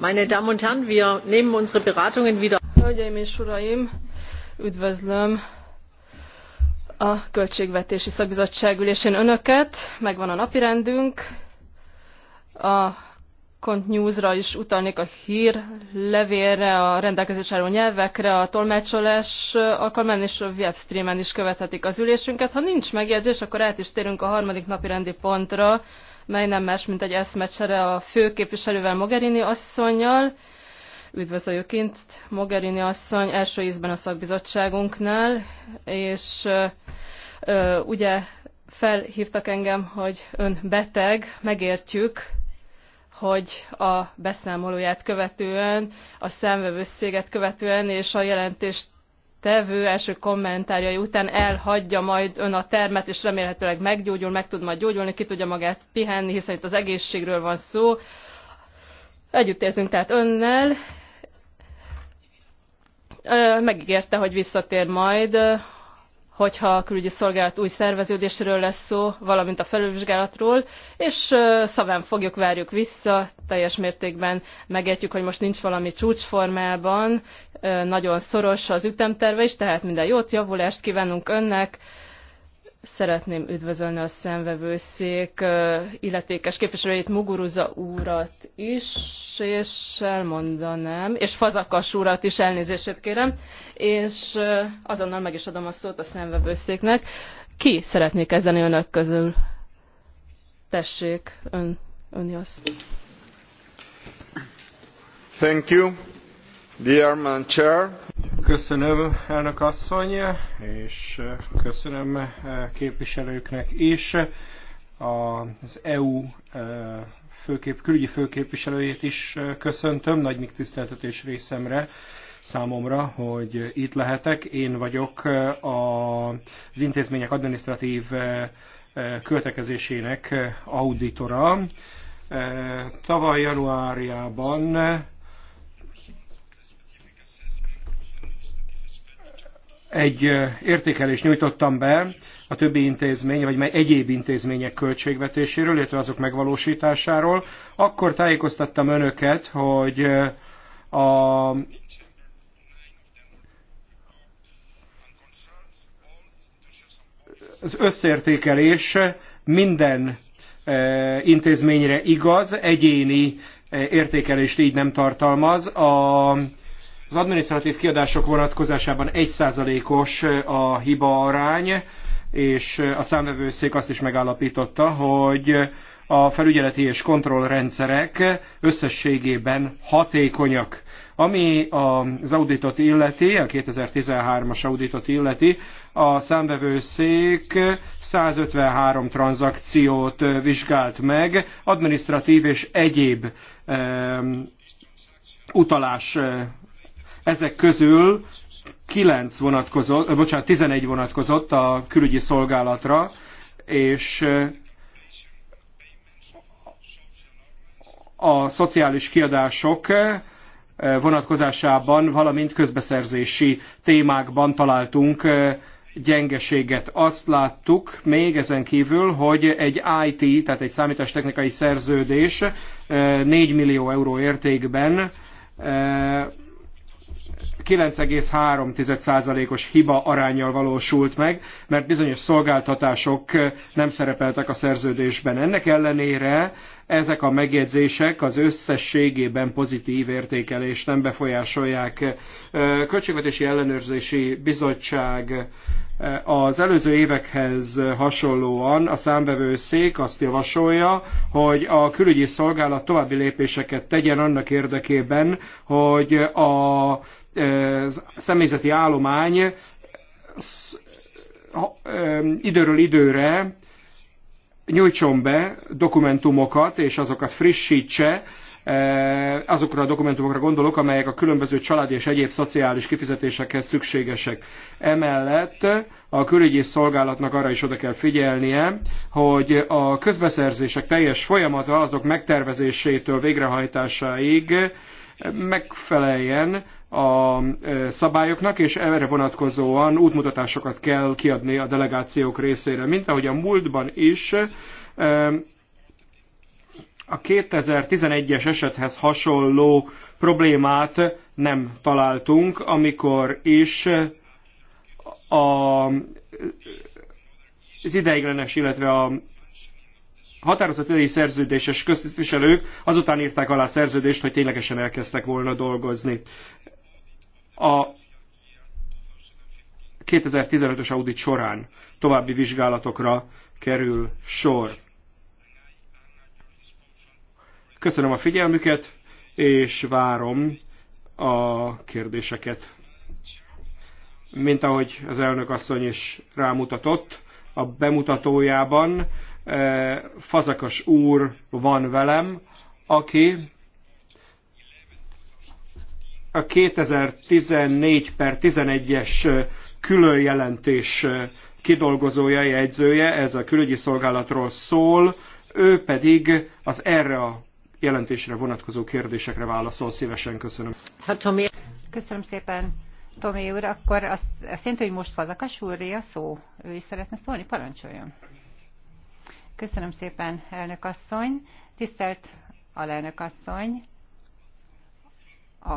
Meine Damen und Herren, wir nehmen unsere Beratungen wieder. Hölgyeim és uraim, üdvözlöm a Költségvetési Szakbizottság ülésén önöket. Megvan a napirendünk. A Kont News-ra is utalnék a hír levélre, a rendelkezésre álló nyelvekre, a tolmácsolás alkalmán és a webstreamen is követhetik az ülésünket. Ha nincs megjegyzés, akkor át is térünk a harmadik napi rendi pontra, mely nem más, mint egy eszmecsere a főképviselővel Mogherini asszonynal. Üdvözöljük itt Mogherini asszony első ízben a szakbizottságunknál, és ö, ö, ugye felhívtak engem, hogy ön beteg, megértjük, hogy a beszámolóját követően, a szemvevőszéget követően és a jelentést tevő első kommentárjai után elhagyja majd ön a termet, és remélhetőleg meggyógyul, meg tud majd gyógyulni, ki tudja magát pihenni, hiszen itt az egészségről van szó. Együtt érzünk tehát önnel. Megígérte, hogy visszatér majd hogyha a külügyi szolgálat új szerveződésről lesz szó, valamint a felülvizsgálatról, és szaván fogjuk, várjuk vissza, teljes mértékben megértjük, hogy most nincs valami csúcsformában, nagyon szoros az ütemterve is, tehát minden jót, javulást kívánunk önnek, Szeretném üdvözölni a szemvevőszék illetékes képviselőjét, Muguruza úrat is, és elmondanám, és Fazakas úrat is elnézését kérem, és azonnal meg is adom a szót a szemvevőszéknek. Ki szeretné kezdeni önök közül? Tessék, ön, ön jössz. Thank you, dear man chair. Köszönöm, elnök asszony, és köszönöm eh, képviselőknek is, az EU eh, főkép, külügyi főképviselőjét is eh, köszöntöm, nagy tiszteltetés részemre számomra, hogy itt lehetek. Én vagyok az intézmények adminisztratív költekezésének auditora. Tavaly januárjában egy értékelést nyújtottam be a többi intézmény, vagy egyéb intézmények költségvetéséről, illetve azok megvalósításáról. Akkor tájékoztattam önöket, hogy a az összértékelés minden intézményre igaz, egyéni értékelést így nem tartalmaz. A az adminisztratív kiadások vonatkozásában 1%-os a hiba arány, és a számvevőszék azt is megállapította, hogy a felügyeleti és kontrollrendszerek összességében hatékonyak. Ami az auditot illeti, a 2013-as auditot illeti, a számvevőszék 153 tranzakciót vizsgált meg, adminisztratív és egyéb utalás ezek közül 9 vonatkozott, eh, bocsánat, 11 vonatkozott a külügyi szolgálatra, és eh, a szociális kiadások eh, vonatkozásában, valamint közbeszerzési témákban találtunk gyengeséget. Azt láttuk még ezen kívül, hogy egy IT, tehát egy számítástechnikai szerződés 4 millió euró értékben 9,3%-os hiba arányjal valósult meg, mert bizonyos szolgáltatások nem szerepeltek a szerződésben. Ennek ellenére ezek a megjegyzések az összességében pozitív értékelést nem befolyásolják. Költségvetési Ellenőrzési Bizottság az előző évekhez hasonlóan a számvevőszék azt javasolja, hogy a külügyi szolgálat további lépéseket tegyen annak érdekében, hogy a személyzeti állomány időről időre nyújtson be dokumentumokat, és azokat frissítse, e, azokra a dokumentumokra gondolok, amelyek a különböző családi és egyéb szociális kifizetésekhez szükségesek. Emellett a külügyi szolgálatnak arra is oda kell figyelnie, hogy a közbeszerzések teljes folyamata azok megtervezésétől végrehajtásáig megfeleljen a szabályoknak, és erre vonatkozóan útmutatásokat kell kiadni a delegációk részére, mint ahogy a múltban is a 2011-es esethez hasonló problémát nem találtunk, amikor is a, az ideiglenes, illetve a határozott idei szerződéses közviselők azután írták alá a szerződést, hogy ténylegesen elkezdtek volna dolgozni. A 2015-ös audit során további vizsgálatokra kerül sor. Köszönöm a figyelmüket, és várom a kérdéseket. Mint ahogy az elnök asszony is rámutatott a bemutatójában, eh, Fazakas úr van velem, aki a 2014 per 11-es külön jelentés kidolgozója, jegyzője, ez a külügyi szolgálatról szól, ő pedig az erre a jelentésre vonatkozó kérdésekre válaszol. Szívesen köszönöm. Hát, Tomi. Köszönöm szépen, Tomi úr. Akkor azt, azt jelenti, hogy most Fazakas úré a szó. Ő is szeretne szólni? Parancsoljon. Köszönöm szépen, elnök asszony. Tisztelt alelnök asszony, a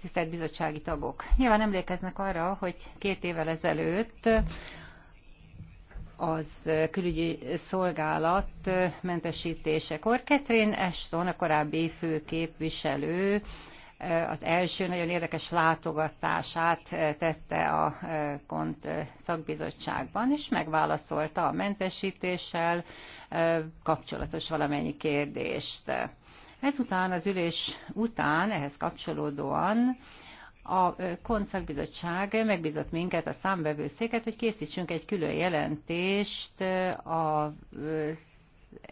tisztelt bizottsági tagok! Nyilván emlékeznek arra, hogy két évvel ezelőtt az külügyi szolgálat mentesítésekor Catherine Ashton, a korábbi főképviselő, az első nagyon érdekes látogatását tette a KONT szakbizottságban, és megválaszolta a mentesítéssel kapcsolatos valamennyi kérdést. Ezután az ülés után, ehhez kapcsolódóan a koncertbizottság megbízott minket, a számbevőszéket, hogy készítsünk egy külön jelentést a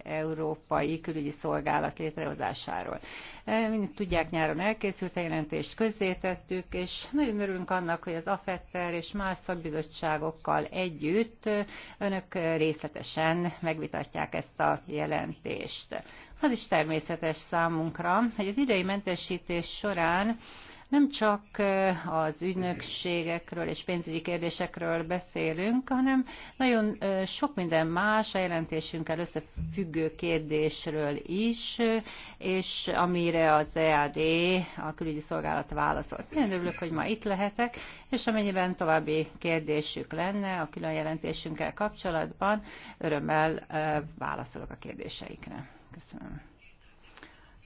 Európai Külügyi Szolgálat létrehozásáról. E, mint tudják, nyáron elkészült a jelentést, közzétettük, és nagyon örülünk annak, hogy az AFETTER és más szakbizottságokkal együtt önök részletesen megvitatják ezt a jelentést. Az is természetes számunkra, hogy az idei mentesítés során nem csak az ügynökségekről és pénzügyi kérdésekről beszélünk, hanem nagyon sok minden más a jelentésünkkel összefüggő kérdésről is, és amire az EAD, a külügyi szolgálat válaszolt. Nagyon örülök, hogy ma itt lehetek, és amennyiben további kérdésük lenne a külön jelentésünkkel kapcsolatban, örömmel válaszolok a kérdéseikre. Köszönöm.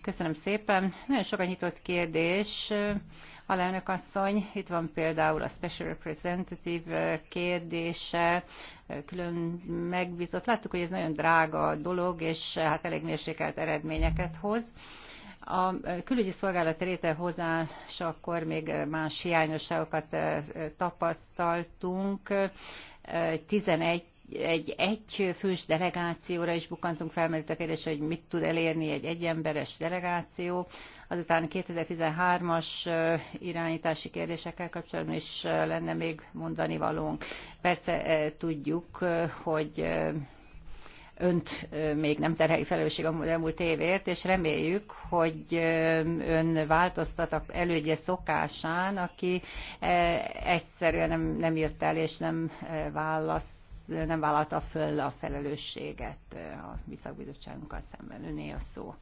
Köszönöm szépen. Nagyon sok a nyitott kérdés. Eh, a lelnök asszony, itt van például a Special Representative eh, kérdése, eh, külön megbízott. Láttuk, hogy ez nagyon drága dolog, és hát elég mérsékelt eredményeket hoz. A külügyi szolgálat akkor még más hiányosságokat tapasztaltunk. 11 egy egyfős delegációra is bukantunk fel, mert a kérdés, hogy mit tud elérni egy egyemberes delegáció. Azután 2013-as irányítási kérdésekkel kapcsolatban is lenne még mondani valónk. Persze tudjuk, hogy önt még nem terheli felelősség a elmúlt évért, és reméljük, hogy ön változtat a elődje szokásán, aki egyszerűen nem, nem jött el és nem választ nem vállalta föl a felelősséget a Visszakbizottságunkkal szemben. Öné a szó.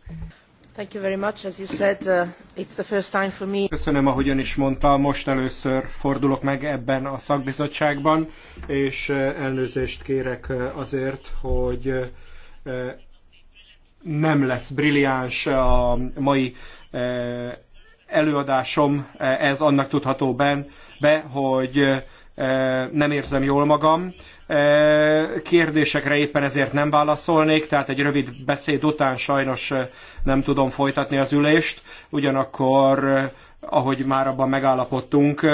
Thank you very much. As you said, uh, it's the first time for me. Köszönöm, ahogy ön is mondta, most először fordulok meg ebben a szakbizottságban, és elnőzést kérek azért, hogy nem lesz brilliáns a mai előadásom, ez annak tudható ben, be, hogy nem érzem jól magam, Kérdésekre éppen ezért nem válaszolnék, tehát egy rövid beszéd után sajnos nem tudom folytatni az ülést, ugyanakkor ahogy már abban megállapodtunk,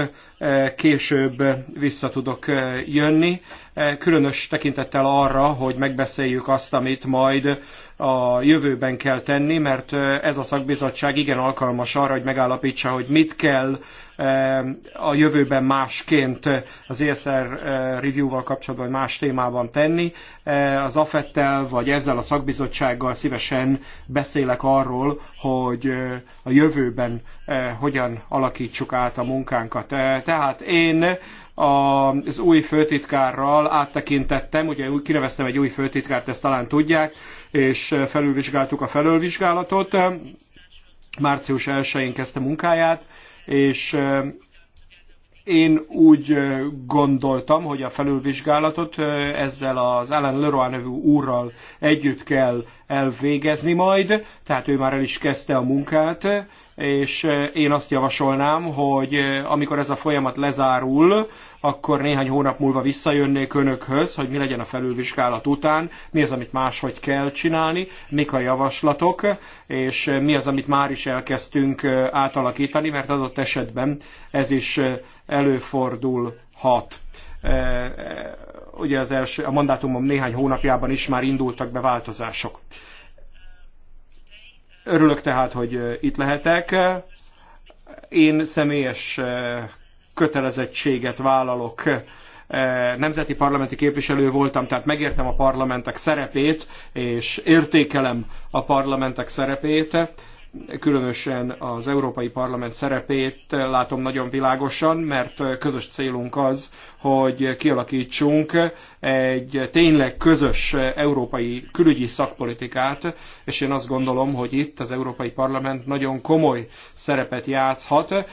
később vissza tudok jönni. Különös tekintettel arra, hogy megbeszéljük azt, amit majd a jövőben kell tenni, mert ez a szakbizottság igen alkalmas arra, hogy megállapítsa, hogy mit kell a jövőben másként az ESR eh, review-val kapcsolatban más témában tenni. Eh, az AFET-tel vagy ezzel a szakbizottsággal szívesen beszélek arról, hogy eh, a jövőben hogyan alakítsuk át a munkánkat. Tehát én az új főtitkárral áttekintettem, ugye kineveztem egy új főtitkárt, ezt talán tudják, és felülvizsgáltuk a felülvizsgálatot. Március 1-én kezdte munkáját, és én úgy gondoltam, hogy a felülvizsgálatot ezzel az Alan Leroy nevű úrral együtt kell elvégezni majd, tehát ő már el is kezdte a munkát, és én azt javasolnám, hogy amikor ez a folyamat lezárul, akkor néhány hónap múlva visszajönnék önökhöz, hogy mi legyen a felülvizsgálat után, mi az, amit máshogy kell csinálni, mik a javaslatok, és mi az, amit már is elkezdtünk átalakítani, mert adott esetben ez is előfordulhat ugye az első, a mandátumom néhány hónapjában is már indultak be változások. Örülök tehát, hogy itt lehetek. Én személyes kötelezettséget vállalok. E, nemzeti parlamenti képviselő voltam, tehát megértem a parlamentek szerepét, és értékelem a parlamentek szerepét különösen az Európai Parlament szerepét látom nagyon világosan, mert közös célunk az, hogy kialakítsunk egy tényleg közös európai külügyi szakpolitikát, és én azt gondolom, hogy itt az Európai Parlament nagyon komoly szerepet játszhat. E,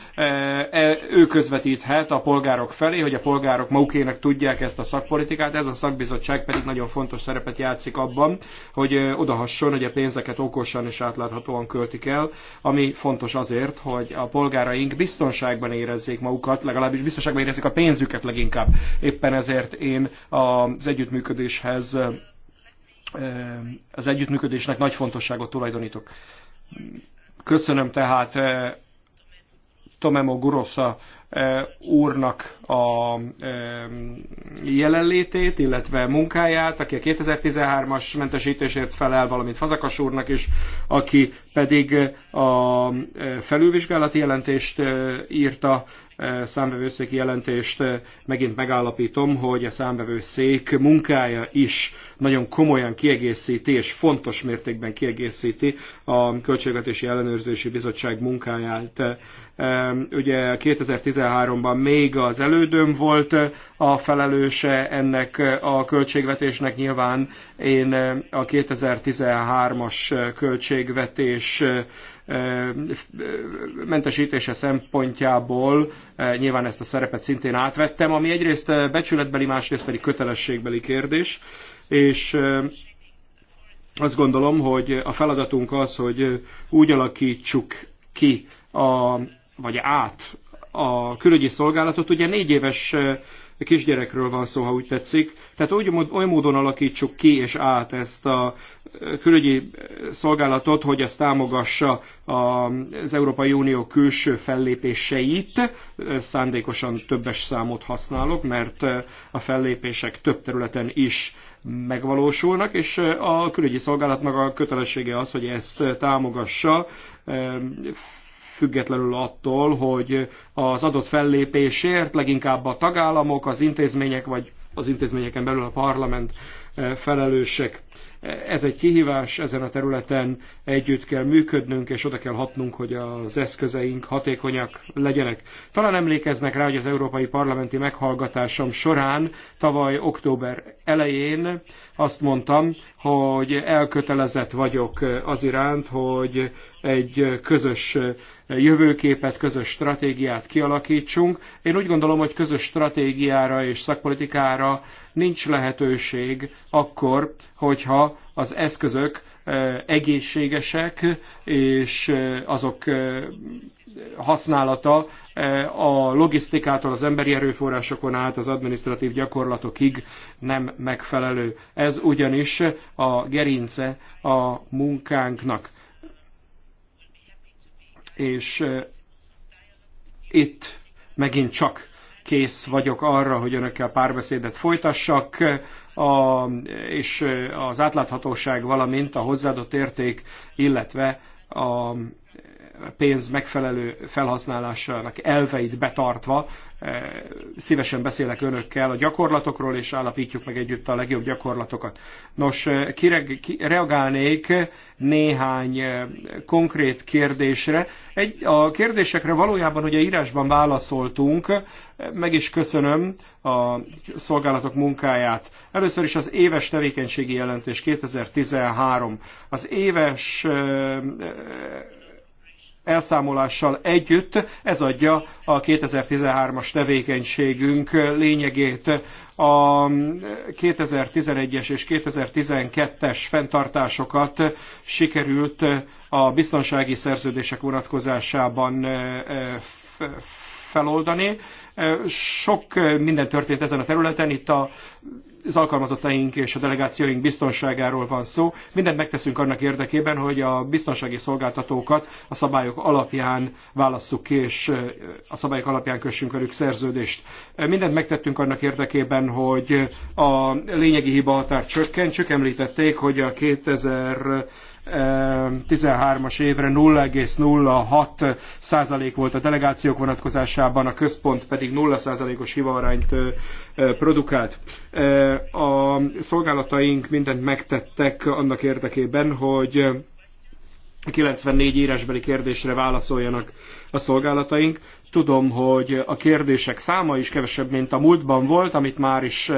e, ő közvetíthet a polgárok felé, hogy a polgárok magukének tudják ezt a szakpolitikát, ez a szakbizottság pedig nagyon fontos szerepet játszik abban, hogy e, odahasson, hogy a pénzeket okosan és átláthatóan költik el, ami fontos azért, hogy a polgáraink biztonságban érezzék magukat, legalábbis biztonságban érezzék a pénzüket leginkább inkább. Éppen ezért én az együttműködéshez, eh, az együttműködésnek nagy fontosságot tulajdonítok. Köszönöm tehát eh, Tomemo Gurosa úrnak a jelenlétét, illetve munkáját, aki a 2013-as mentesítésért felel, valamint Fazakas úrnak is, aki pedig a felülvizsgálati jelentést írta, számbevőszéki jelentést, megint megállapítom, hogy a számbevőszék munkája is nagyon komolyan kiegészíti, és fontos mértékben kiegészíti a Költségvetési Ellenőrzési Bizottság munkáját. Ugye 2013-ban még az elődöm volt a felelőse ennek a költségvetésnek nyilván. Én a 2013-as költségvetés mentesítése szempontjából nyilván ezt a szerepet szintén átvettem, ami egyrészt becsületbeli, másrészt pedig kötelességbeli kérdés, és azt gondolom, hogy a feladatunk az, hogy úgy alakítsuk ki a vagy át a külügyi szolgálatot. Ugye négy éves kisgyerekről van szó, ha úgy tetszik. Tehát úgy, oly módon alakítsuk ki és át ezt a külügyi szolgálatot, hogy ezt támogassa az Európai Unió külső fellépéseit. Szándékosan többes számot használok, mert a fellépések több területen is megvalósulnak, és a külügyi szolgálatnak a kötelessége az, hogy ezt támogassa függetlenül attól, hogy az adott fellépésért leginkább a tagállamok, az intézmények, vagy az intézményeken belül a parlament eh, felelősek. Eh, ez egy kihívás, ezen a területen együtt kell működnünk, és oda kell hatnunk, hogy az eszközeink hatékonyak legyenek. Talán emlékeznek rá, hogy az Európai Parlamenti meghallgatásom során tavaly október elején azt mondtam, hogy elkötelezett vagyok az iránt, hogy egy közös jövőképet, közös stratégiát kialakítsunk. Én úgy gondolom, hogy közös stratégiára és szakpolitikára nincs lehetőség akkor, hogyha az eszközök egészségesek, és azok használata a logisztikától az emberi erőforrásokon át az administratív gyakorlatokig nem megfelelő. Ez ugyanis a gerince a munkánknak. És itt megint csak kész vagyok arra, hogy önökkel párbeszédet folytassak, a, és az átláthatóság, valamint a hozzáadott érték, illetve a pénz megfelelő felhasználásának elveit betartva eh, szívesen beszélek önökkel a gyakorlatokról, és állapítjuk meg együtt a legjobb gyakorlatokat. Nos, eh, kireg, ki, reagálnék néhány eh, konkrét kérdésre. Egy, a kérdésekre valójában ugye írásban válaszoltunk, meg is köszönöm a szolgálatok munkáját. Először is az éves tevékenységi jelentés 2013. Az éves elszámolással együtt ez adja a 2013-as tevékenységünk lényegét. A 2011-es és 2012-es fenntartásokat sikerült a biztonsági szerződések vonatkozásában feloldani. Sok minden történt ezen a területen, itt a az alkalmazottaink és a delegációink biztonságáról van szó. Mindent megteszünk annak érdekében, hogy a biztonsági szolgáltatókat a szabályok alapján válasszuk ki, és a szabályok alapján kössünk velük szerződést. Mindent megtettünk annak érdekében, hogy a lényegi hibahatár csökkentsük. Említették, hogy a 2000 13-as évre 0,06 százalék volt a delegációk vonatkozásában, a központ pedig 0 százalékos hivarányt produkált. A szolgálataink mindent megtettek annak érdekében, hogy 94 írásbeli kérdésre válaszoljanak a szolgálataink. Tudom, hogy a kérdések száma is kevesebb, mint a múltban volt, amit már is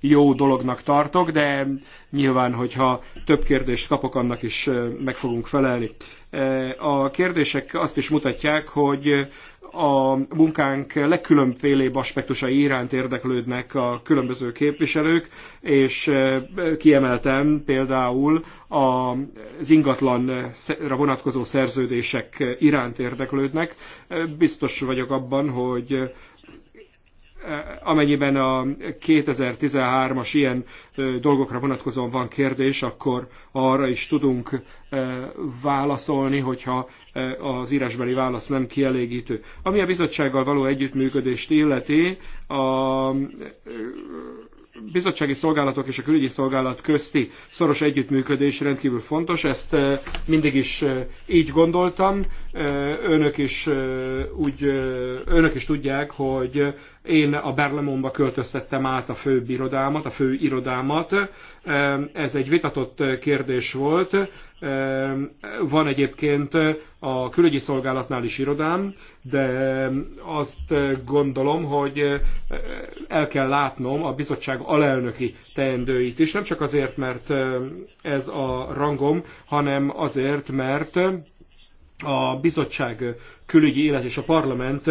jó dolognak tartok, de nyilván, hogyha több kérdést kapok, annak is meg fogunk felelni. Eh, a kérdések azt is mutatják, hogy a munkánk legkülönfélébb aspektusai iránt érdeklődnek a különböző képviselők, és eh, kiemeltem például az ingatlanra vonatkozó szerződések iránt érdeklődnek. Eh, biztos vagyok abban, hogy amennyiben a 2013-as ilyen dolgokra vonatkozóan van kérdés, akkor arra is tudunk válaszolni, hogyha az írásbeli válasz nem kielégítő. Ami a bizottsággal való együttműködést illeti, a bizottsági szolgálatok és a külügyi szolgálat közti szoros együttműködés rendkívül fontos, ezt mindig is így gondoltam. Önök is, úgy, önök is tudják, hogy én a Berlemonba költöztettem át a fő irodámat, a fő irodámat. Ehm, ez egy vitatott kérdés volt. Ehm, van egyébként a külügyi szolgálatnál is irodám, de azt gondolom, hogy eh, el kell látnom a bizottság alelnöki teendőit is. Nem csak azért, mert eh, ez a rangom, hanem azért, mert a bizottság külügyi élet és a parlament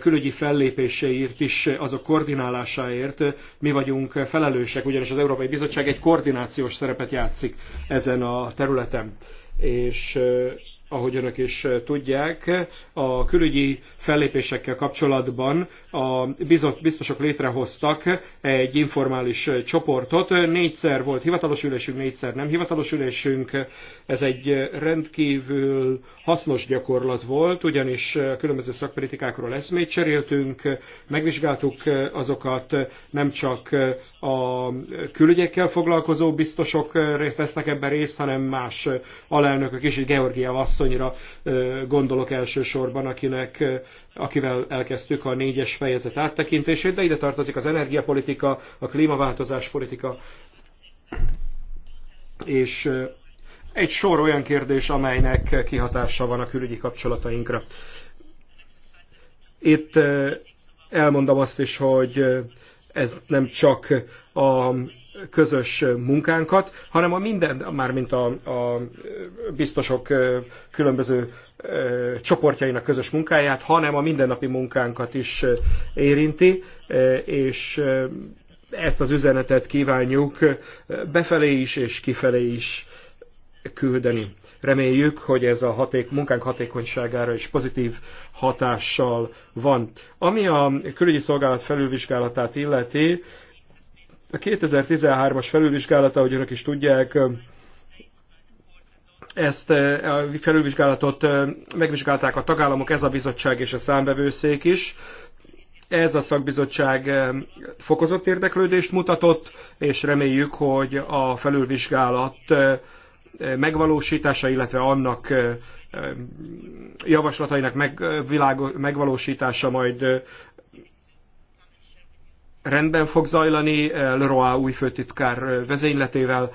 külügyi fellépéseért is, azok koordinálásáért mi vagyunk felelősek, ugyanis az Európai Bizottság egy koordinációs szerepet játszik ezen a területen. És ahogy önök is eh, tudják, a külügyi fellépésekkel kapcsolatban a biztosok létrehoztak egy informális eh, csoportot. Négyszer volt hivatalos ülésünk, négyszer nem hivatalos ülésünk. Ez egy eh, rendkívül hasznos gyakorlat volt, ugyanis különböző szakpolitikákról eszmét cseréltünk, megvizsgáltuk azokat, nem csak a külügyekkel foglalkozó biztosok vesznek ebben részt, hanem más alelnökök is, Georgia Vassz asszonyra gondolok elsősorban, akinek, akivel elkezdtük a négyes fejezet áttekintését, de ide tartozik az energiapolitika, a klímaváltozás politika, és egy sor olyan kérdés, amelynek kihatása van a külügyi kapcsolatainkra. Itt elmondom azt is, hogy ez nem csak a közös munkánkat, hanem a minden, mármint a, a biztosok különböző csoportjainak közös munkáját, hanem a mindennapi munkánkat is érinti, és ezt az üzenetet kívánjuk befelé is és kifelé is küldeni. Reméljük, hogy ez a haték, munkánk hatékonyságára is pozitív hatással van. Ami a külügyi szolgálat felülvizsgálatát illeti, a 2013-as felülvizsgálata, ahogy önök is tudják, ezt eh, a felülvizsgálatot eh, megvizsgálták a tagállamok, ez a bizottság és a számbevőszék is. Ez a szakbizottság eh, fokozott érdeklődést mutatott, és reméljük, hogy a felülvizsgálat megvalósítása, illetve annak javaslatainak megvalósítása majd rendben fog zajlani, eh, Leroy új főtitkár eh, vezényletével,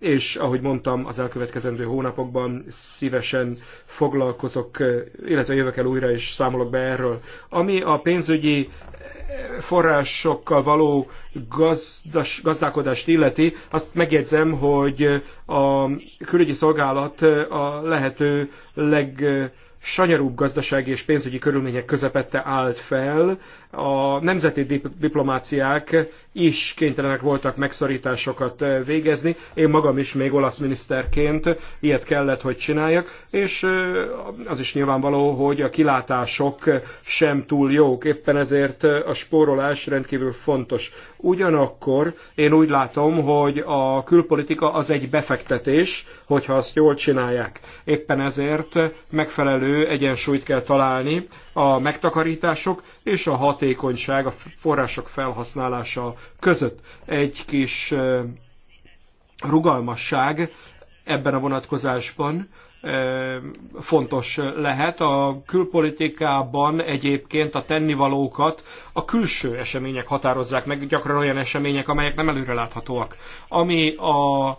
és ahogy mondtam, az elkövetkezendő hónapokban szívesen foglalkozok, eh, illetve jövök el újra és számolok be erről. Ami a pénzügyi forrásokkal való gazdas, gazdálkodást illeti, azt megjegyzem, hogy a külügyi szolgálat a lehető leg sanyarúbb gazdasági és pénzügyi körülmények közepette állt fel, a nemzeti diplomáciák is kénytelenek voltak megszorításokat eh, végezni. Én magam is még olasz miniszterként ilyet kellett, hogy csináljak, és eh, az is nyilvánvaló, hogy a kilátások sem túl jók, éppen ezért eh, a spórolás rendkívül fontos. Ugyanakkor én úgy látom, hogy a külpolitika az egy befektetés, hogyha azt jól csinálják. Éppen ezért megfelelő egyensúlyt kell találni a megtakarítások és a hatékonyság hatékonyság a források felhasználása között. Egy kis rugalmasság ebben a vonatkozásban fontos lehet. A külpolitikában egyébként a tennivalókat a külső események határozzák meg, gyakran olyan események, amelyek nem előreláthatóak. Ami a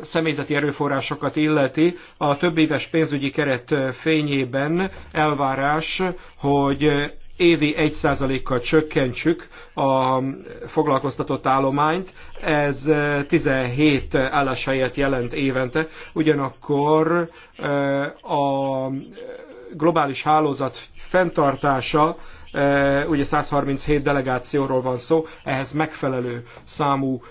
személyzeti erőforrásokat illeti, a több éves pénzügyi keret fényében elvárás, hogy évi 1%-kal csökkentsük a foglalkoztatott állományt, ez 17 eh, álláshelyet jelent évente, ugyanakkor eh, a eh, globális hálózat fenntartása ugye 137 delegációról van szó, ehhez megfelelő számú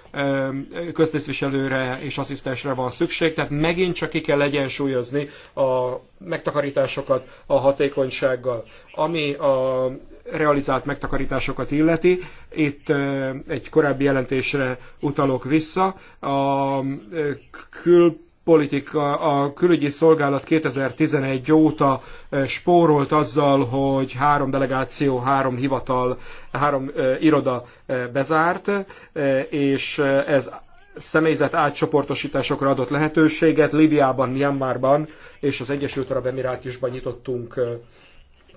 köztisztviselőre és asszisztensre van szükség, tehát megint csak ki kell egyensúlyozni a megtakarításokat a hatékonysággal. Ami a realizált megtakarításokat illeti. Itt egy korábbi jelentésre utalok vissza. A kül politika, a külügyi szolgálat 2011 óta eh, spórolt azzal, hogy három delegáció, három hivatal, három eh, iroda eh, bezárt, és ez személyzet átcsoportosításokra adott lehetőséget. Libiában, Myanmarban és az Egyesült Arab Emirátusban nyitottunk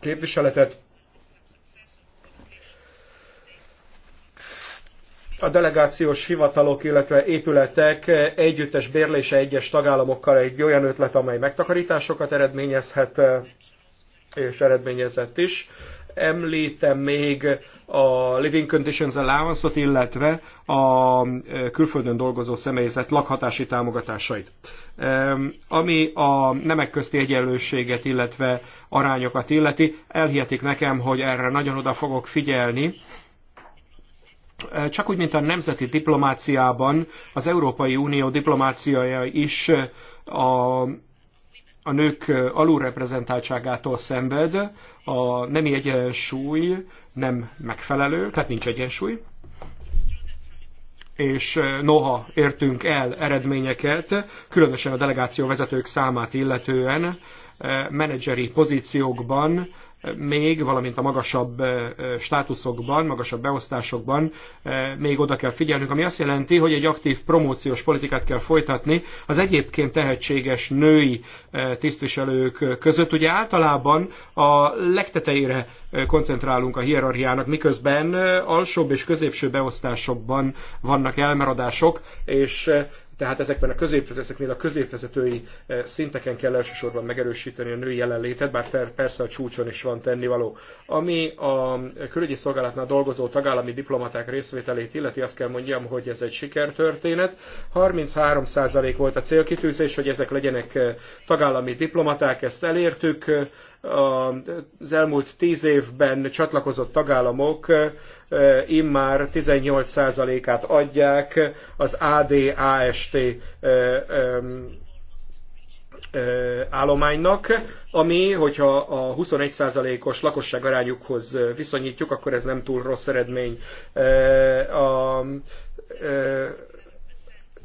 képviseletet. a delegációs hivatalok, illetve épületek együttes bérlése egyes tagállamokkal egy olyan ötlet, amely megtakarításokat eredményezhet, eh, és eredményezett is. Említem még a Living Conditions Allowance-ot, illetve a eh, külföldön dolgozó személyzet lakhatási támogatásait. Eh, ami a nemek közti egyenlőséget, illetve arányokat illeti, elhihetik nekem, hogy erre nagyon oda fogok figyelni, csak úgy, mint a nemzeti diplomáciában, az Európai Unió diplomáciája is a, a nők alulreprezentáltságától szenved, a nemi egyensúly nem megfelelő, tehát nincs egyensúly, és noha értünk el eredményeket, különösen a delegáció vezetők számát illetően, menedzseri pozíciókban még, valamint a magasabb státuszokban, magasabb beosztásokban még oda kell figyelnünk, ami azt jelenti, hogy egy aktív promóciós politikát kell folytatni az egyébként tehetséges női tisztviselők között. Ugye általában a legtetejére koncentrálunk a hierarchiának, miközben alsóbb és középső beosztásokban vannak elmaradások, és tehát ezekben a középvezetőknél a középvezetői eh, szinteken kell elsősorban megerősíteni a női jelenlétet, bár persze a csúcson is van tennivaló. Ami a külügyi szolgálatnál dolgozó tagállami diplomaták részvételét illeti, azt kell mondjam, hogy ez egy sikertörténet. 33% volt a célkitűzés, hogy ezek legyenek eh, tagállami diplomaták, ezt elértük. Az elmúlt tíz évben csatlakozott tagállamok eh, Eh, immár 18%-át adják az ADAST eh, eh, állománynak, ami, hogyha a 21%-os lakosság arányukhoz viszonyítjuk, akkor ez nem túl rossz eredmény. A,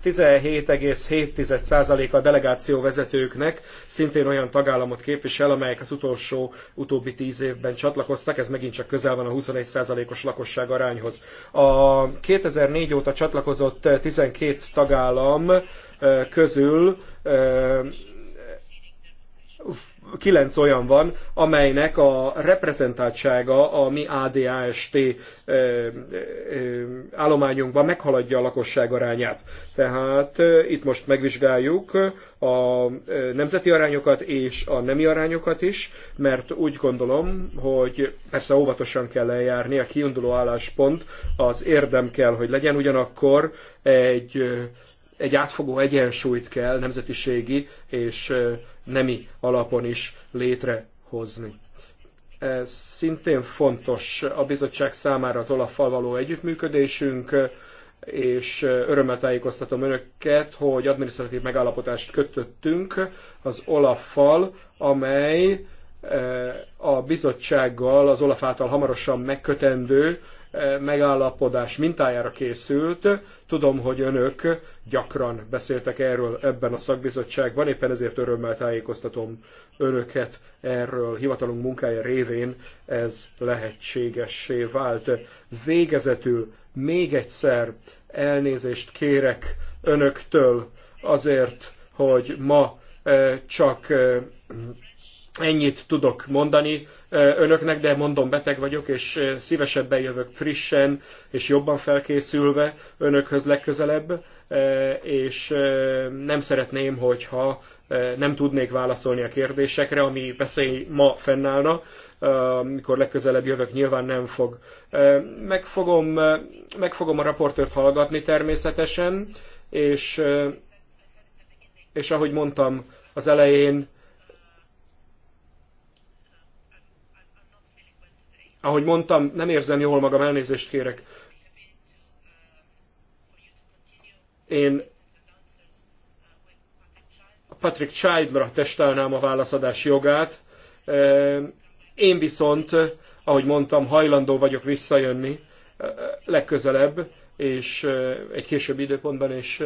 17,7% a delegáció vezetőknek szintén olyan tagállamot képvisel, amelyek az utolsó utóbbi 10 évben csatlakoztak, ez megint csak közel van a 21%-os lakosság arányhoz. A 2004 óta csatlakozott 12 tagállam közül kilenc olyan van, amelynek a reprezentáltsága a mi ADAST állományunkban meghaladja a lakosság arányát. Tehát itt most megvizsgáljuk a nemzeti arányokat és a nemi arányokat is, mert úgy gondolom, hogy persze óvatosan kell eljárni, a kiinduló álláspont az érdem kell, hogy legyen, ugyanakkor egy egy átfogó egyensúlyt kell nemzetiségi és nemi alapon is létrehozni. Ez szintén fontos a bizottság számára az olaffal való együttműködésünk, és örömmel tájékoztatom önöket, hogy adminisztratív megállapotást kötöttünk az olaffal, amely a bizottsággal, az Olaf által hamarosan megkötendő megállapodás mintájára készült. Tudom, hogy önök gyakran beszéltek erről ebben a szakbizottságban, éppen ezért örömmel tájékoztatom önöket erről. Hivatalunk munkája révén ez lehetségessé vált. Végezetül még egyszer elnézést kérek önöktől azért, hogy ma csak Ennyit tudok mondani önöknek, de mondom, beteg vagyok, és szívesebben jövök frissen és jobban felkészülve önökhöz legközelebb, és nem szeretném, hogyha nem tudnék válaszolni a kérdésekre, ami veszély ma fennállna, mikor legközelebb jövök, nyilván nem fog. Meg fogom, meg fogom a raportőrt hallgatni természetesen, és, és ahogy mondtam az elején, Ahogy mondtam, nem érzem jól magam, elnézést kérek. Én Patrick Childra testelnám a válaszadás jogát. Én viszont, ahogy mondtam, hajlandó vagyok visszajönni legközelebb, és egy később időpontban, és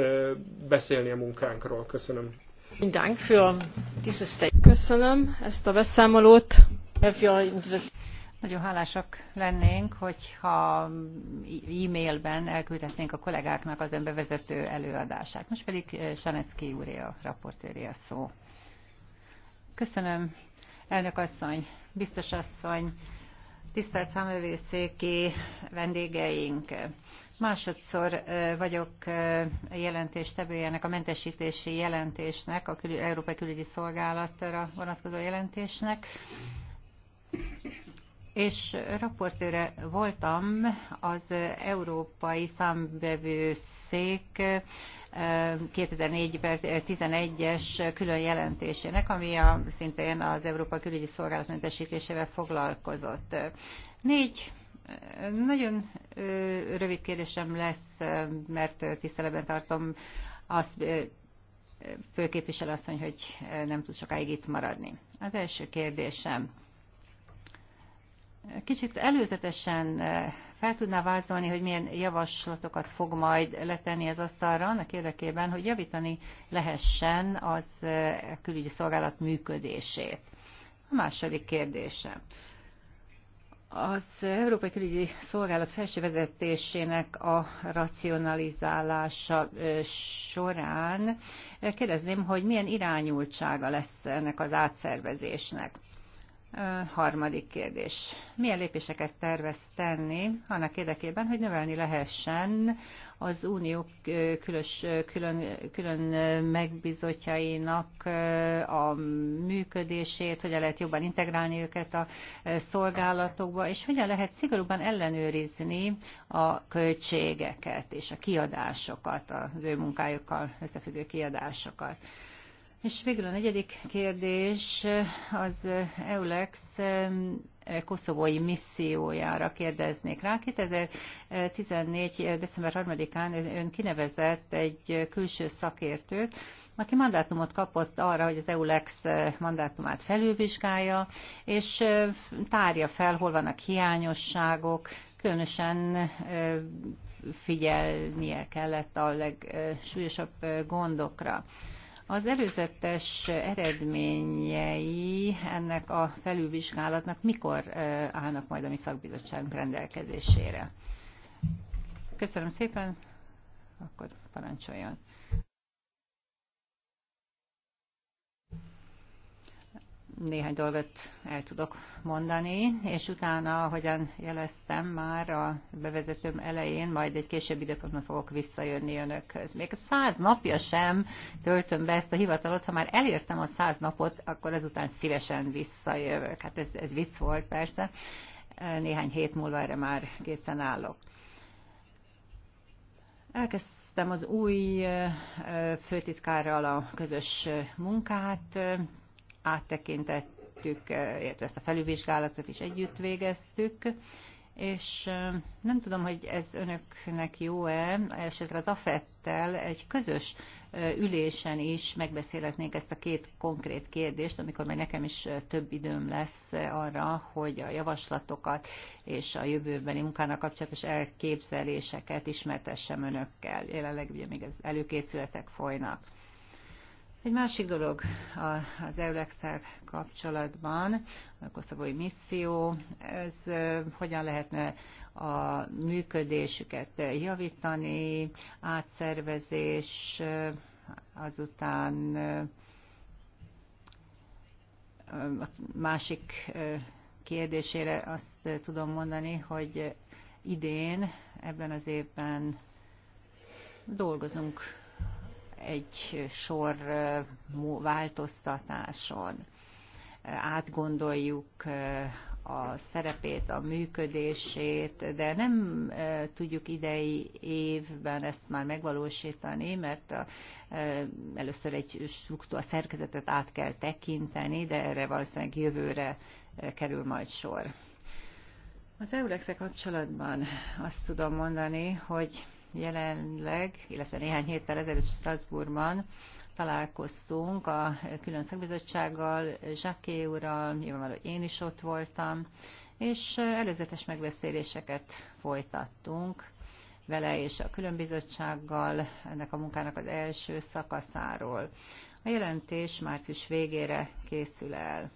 beszélni a munkánkról. Köszönöm. Köszönöm ezt a beszámolót. Nagyon hálásak lennénk, hogyha e-mailben elküldhetnénk a kollégáknak az önbevezető előadását. Most pedig eh, Sanecki úré a raportőré a szó. Köszönöm, elnök asszony, biztos asszony, tisztelt számövőszéki vendégeink. Másodszor eh, vagyok eh, jelentéstevőjének a mentesítési jelentésnek, a Európai Külügyi Szolgálatra vonatkozó jelentésnek és raportőre voltam az Európai Számbevőszék 2011 eh, es külön jelentésének, ami a, szintén az Európa Külügyi Szolgálat mentesítésével foglalkozott. Négy eh, nagyon eh, rövid kérdésem lesz, mert tiszteletben tartom azt főképviselő asszony, hogy nem tud sokáig itt maradni. Az első kérdésem Kicsit előzetesen eh, fel tudná vázolni, hogy milyen javaslatokat fog majd letenni az asztalra annak érdekében, hogy javítani lehessen az eh, külügyi szolgálat működését. A második kérdése. Az Európai Külügyi Szolgálat felső vezetésének a racionalizálása eh, során kérdezném, hogy milyen irányultsága lesz ennek az átszervezésnek. Harmadik kérdés. Milyen lépéseket tervez tenni annak érdekében, hogy növelni lehessen az unió külös, külön, külön megbizotjainak a működését, hogyan lehet jobban integrálni őket a szolgálatokba, és hogyan lehet szigorúban ellenőrizni a költségeket és a kiadásokat, az ő munkájukkal összefüggő kiadásokat. És végül a negyedik kérdés az EULEX koszovói missziójára kérdeznék rá. 2014. december 3-án ön kinevezett egy külső szakértőt, aki mandátumot kapott arra, hogy az EULEX mandátumát felülvizsgálja, és tárja fel, hol vannak hiányosságok, különösen figyelnie kellett a legsúlyosabb gondokra. Az előzetes eredményei ennek a felülvizsgálatnak mikor állnak majd a mi szakbizottságunk rendelkezésére? Köszönöm szépen, akkor parancsoljon. néhány dolgot el tudok mondani, és utána, ahogyan jeleztem már a bevezetőm elején, majd egy később időpontban fogok visszajönni önökhöz. Még a száz napja sem töltöm be ezt a hivatalot, ha már elértem a száz napot, akkor ezután szívesen visszajövök. Hát ez, ez vicc volt persze, néhány hét múlva erre már készen állok. Elkezdtem az új főtitkárral a közös munkát áttekintettük, eh, illetve ezt a felülvizsgálatot is együtt végeztük, és eh, nem tudom, hogy ez önöknek jó-e, esetleg az AFET-tel egy közös eh, ülésen is megbeszélhetnénk ezt a két konkrét kérdést, amikor majd nekem is több időm lesz arra, hogy a javaslatokat és a jövőbeni munkának kapcsolatos elképzeléseket ismertessem önökkel. Jelenleg ugye még az előkészületek folynak. Egy másik dolog az eulex kapcsolatban, a koszovói misszió, ez hogyan lehetne a működésüket javítani, átszervezés, azután a másik kérdésére azt tudom mondani, hogy idén, ebben az évben dolgozunk egy sor változtatáson. Átgondoljuk a szerepét, a működését, de nem tudjuk idei évben ezt már megvalósítani, mert a, először egy struktúra szerkezetet át kell tekinteni, de erre valószínűleg jövőre kerül majd sor. Az eurex kapcsolatban azt tudom mondani, hogy jelenleg, illetve néhány héttel ezelőtt Strasbourgban találkoztunk a külön szakbizottsággal, Zsaké úrral, nyilvánvaló én is ott voltam, és előzetes megbeszéléseket folytattunk vele és a különbizottsággal ennek a munkának az első szakaszáról. A jelentés március végére készül el.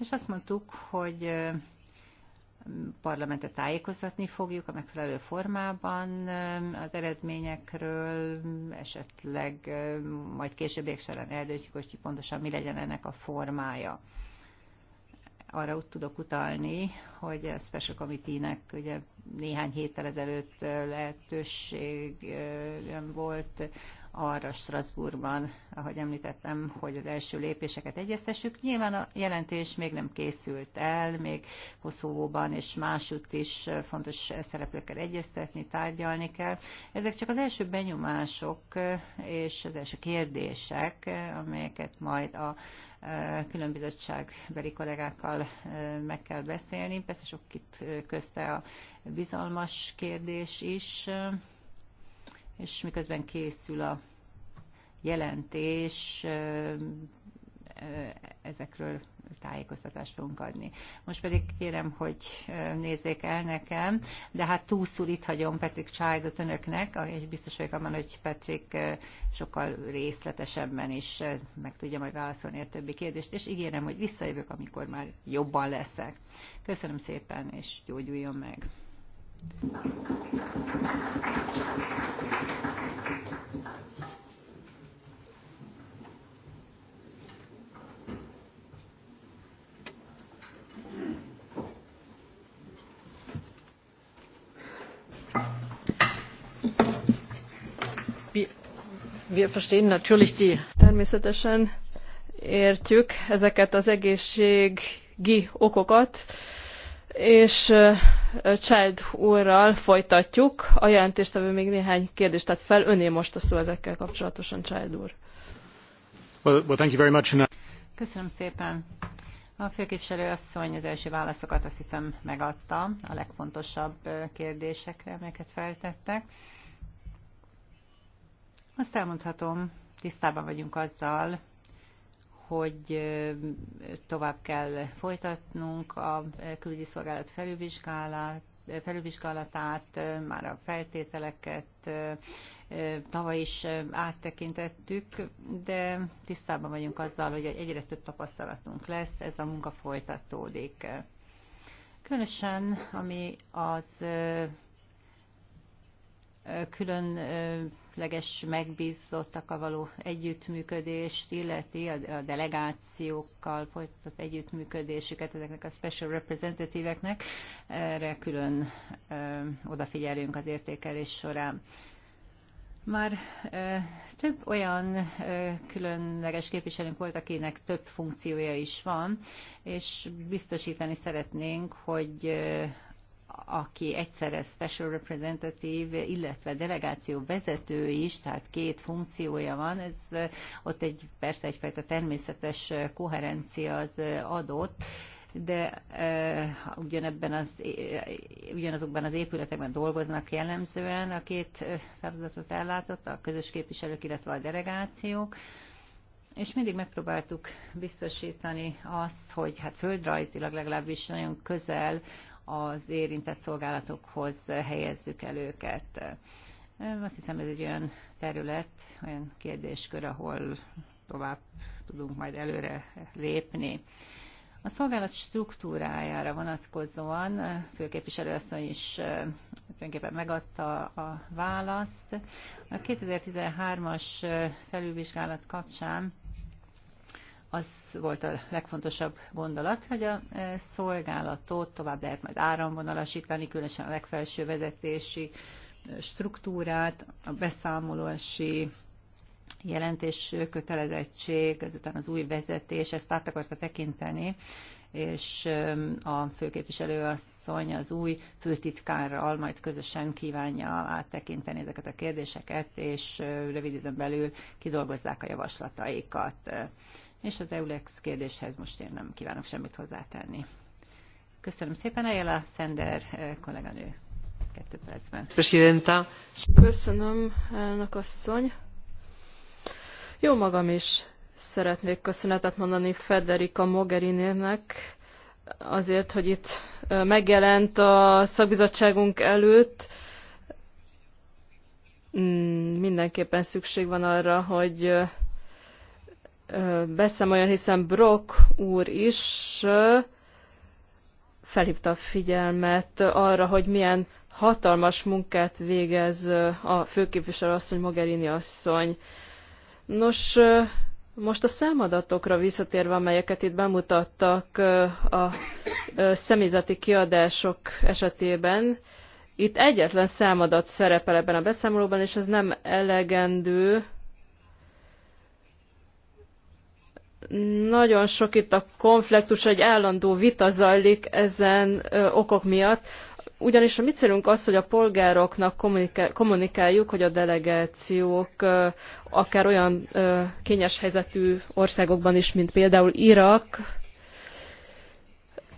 És azt mondtuk, hogy parlamentet tájékoztatni fogjuk a megfelelő formában um, az eredményekről, esetleg um, majd későbbiek során eldöntjük, hogy pontosan mi legyen ennek a formája. Arra úgy tudok utalni, hogy a Special Committee-nek ugye néhány héttel ezelőtt uh, lehetőség uh, volt arra Strasbourgban, ahogy említettem, hogy az első lépéseket egyeztessük. Nyilván a jelentés még nem készült el, még Koszovóban és másutt is fontos szereplőkkel egyeztetni, tárgyalni kell. Ezek csak az első benyomások és az első kérdések, amelyeket majd a különbizottságbeli kollégákkal meg kell beszélni. Persze sok itt közte a bizalmas kérdés is, és miközben készül a jelentés, ezekről tájékoztatást fogunk adni. Most pedig kérem, hogy nézzék el nekem, de hát túlszul itt hagyom Patrick Childot önöknek, és biztos vagyok abban, hogy Patrick sokkal részletesebben is meg tudja majd válaszolni a többi kérdést, és ígérem, hogy visszajövök, amikor már jobban leszek. Köszönöm szépen, és gyógyuljon meg! Thank you. Wir verstehen natürlich die. Természetesen értjük ezeket az egészségi okokat, és Child úrral folytatjuk. A jelentéstevő még néhány kérdést tett fel. Öné most a szó ezekkel kapcsolatosan, Child úr. Well, well, thank you very much. Köszönöm szépen. A főképviselő asszony az első válaszokat azt hiszem megadta a legfontosabb kérdésekre, amelyeket feltettek. Azt elmondhatom, tisztában vagyunk azzal, hogy tovább kell folytatnunk a külügyi szolgálat felülvizsgálát, felülvizsgálatát, már a feltételeket tavaly is áttekintettük, de tisztában vagyunk azzal, hogy egyre több tapasztalatunk lesz, ez a munka folytatódik. Különösen, ami az külön esetleges a való együttműködést illeti, a delegációkkal folytatott együttműködésüket ezeknek a special representative-eknek. Erre külön odafigyelünk az értékelés során. Már ö, több olyan ö, különleges képviselőnk volt, akinek több funkciója is van, és biztosítani szeretnénk, hogy ö, aki egyszerre special representative, illetve delegáció vezető is, tehát két funkciója van, ez ott egy persze egyfajta természetes koherencia az adott, de uh, ugyanebben az, ugyanazokban az épületekben dolgoznak jellemzően a két feladatot ellátott, a közös képviselők, illetve a delegációk, és mindig megpróbáltuk biztosítani azt, hogy hát földrajzilag legalábbis nagyon közel az érintett szolgálatokhoz helyezzük el őket. Azt hiszem, ez egy olyan terület, olyan kérdéskör, ahol tovább tudunk majd előre lépni. A szolgálat struktúrájára vonatkozóan főképviselőasszony is tulajdonképpen megadta a választ. A 2013-as felülvizsgálat kapcsán az volt a legfontosabb gondolat, hogy a e, szolgálatot tovább lehet majd áramvonalasítani, különösen a legfelső vezetési e, struktúrát, a beszámolási jelentés kötelezettség, ezután az új vezetés, ezt át akarta tekinteni, és e, a főképviselő asszony az új főtitkárral majd közösen kívánja áttekinteni ezeket a kérdéseket, és rövid időn belül kidolgozzák a javaslataikat és az EULEX kérdéshez most én nem kívánok semmit hozzátenni. Köszönöm szépen, Ayala Szender eh, kolléganő. Kettő percben. Presidenta. Köszönöm, elnök asszony. Jó magam is szeretnék köszönetet mondani Federica Mogherininek azért, hogy itt eh, megjelent a szakbizottságunk előtt. Hmm, mindenképpen szükség van arra, hogy eh, beszámoljon, hiszen Brock úr is felhívta a figyelmet arra, hogy milyen hatalmas munkát végez a főképviselő asszony, Mogherini asszony. Nos, most a számadatokra visszatérve, amelyeket itt bemutattak a személyzeti kiadások esetében, itt egyetlen számadat szerepel ebben a beszámolóban, és ez nem elegendő, nagyon sok itt a konfliktus, egy állandó vita zajlik ezen okok miatt, ugyanis a mi célunk az, hogy a polgároknak kommunikáljuk, hogy a delegációk akár olyan kényes helyzetű országokban is, mint például Irak,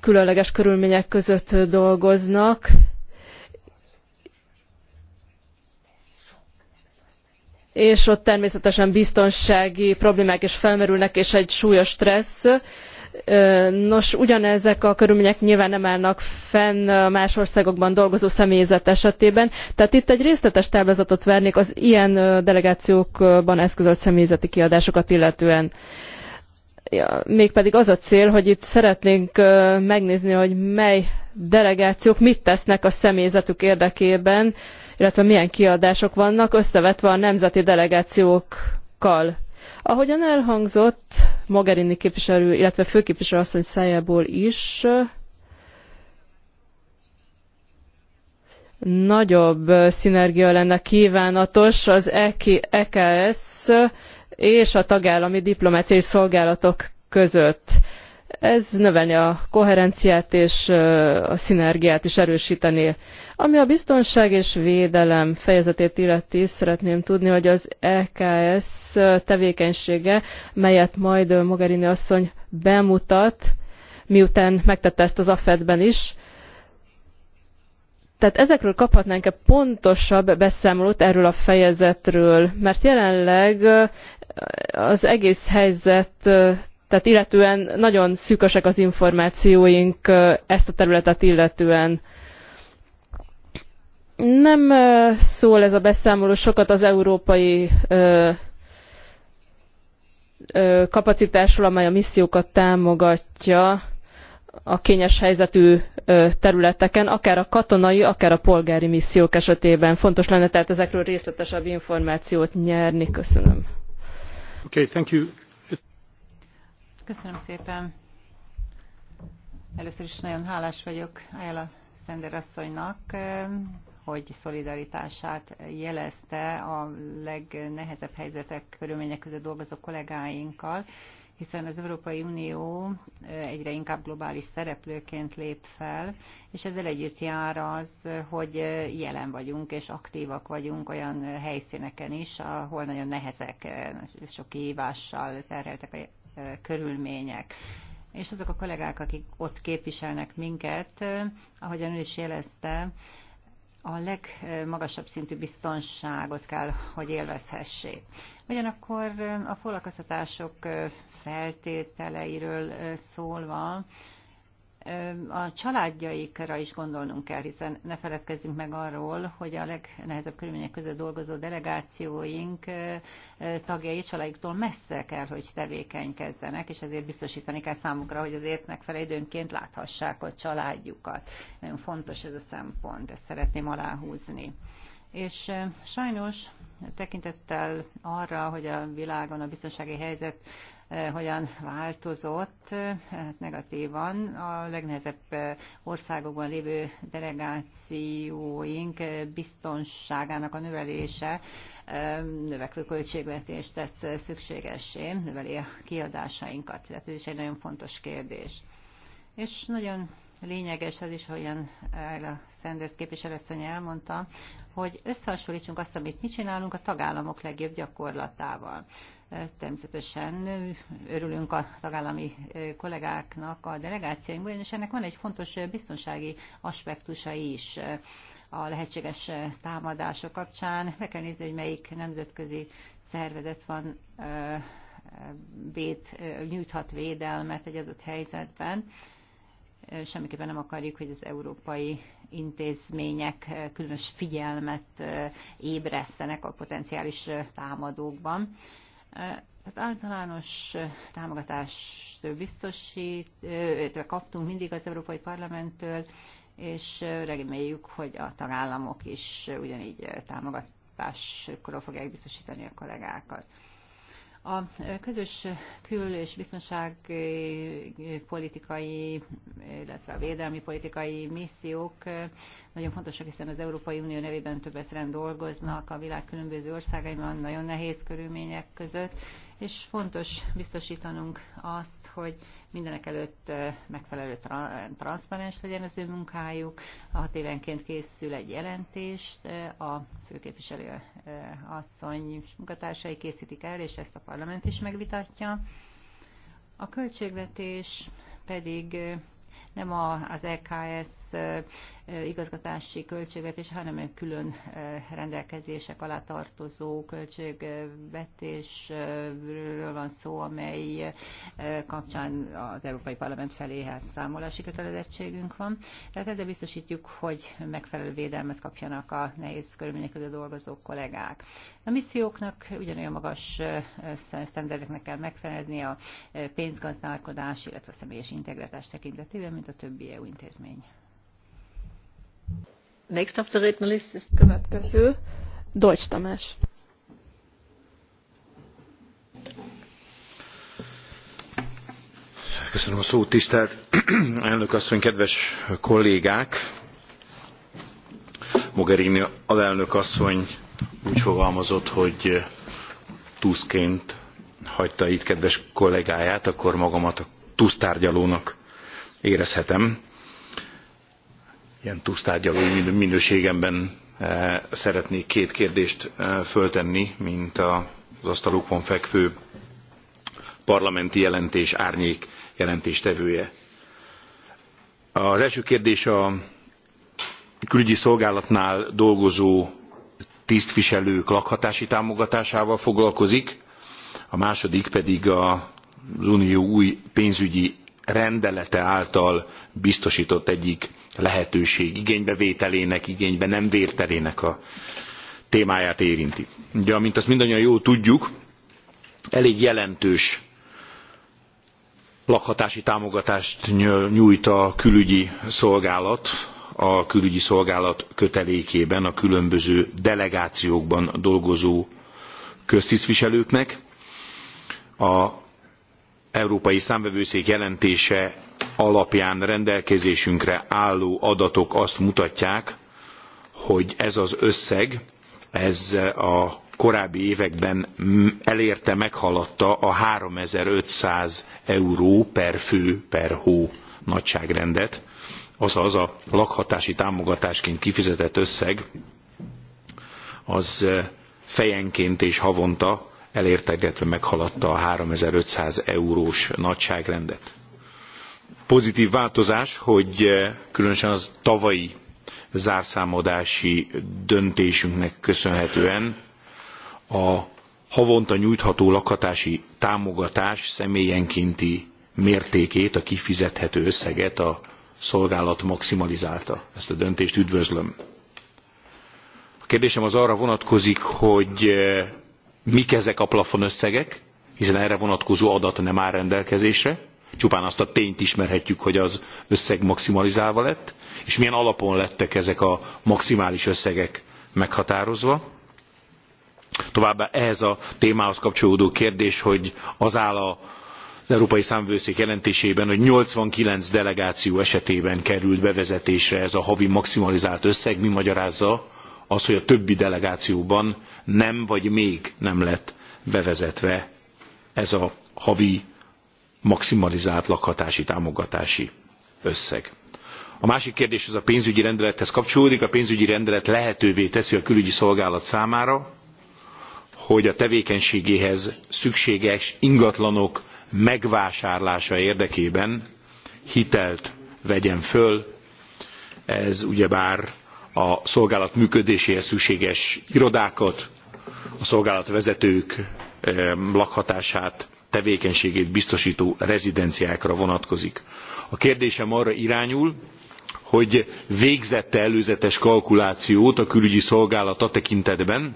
különleges körülmények között dolgoznak, és ott természetesen biztonsági problémák is felmerülnek, és egy súlyos stressz. Nos, ugyanezek a körülmények nyilván nem állnak fenn más országokban dolgozó személyzet esetében, tehát itt egy részletes táblázatot várnék az ilyen delegációkban eszközölt személyzeti kiadásokat illetően. Ja, mégpedig az a cél, hogy itt szeretnénk megnézni, hogy mely delegációk mit tesznek a személyzetük érdekében, illetve milyen kiadások vannak összevetve a nemzeti delegációkkal. Ahogyan elhangzott Mogherini képviselő, illetve főképviselő asszony szájából is, nagyobb szinergia lenne kívánatos az EKS és a tagállami diplomáciai szolgálatok között. Ez növelni a koherenciát és a szinergiát is erősíteni. Ami a biztonság és védelem fejezetét illeti, szeretném tudni, hogy az EKS tevékenysége, melyet majd Mogherini asszony bemutat, miután megtette ezt az AFED-ben is, tehát ezekről kaphatnánk-e pontosabb beszámolót erről a fejezetről? Mert jelenleg az egész helyzet, tehát illetően nagyon szűkösek az információink ezt a területet illetően. Nem szól ez a beszámoló sokat az európai kapacitásról, amely a missziókat támogatja a kényes helyzetű területeken, akár a katonai, akár a polgári missziók esetében. Fontos lenne tehát ezekről részletesebb információt nyerni. Köszönöm. Okay, thank you. Köszönöm szépen. Először is nagyon hálás vagyok Ayala Szender asszonynak hogy szolidaritását jelezte a legnehezebb helyzetek körülmények között dolgozó kollégáinkkal, hiszen az Európai Unió egyre inkább globális szereplőként lép fel, és ezzel együtt jár az, hogy jelen vagyunk és aktívak vagyunk olyan helyszíneken is, ahol nagyon nehezek, sok kihívással terheltek a körülmények. És azok a kollégák, akik ott képviselnek minket, ahogyan ő is jelezte, a legmagasabb szintű biztonságot kell, hogy élvezhessék. Ugyanakkor a foglalkoztatások feltételeiről szólva, a családjaikra is gondolnunk kell, hiszen ne feledkezzünk meg arról, hogy a legnehezebb körülmények között dolgozó delegációink tagjai családjuktól messze kell, hogy tevékenykezzenek, és ezért biztosítani kell számukra, hogy az értnek fel időnként láthassák a családjukat. Nagyon fontos ez a szempont, ezt szeretném aláhúzni. És sajnos tekintettel arra, hogy a világon a biztonsági helyzet E, hogyan változott e, hát negatívan. A legnehezebb e, országokban lévő delegációink biztonságának a növelése növekvő költségvetést tesz szükségessé, növeli a kiadásainkat. Tehát ez is egy nagyon fontos kérdés. És nagyon lényeges az is, hogy eh, a Sanders képviselőasszony elmondta, hogy összehasonlítsunk azt, amit mi csinálunk a tagállamok legjobb gyakorlatával. Eh, természetesen eh, örülünk a tagállami kollégáknak a delegációinkból, és ennek van egy fontos biztonsági aspektusa is a lehetséges támadások kapcsán. Meg kell nézni, hogy melyik nemzetközi szervezet van véd, nyújthat védelmet egy adott helyzetben semmiképpen nem akarjuk, hogy az európai intézmények eh, különös figyelmet eh, ébresztenek a potenciális eh, támadókban. Tehát általános támogatást biztosít, kaptunk mindig az Európai Parlamenttől, és reméljük, hogy a tagállamok is ugyanígy támogatásról fogják biztosítani a kollégákat. A közös kül- és biztonságpolitikai, illetve a védelmi politikai missziók eh, nagyon fontosak, hiszen az Európai Unió nevében több ezeren dolgoznak a világ különböző országaiban, nagyon nehéz körülmények között, és fontos biztosítanunk azt, hogy mindenek előtt eh, megfelelő transzparens legyen az ő munkájuk. A hat évenként készül egy jelentést, eh, a főképviselő eh, asszony és munkatársai készítik el, és ezt a parlament is megvitatja. A költségvetés pedig nem az EKS igazgatási költségvetés, hanem egy külön rendelkezések alá tartozó költségvetésről van szó, amely kapcsán az Európai Parlament feléhez számolási kötelezettségünk van. Tehát ezzel biztosítjuk, hogy megfelelő védelmet kapjanak a nehéz körülmények között dolgozó kollégák. A misszióknak ugyanolyan magas sztenderdeknek kell megfelelni a pénzgazdálkodás, illetve a személyes integritás tekintetében, mint a többi EU intézmény. Next of the written list is... Következő, Deutsch Tamás. Köszönöm a szót, tisztelt elnök asszony, kedves kollégák! Mogherini alelnök asszony úgy fogalmazott, hogy Tuskként hagyta itt kedves kollégáját, akkor magamat a Tusz tárgyalónak érezhetem ilyen tusztárgyalói minőségemben eh, szeretnék két kérdést eh, föltenni, mint az asztalukon fekvő parlamenti jelentés árnyék jelentéstevője. Az első kérdés a külügyi szolgálatnál dolgozó tisztviselők lakhatási támogatásával foglalkozik, a második pedig az unió új pénzügyi rendelete által biztosított egyik lehetőség igénybevételének, igénybe nem vételének a témáját érinti. Ugye, amint azt mindannyian jól tudjuk, elég jelentős lakhatási támogatást nyújt a külügyi szolgálat a külügyi szolgálat kötelékében a különböző delegációkban dolgozó köztisztviselőknek. A európai számvevőszék jelentése alapján rendelkezésünkre álló adatok azt mutatják hogy ez az összeg ez a korábbi években elérte meghaladta a 3500 euró per fő per hó nagyságrendet azaz a lakhatási támogatásként kifizetett összeg az fejenként és havonta elértegetve meghaladta a 3500 eurós nagyságrendet. Pozitív változás, hogy eh, különösen az tavalyi zárszámadási döntésünknek köszönhetően a havonta nyújtható lakhatási támogatás személyenkénti mértékét, a kifizethető összeget a szolgálat maximalizálta. Ezt a döntést üdvözlöm. A kérdésem az arra vonatkozik, hogy eh, mik ezek a plafonösszegek, hiszen erre vonatkozó adat nem áll rendelkezésre, csupán azt a tényt ismerhetjük, hogy az összeg maximalizálva lett, és milyen alapon lettek ezek a maximális összegek meghatározva. Továbbá ehhez a témához kapcsolódó kérdés, hogy az áll a az Európai Számvőszék jelentésében, hogy 89 delegáció esetében került bevezetésre ez a havi maximalizált összeg, mi magyarázza, az, hogy a többi delegációban nem vagy még nem lett bevezetve ez a havi maximalizált lakhatási támogatási összeg. A másik kérdés az a pénzügyi rendelethez kapcsolódik. A pénzügyi rendelet lehetővé teszi a külügyi szolgálat számára, hogy a tevékenységéhez szükséges ingatlanok megvásárlása érdekében hitelt vegyen föl. Ez ugyebár a szolgálat működéséhez szükséges irodákat, a szolgálat vezetők eh, lakhatását, tevékenységét biztosító rezidenciákra vonatkozik. A kérdésem arra irányul, hogy végzette előzetes kalkulációt a külügyi szolgálata tekintetben,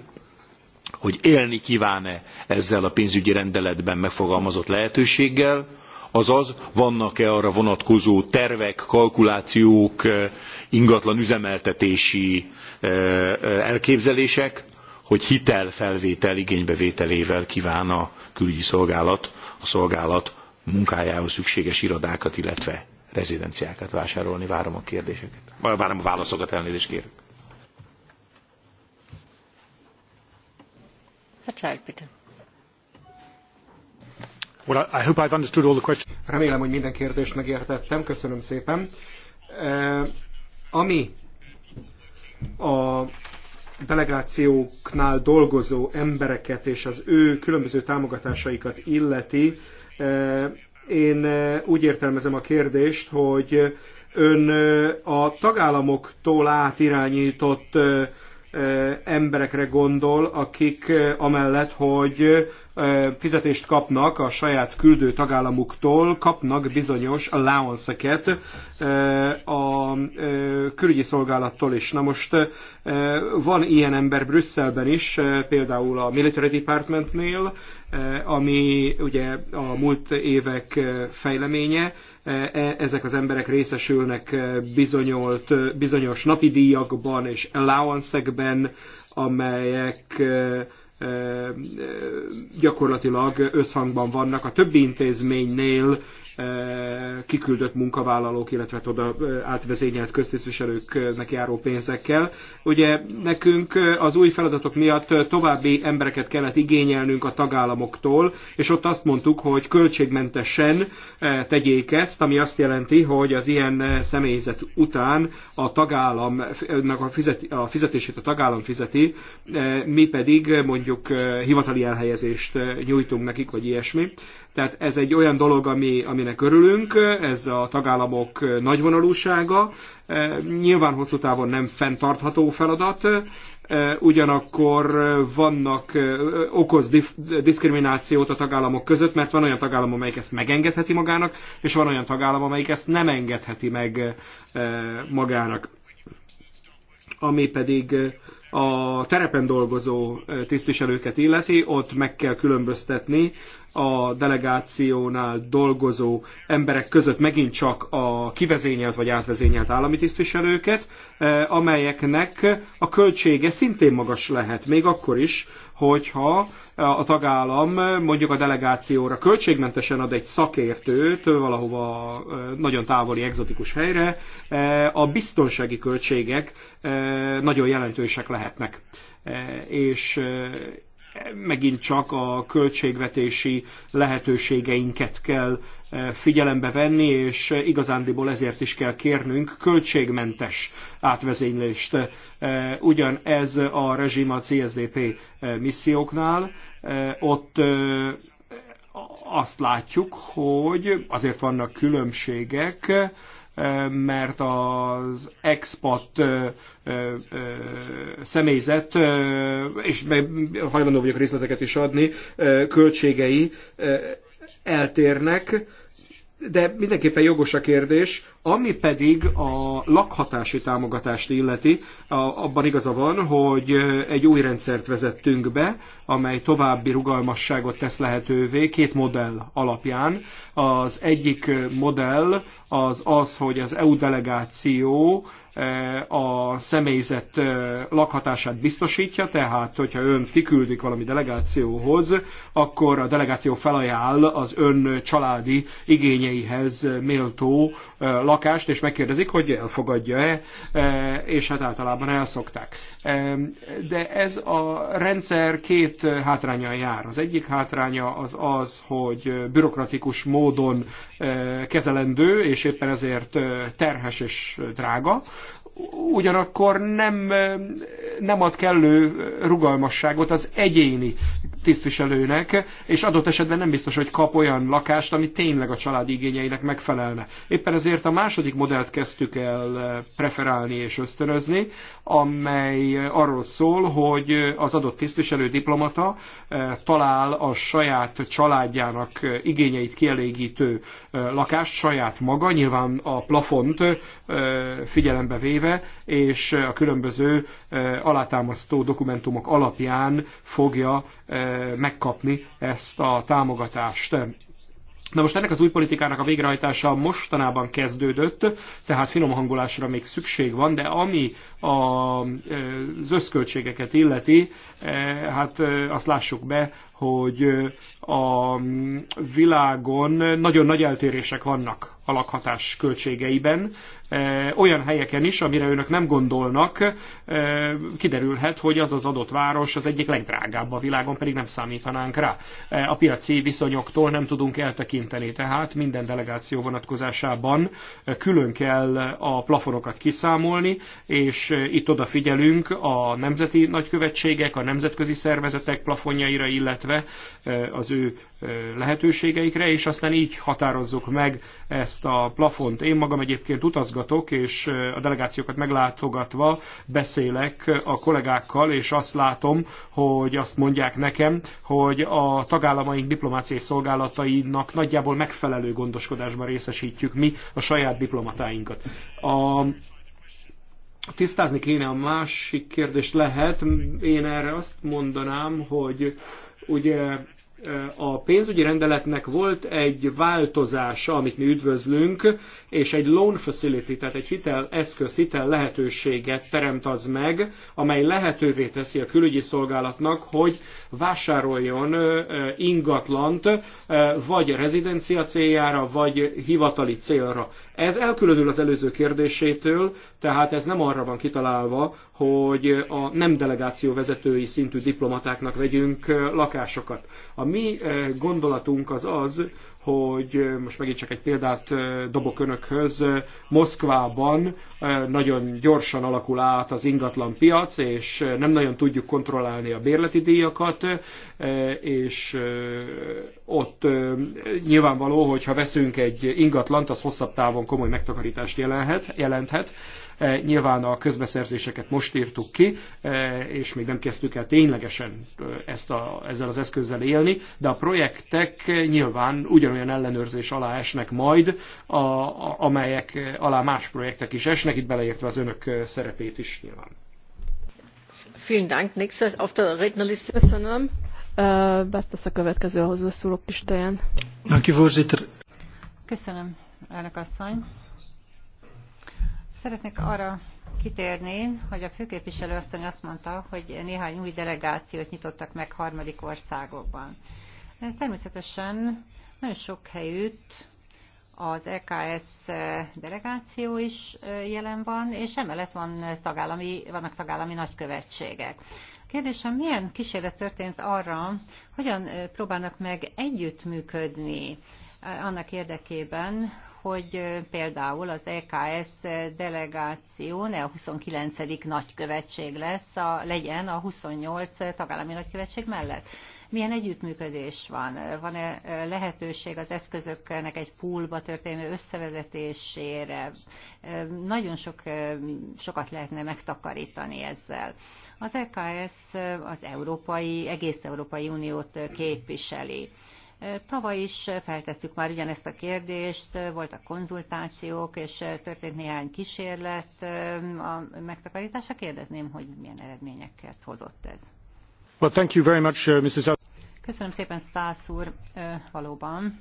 hogy élni kíván-e ezzel a pénzügyi rendeletben megfogalmazott lehetőséggel, azaz vannak-e arra vonatkozó tervek, kalkulációk, eh, ingatlan üzemeltetési e, e, elképzelések, hogy hitelfelvétel igénybevételével kíván a külügyi szolgálat, a szolgálat munkájához szükséges irodákat, illetve rezidenciákat vásárolni. Várom a kérdéseket. Várom a válaszokat, elnézést kérek. Hát, Remélem, hogy minden kérdést megértettem. Köszönöm szépen. E, ami a delegációknál dolgozó embereket és az ő különböző támogatásaikat illeti, eh, én eh, úgy értelmezem a kérdést, hogy ön eh, a tagállamoktól átirányított emberekre gondol, akik amellett, hogy fizetést kapnak a saját küldő tagállamuktól, kapnak bizonyos allowance-eket a külügyi szolgálattól is. Na most van ilyen ember Brüsszelben is, például a Military Departmentnél, Eh, ami ugye a múlt évek eh, fejleménye. Eh, e, ezek az emberek részesülnek bizonyolt, bizonyos napi díjakban és allowance-ekben, amelyek gyakorlatilag összhangban vannak a többi intézménynél kiküldött munkavállalók, illetve oda átvezényelt köztisztviselőknek járó pénzekkel. Ugye nekünk az új feladatok miatt további embereket kellett igényelnünk a tagállamoktól, és ott azt mondtuk, hogy költségmentesen tegyék ezt, ami azt jelenti, hogy az ilyen személyzet után a tagállam, a, fizeti, a fizetését a tagállam fizeti, mi pedig mondjuk hivatali elhelyezést nyújtunk nekik, vagy ilyesmi. Tehát ez egy olyan dolog, ami, aminek örülünk, ez a tagállamok nagyvonalúsága. E, nyilván hosszú távon nem fenntartható feladat, e, ugyanakkor vannak, e, okoz diszkriminációt a tagállamok között, mert van olyan tagállam, amelyik ezt megengedheti magának, és van olyan tagállam, amelyik ezt nem engedheti meg magának. Ami pedig a terepen dolgozó tisztviselőket illeti, ott meg kell különböztetni a delegációnál dolgozó emberek között megint csak a kivezényelt vagy átvezényelt állami tisztviselőket, amelyeknek a költsége szintén magas lehet, még akkor is, hogyha a tagállam mondjuk a delegációra költségmentesen ad egy szakértőt valahova nagyon távoli, egzotikus helyre, a biztonsági költségek nagyon jelentősek lehetnek. És megint csak a költségvetési lehetőségeinket kell e, figyelembe venni, és igazándiból ezért is kell kérnünk költségmentes átvezénylést. E, ugyan ez a rezsim a CSDP e, misszióknál, ott azt látjuk, hogy azért vannak különbségek, mert az expat személyzet, és hajlandó vagyok részleteket is adni, költségei eltérnek, de mindenképpen jogos a kérdés, ami pedig a lakhatási támogatást illeti, abban igaza van, hogy egy új rendszert vezettünk be, amely további rugalmasságot tesz lehetővé két modell alapján. Az egyik modell az az, hogy az EU delegáció a személyzet lakhatását biztosítja, tehát hogyha ön kiküldik valami delegációhoz, akkor a delegáció felajánl az ön családi igényeihez méltó lakást, és megkérdezik, hogy elfogadja-e, és hát általában elszokták. De ez a rendszer két hátránya jár. Az egyik hátránya az az, hogy bürokratikus módon kezelendő, és éppen ezért terhes és drága ugyanakkor nem, nem ad kellő rugalmasságot az egyéni tisztviselőnek, és adott esetben nem biztos, hogy kap olyan lakást, ami tényleg a család igényeinek megfelelne. Éppen ezért a második modellt kezdtük el preferálni és ösztönözni, amely arról szól, hogy az adott tisztviselő diplomata eh, talál a saját családjának igényeit kielégítő eh, lakást, saját maga, nyilván a plafont eh, figyelembe véve, és a különböző alátámasztó dokumentumok alapján fogja megkapni ezt a támogatást. Na most ennek az új politikának a végrehajtása mostanában kezdődött, tehát finom hangolásra még szükség van, de ami a, az összköltségeket illeti, eh, hát eh, azt lássuk be, hogy eh, a világon nagyon nagy eltérések vannak a lakhatás költségeiben. E, olyan helyeken is, amire önök nem gondolnak, e, kiderülhet, hogy az az adott város az egyik legdrágább a világon, pedig nem számítanánk rá. E, a piaci viszonyoktól nem tudunk eltekinteni, tehát minden delegáció vonatkozásában külön kell a plafonokat kiszámolni, és itt odafigyelünk a nemzeti nagykövetségek, a nemzetközi szervezetek plafonjaira, illetve az ő lehetőségeikre, és aztán így határozzuk meg ezt a plafont. Én magam egyébként utazgatok, és a delegációkat meglátogatva beszélek a kollégákkal, és azt látom, hogy azt mondják nekem, hogy a tagállamaink diplomáciai szolgálatainak nagyjából megfelelő gondoskodásban részesítjük mi a saját diplomatáinkat. A Tisztázni kéne a másik kérdést lehet. Én erre azt mondanám, hogy ugye a pénzügyi rendeletnek volt egy változása, amit mi üdvözlünk, és egy loan facility, tehát egy hitel eszköz, hitel lehetőséget teremt az meg, amely lehetővé teszi a külügyi szolgálatnak, hogy vásároljon ingatlant vagy rezidencia céljára, vagy hivatali célra. Ez elkülönül az előző kérdésétől, tehát ez nem arra van kitalálva, hogy a nem delegáció vezetői szintű diplomatáknak vegyünk lakásokat. A mi gondolatunk az az, hogy most megint csak egy példát dobok önökhöz, Moszkvában nagyon gyorsan alakul át az ingatlan piac, és nem nagyon tudjuk kontrollálni a bérleti díjakat, és ott nyilvánvaló, hogyha ha veszünk egy ingatlant, az hosszabb távon komoly megtakarítást jelenthet, jelenthet E, nyilván a közbeszerzéseket most írtuk ki, e, és még nem kezdtük el ténylegesen e, ezt a, ezzel az eszközzel élni, de a projektek nyilván ugyanolyan ellenőrzés alá esnek majd, a, a, amelyek alá más projektek is esnek, itt beleértve az önök szerepét is nyilván. Vielen Dank. auf der Köszönöm. Besztesz a következő a hozzászólók listáján. Köszönöm, elnök asszony. Szeretnék arra kitérni, hogy a főképviselő asszony azt mondta, hogy néhány új delegációt nyitottak meg harmadik országokban. Természetesen nagyon sok helyütt az EKS delegáció is jelen van, és emellett van tagállami, vannak tagállami nagykövetségek. Kérdésem, milyen kísérlet történt arra, hogyan próbálnak meg együttműködni annak érdekében, hogy például az EKS delegáció ne a 29. nagykövetség lesz, a, legyen a 28 tagállami nagykövetség mellett. Milyen együttműködés van? Van-e lehetőség az eszközöknek egy poolba történő összevezetésére? Nagyon sok, sokat lehetne megtakarítani ezzel. Az EKS az európai, egész Európai Uniót képviseli. Tavaly is feltettük már ugyanezt a kérdést, voltak konzultációk, és történt néhány kísérlet a megtakarításra. Kérdezném, hogy milyen eredményeket hozott ez. Well, thank you very much, uh, Mrs. Köszönöm szépen, Stász úr, valóban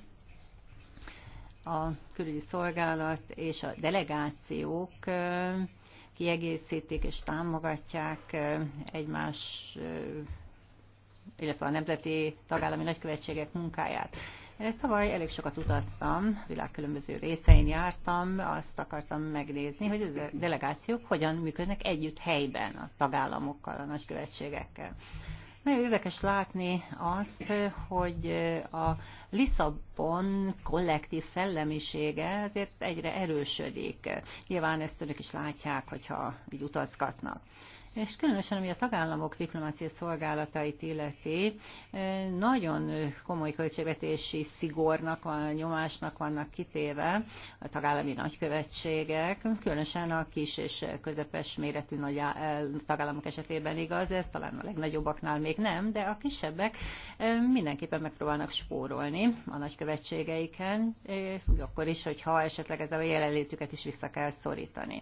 a külügyi szolgálat és a delegációk kiegészítik és támogatják egymás illetve a nemzeti tagállami nagykövetségek munkáját. Tavaly elég sokat utaztam, világ különböző részein jártam, azt akartam megnézni, hogy a delegációk hogyan működnek együtt helyben a tagállamokkal, a nagykövetségekkel. Nagyon érdekes látni azt, hogy a Lisszabon kollektív szellemisége azért egyre erősödik. Nyilván ezt önök is látják, hogyha így utazgatnak és különösen ami a tagállamok diplomáciai szolgálatait illeti, nagyon komoly költségvetési szigornak, a nyomásnak vannak kitéve a tagállami nagykövetségek, különösen a kis és közepes méretű nagy tagállamok esetében igaz, ez talán a legnagyobbaknál még nem, de a kisebbek mindenképpen megpróbálnak spórolni a nagykövetségeiken, akkor is, hogyha esetleg ez a jelenlétüket is vissza kell szorítani.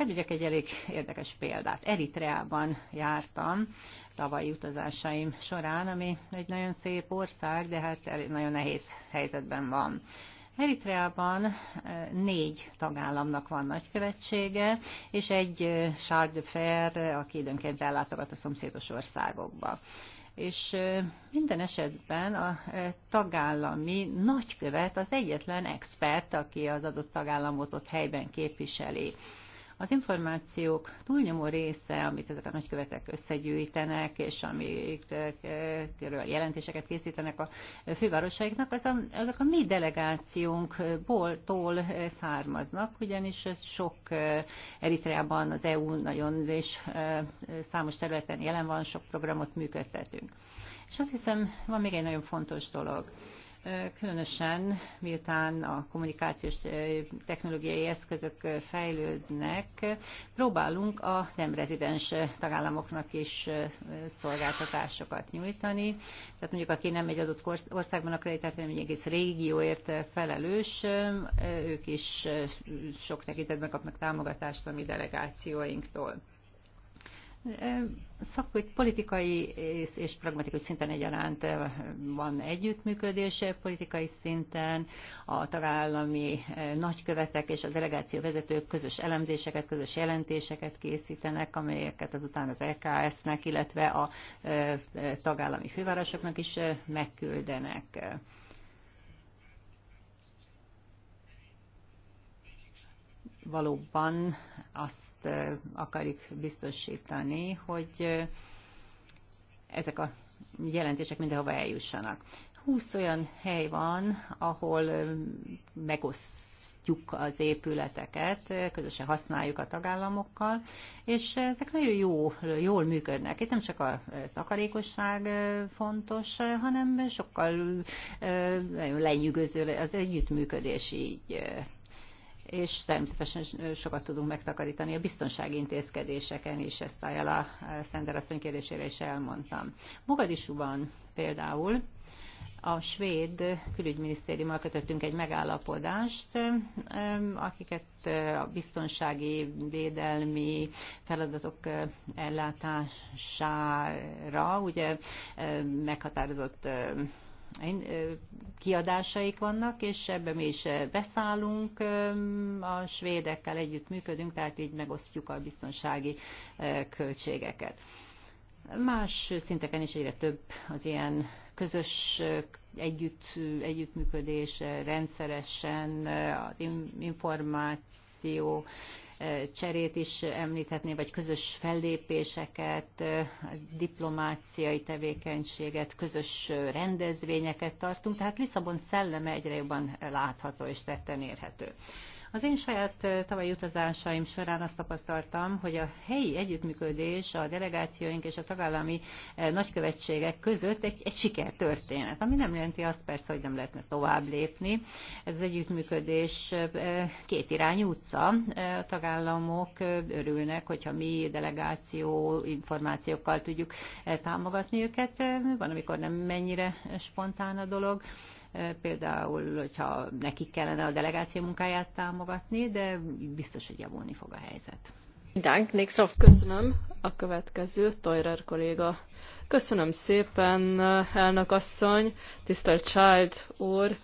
Hogy mondjak egy elég érdekes példát. Eritreában jártam tavalyi utazásaim során, ami egy nagyon szép ország, de hát nagyon nehéz helyzetben van. Eritreában eh, négy tagállamnak van nagykövetsége, és egy eh, Charles de Fer, aki időnként ellátogat a szomszédos országokba és eh, minden esetben a tagállami nagykövet az egyetlen expert, aki az adott tagállamot ott helyben képviseli. Az információk túlnyomó része, amit ezek a nagykövetek összegyűjtenek, és amikről jelentéseket készítenek a fővárosaiknak, az a, azok a mi delegációnkból tól származnak, ugyanis sok eh, Eritreában az EU nagyon és eh, számos területen jelen van, sok programot működtetünk. És azt hiszem, van még egy nagyon fontos dolog. Különösen, miután a kommunikációs technológiai eszközök fejlődnek, próbálunk a nem rezidens tagállamoknak is szolgáltatásokat nyújtani. Tehát mondjuk, aki nem egy adott országban akreditált, hanem egy egész régióért felelős, ők is sok tekintetben kapnak támogatást a mi delegációinktól hogy politikai és pragmatikus szinten egyaránt eh, van együttműködés, politikai szinten a tagállami eh, nagykövetek és a delegáció vezetők közös elemzéseket, közös jelentéseket készítenek, amelyeket azután az EKS-nek, illetve a eh, tagállami fővárosoknak is megküldenek. Valóban azt azt akarjuk biztosítani, hogy ezek a jelentések mindenhova eljussanak. 20 olyan hely van, ahol megosztjuk az épületeket, közösen használjuk a tagállamokkal, és ezek nagyon jó, jól működnek. Itt nem csak a takarékosság fontos, hanem sokkal nagyon lenyűgöző az együttműködés így és természetesen sokat tudunk megtakarítani a biztonsági intézkedéseken is, ezt a Szender asszony kérdésére is elmondtam. Mogadisúban például a svéd külügyminisztériummal kötöttünk egy megállapodást, akiket a biztonsági, védelmi feladatok ellátására ugye meghatározott kiadásaik vannak, és ebben mi is beszállunk, a svédekkel együtt működünk, tehát így megosztjuk a biztonsági költségeket. Más szinteken is egyre több az ilyen közös együtt, együttműködés rendszeresen, az információ cserét is említhetné, vagy közös fellépéseket, diplomáciai tevékenységet, közös rendezvényeket tartunk, tehát Lisszabon szelleme egyre jobban látható és tetten érhető. Az én saját tavalyi utazásaim során azt tapasztaltam, hogy a helyi együttműködés a delegációink és a tagállami nagykövetségek között egy, egy sikertörténet, ami nem jelenti azt persze, hogy nem lehetne tovább lépni. Ez az együttműködés két irány utca. A tagállamok örülnek, hogyha mi delegáció információkkal tudjuk támogatni őket. Van, amikor nem mennyire spontán a dolog például, hogyha nekik kellene a delegáció munkáját támogatni, de biztos, hogy javulni fog a helyzet. Dank, Nixoff, köszönöm. A következő, Toirer kolléga. Köszönöm szépen, elnök asszony, tisztelt Child úr,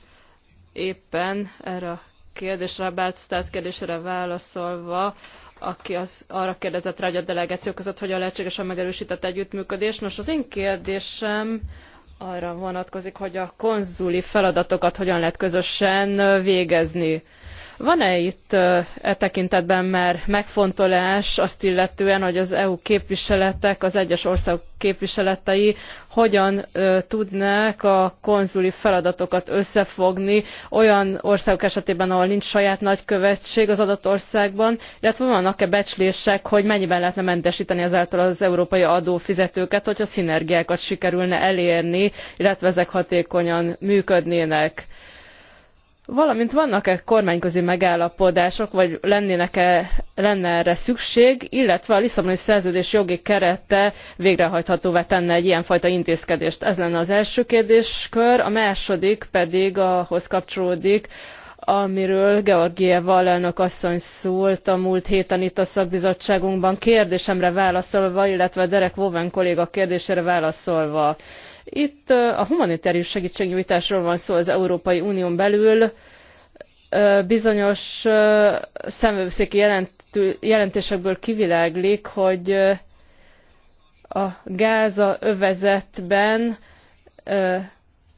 éppen erre a kérdésre, Bált Stász kérdésre válaszolva, aki az, arra kérdezett rá, hogy a delegáció között hogyan lehetséges a megerősített együttműködés. Nos, az én kérdésem arra vonatkozik, hogy a konzuli feladatokat hogyan lehet közösen végezni. Van-e itt e tekintetben már megfontolás azt illetően, hogy az EU képviseletek, az egyes országok képviseletei hogyan tudnák a konzuli feladatokat összefogni olyan országok esetében, ahol nincs saját nagykövetség az adott országban, illetve vannak-e becslések, hogy mennyiben lehetne mentesíteni ezáltal az európai adófizetőket, hogyha szinergiákat sikerülne elérni, illetve ezek hatékonyan működnének. Valamint vannak-e kormányközi megállapodások, vagy lennének-e, lenne erre szükség, illetve a Lisszaboni szerződés jogi kerete végrehajthatóvá tenne egy ilyenfajta intézkedést? Ez lenne az első kérdéskör, a második pedig ahhoz kapcsolódik, amiről Georgieva alelnök asszony szólt a múlt héten itt a szakbizottságunkban kérdésemre válaszolva, illetve Derek Woven kolléga kérdésére válaszolva. Itt a humanitárius segítségnyújtásról van szó az Európai Unión belül. Bizonyos szemőszéki jelentésekből kiviláglik, hogy a Gáza övezetben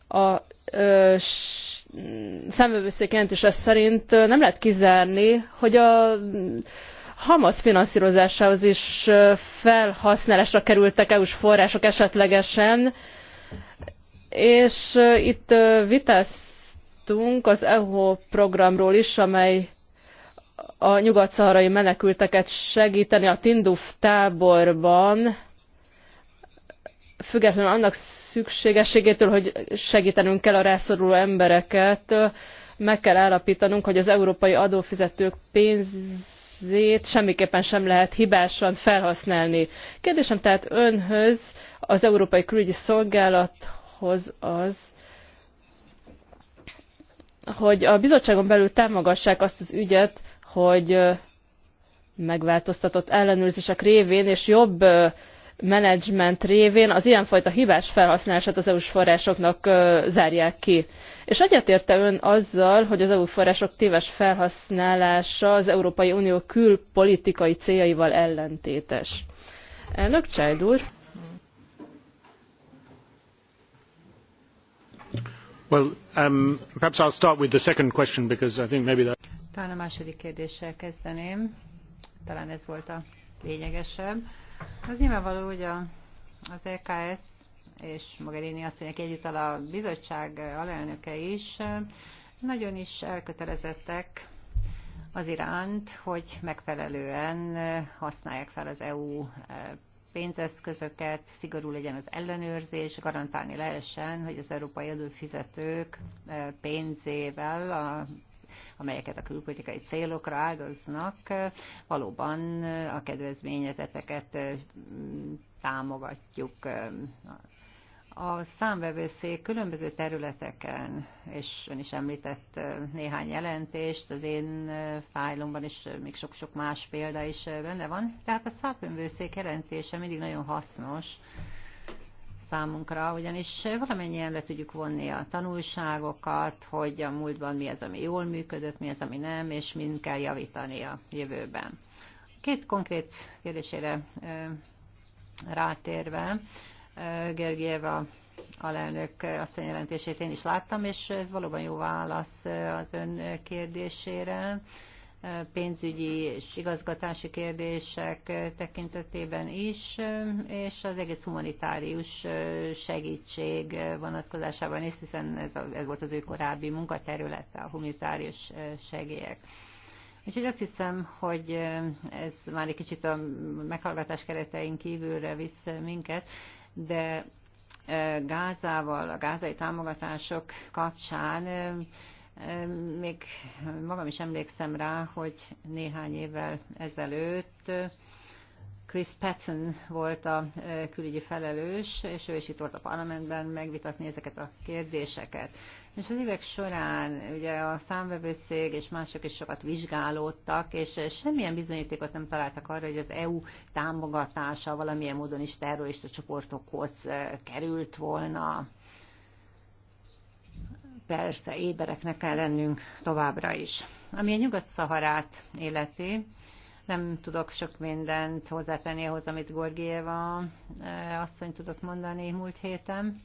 a szemövőszék jelentése szerint nem lehet kizárni, hogy a Hamas finanszírozásához is felhasználásra kerültek EU-s források esetlegesen, és itt vitáztunk az EU programról is, amely a nyugat-szaharai menekülteket segíteni a Tinduf táborban, függetlenül annak szükségességétől, hogy segítenünk kell a rászoruló embereket, meg kell állapítanunk, hogy az európai adófizetők pénzét semmiképpen sem lehet hibásan felhasználni. Kérdésem tehát önhöz, az Európai Külügyi Szolgálathoz az, hogy a bizottságon belül támogassák azt az ügyet, hogy megváltoztatott ellenőrzések révén és jobb menedzsment révén az ilyenfajta hibás felhasználását az EU-s forrásoknak zárják ki. És egyetérte ön azzal, hogy az EU források téves felhasználása az Európai Unió külpolitikai céljaival ellentétes. Elnök Csájd úr! Talán a második kérdéssel kezdeném. Talán ez volt a lényegesebb. Az nyilvánvaló, hogy a, az EKS és Mogherini asszonyok együtt a bizottság alelnöke is nagyon is elkötelezettek az iránt, hogy megfelelően használják fel az EU pénzeszközöket, szigorú legyen az ellenőrzés, garantálni lehessen, hogy az európai adófizetők eh, pénzével a amelyeket a külpolitikai célokra áldoznak, eh, valóban eh, a kedvezményezeteket támogatjuk a számvevőszék különböző területeken, és ön is említett néhány jelentést, az én fájlomban is még sok-sok más példa is benne van. Tehát a számvevőszék jelentése mindig nagyon hasznos számunkra, ugyanis valamennyien le tudjuk vonni a tanulságokat, hogy a múltban mi az, ami jól működött, mi az, ami nem, és mind kell javítani a jövőben. Két konkrét kérdésére rátérve, Gergieva alelnök asszony jelentését én is láttam, és ez valóban jó válasz az ön kérdésére pénzügyi és igazgatási kérdések tekintetében is, és az egész humanitárius segítség vonatkozásában is, hiszen ez, a, ez volt az ő korábbi munkaterülete, a humanitárius segélyek. Úgyhogy azt hiszem, hogy ez már egy kicsit a meghallgatás keretein kívülre visz minket, de Gázával, a gázai támogatások kapcsán még magam is emlékszem rá, hogy néhány évvel ezelőtt Chris Patton volt a külügyi felelős, és ő is itt volt a parlamentben megvitatni ezeket a kérdéseket. És az évek során ugye a számvevőszég és mások is sokat vizsgálódtak, és semmilyen bizonyítékot nem találtak arra, hogy az EU támogatása valamilyen módon is terrorista csoportokhoz került volna. Persze ébereknek kell lennünk továbbra is. Ami a Nyugat-Szaharát életi, nem tudok sok mindent hozzátenni ahhoz, amit Gorgieva eh, asszony tudott mondani múlt héten.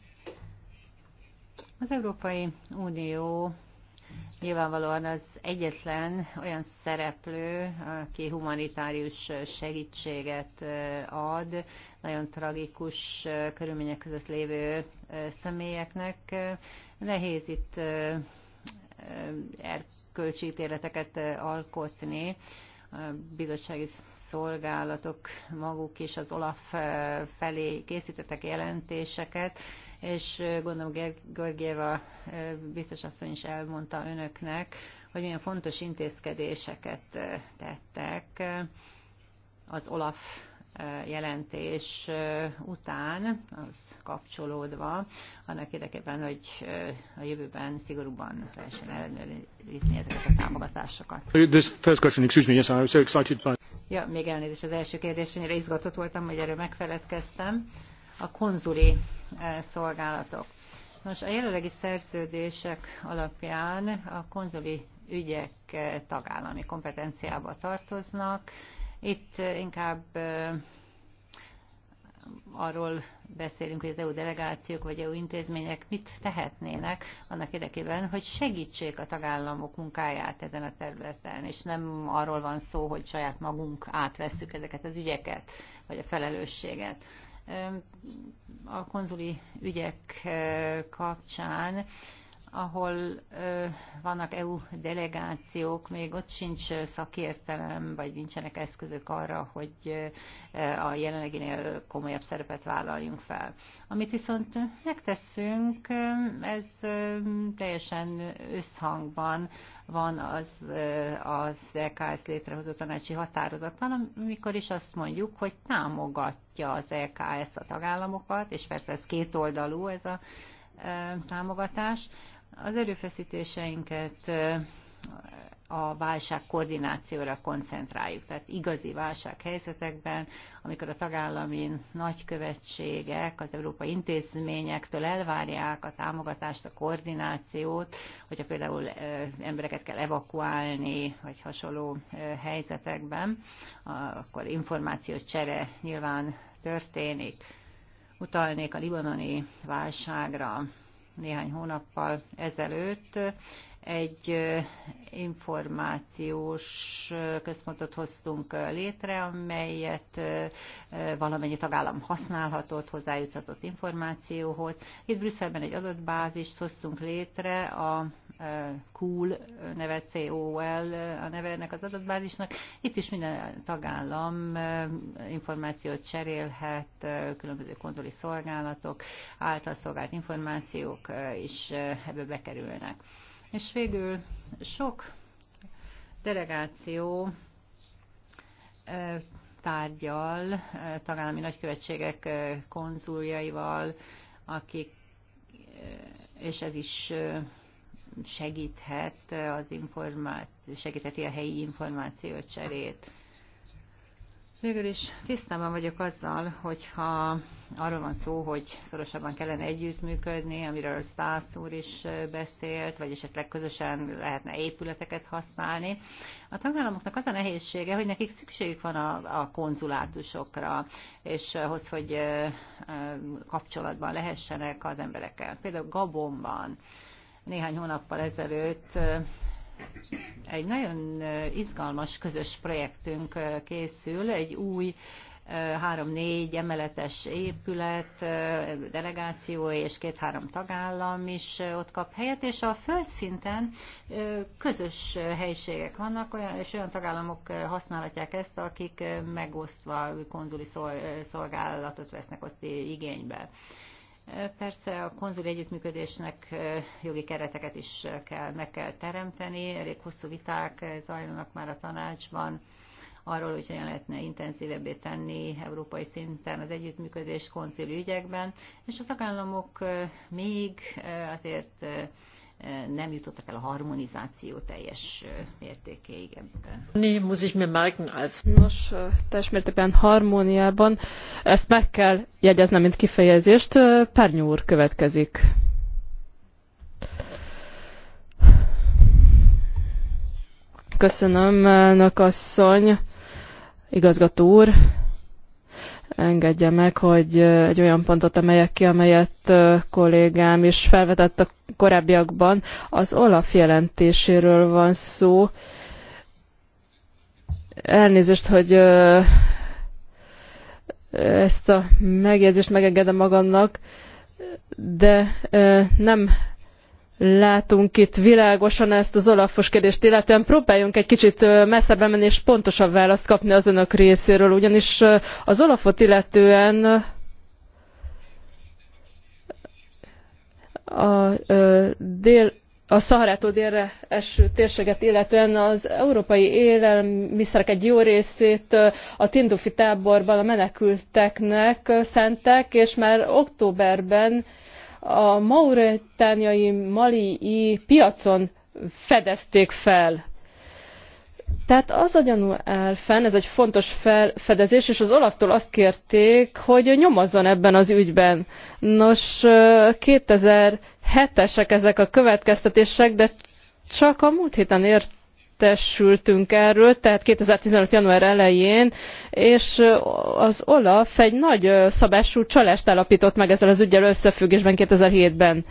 Az Európai Unió nyilvánvalóan az egyetlen olyan szereplő, aki humanitárius segítséget eh, ad nagyon tragikus eh, körülmények között lévő személyeknek. Nehéz itt erkölcsítéleteket alkotni, bizottsági szolgálatok maguk is az OLAF eh, felé készítettek jelentéseket, és eh, gondolom Görgieva eh, biztos asszony is elmondta önöknek, hogy milyen fontos intézkedéseket tettek az OLAF jelentés után, az kapcsolódva, annak érdekében, hogy a jövőben szigorúban lehessen ellenőrizni ezeket a támogatásokat. This first question, excuse me, yes, was so excited by... Ja, még elnézést az első kérdés, annyira izgatott voltam, hogy erről megfeledkeztem. A konzuli szolgálatok. Nos, a jelenlegi szerződések alapján a konzuli ügyek tagállami kompetenciába tartoznak, itt inkább arról beszélünk, hogy az EU delegációk vagy EU intézmények mit tehetnének annak érdekében, hogy segítsék a tagállamok munkáját ezen a területen, és nem arról van szó, hogy saját magunk átvesszük ezeket az ügyeket, vagy a felelősséget. A konzuli ügyek kapcsán ahol vannak EU delegációk, még ott sincs szakértelem, vagy nincsenek eszközök arra, hogy a jelenleginél komolyabb szerepet vállaljunk fel. Amit viszont megteszünk, ez teljesen összhangban van az, az EKS létrehozó tanácsi határozatban, amikor is azt mondjuk, hogy támogatja az EKS a tagállamokat, és persze ez kétoldalú ez a támogatás, az erőfeszítéseinket a válság koordinációra koncentráljuk. Tehát igazi válság helyzetekben, amikor a tagállami nagykövetségek, az európai intézményektől elvárják a támogatást, a koordinációt, hogyha például embereket kell evakuálni, vagy hasonló helyzetekben, akkor információcsere nyilván történik. Utalnék a libanoni válságra, néhány hónappal ezelőtt egy információs központot hoztunk létre, amelyet valamennyi tagállam használhatott, hozzájuthatott információhoz. Itt Brüsszelben egy adatbázist hoztunk létre, a COOL neve, COL a neve ennek az adatbázisnak. Itt is minden tagállam információt cserélhet, különböző konzoli szolgálatok által szolgált információk is ebbe bekerülnek. És végül sok delegáció tárgyal, tagállami nagykövetségek konzuljaival, akik, és ez is segíthet az információ, segítheti a helyi információcserét. Végül is tisztában vagyok azzal, hogyha arról van szó, hogy szorosabban kellene együttműködni, amiről Stász úr is beszélt, vagy esetleg közösen lehetne épületeket használni. A tagállamoknak az a nehézsége, hogy nekik szükségük van a, a konzulátusokra, és ahhoz, hogy kapcsolatban lehessenek az emberekkel. Például Gabonban néhány hónappal ezelőtt egy nagyon izgalmas közös projektünk készül, egy új három-négy emeletes épület, delegáció és két-három tagállam is ott kap helyet, és a földszinten közös helységek vannak, és olyan tagállamok használhatják ezt, akik megosztva konzuli szolgálatot vesznek ott igénybe. Persze a konzuli együttműködésnek jogi kereteket is kell, meg kell teremteni, elég hosszú viták zajlanak már a tanácsban arról, hogy hogyan lehetne intenzívebbé tenni európai szinten az együttműködés konzuli ügyekben, és a tagállamok még azért nem jutottak el a harmonizáció teljes mértékéig ebben. Nee, muss ich mir merken als... Nos, teljes mértékben harmóniában ezt meg kell jegyeznem, mint kifejezést. Pernyú úr következik. Köszönöm, elnök asszony, igazgató úr engedje meg, hogy egy olyan pontot emeljek ki, amelyet kollégám is felvetett a korábbiakban. Az Olaf jelentéséről van szó. Elnézést, hogy ezt a megjegyzést megengedem magamnak, de nem látunk itt világosan ezt az olafos kérdést, illetően próbáljunk egy kicsit messzebben menni és pontosabb választ kapni az önök részéről, ugyanis az olafot illetően a dél a Szaharától délre eső térséget illetően az európai élelmiszerek egy jó részét a Tindufi táborban a menekülteknek szentek, és már októberben a mauretániai mali piacon fedezték fel. Tehát az a gyanú áll fenn, ez egy fontos felfedezés, és az Olaftól azt kérték, hogy nyomozzon ebben az ügyben. Nos, 2007-esek ezek a következtetések, de csak a múlt héten ért értesültünk erről, tehát 2015. január elején, és az Olaf egy nagy szabású csalást állapított meg ezzel az ügyel összefüggésben 2007-ben.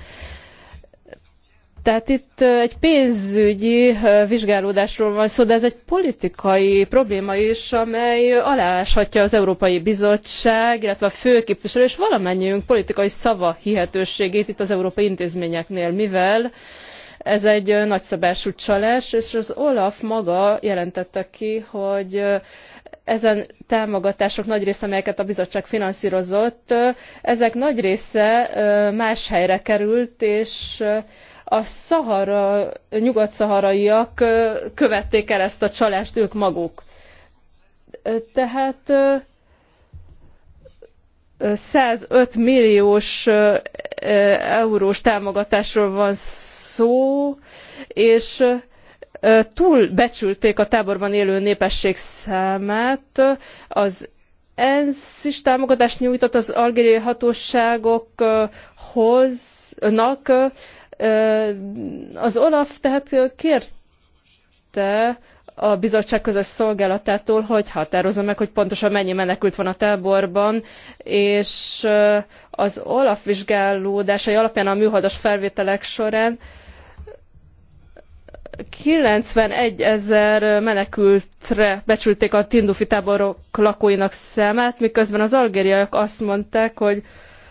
Tehát itt egy pénzügyi vizsgálódásról van szó, de ez egy politikai probléma is, amely aláshatja az Európai Bizottság, illetve a főképviselő és valamennyiünk politikai szava hihetőségét itt az európai intézményeknél, mivel ez egy nagyszabású csalás, és az Olaf maga jelentette ki, hogy ezen támogatások nagy része, amelyeket a bizottság finanszírozott, ezek nagy része más helyre került, és a szahara, nyugat-szaharaiak követték el ezt a csalást ők maguk. Tehát 105 milliós eurós támogatásról van szó, szó, és túlbecsülték a táborban élő népesség számát. Az ENSZ is támogatást nyújtott az algériai hatóságoknak. Az Olaf tehát kérte a bizottság közös szolgálatától, hogy határozza meg, hogy pontosan mennyi menekült van a táborban, és az Olaf vizsgálódásai alapján a műholdas felvételek során 91 ezer menekültre becsülték a Tindufi táborok lakóinak számát, miközben az algériaiak azt mondták, hogy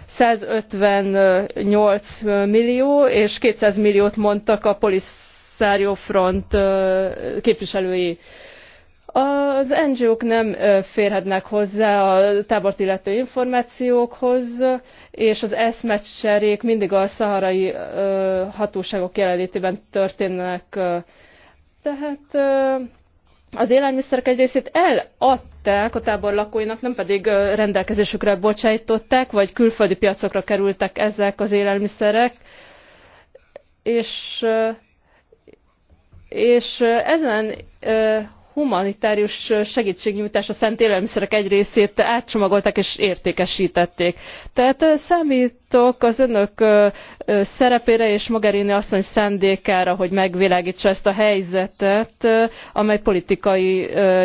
158 millió és 200 milliót mondtak a Polisario Front képviselői. Az NGO-k nem férhetnek hozzá a tábort illető információkhoz, és az eszmecserék mindig a szaharai hatóságok jelenlétében történnek. Tehát az élelmiszerek egy részét eladták a tábor lakóinak, nem pedig rendelkezésükre bocsájtották, vagy külföldi piacokra kerültek ezek az élelmiszerek. És, és ezen humanitárius segítségnyújtás a szent élelmiszerek egy részét átcsomagolták és értékesítették. Tehát számítok az önök szerepére és Mogherini asszony szándékára, hogy megvilágítsa ezt a helyzetet, amely politikai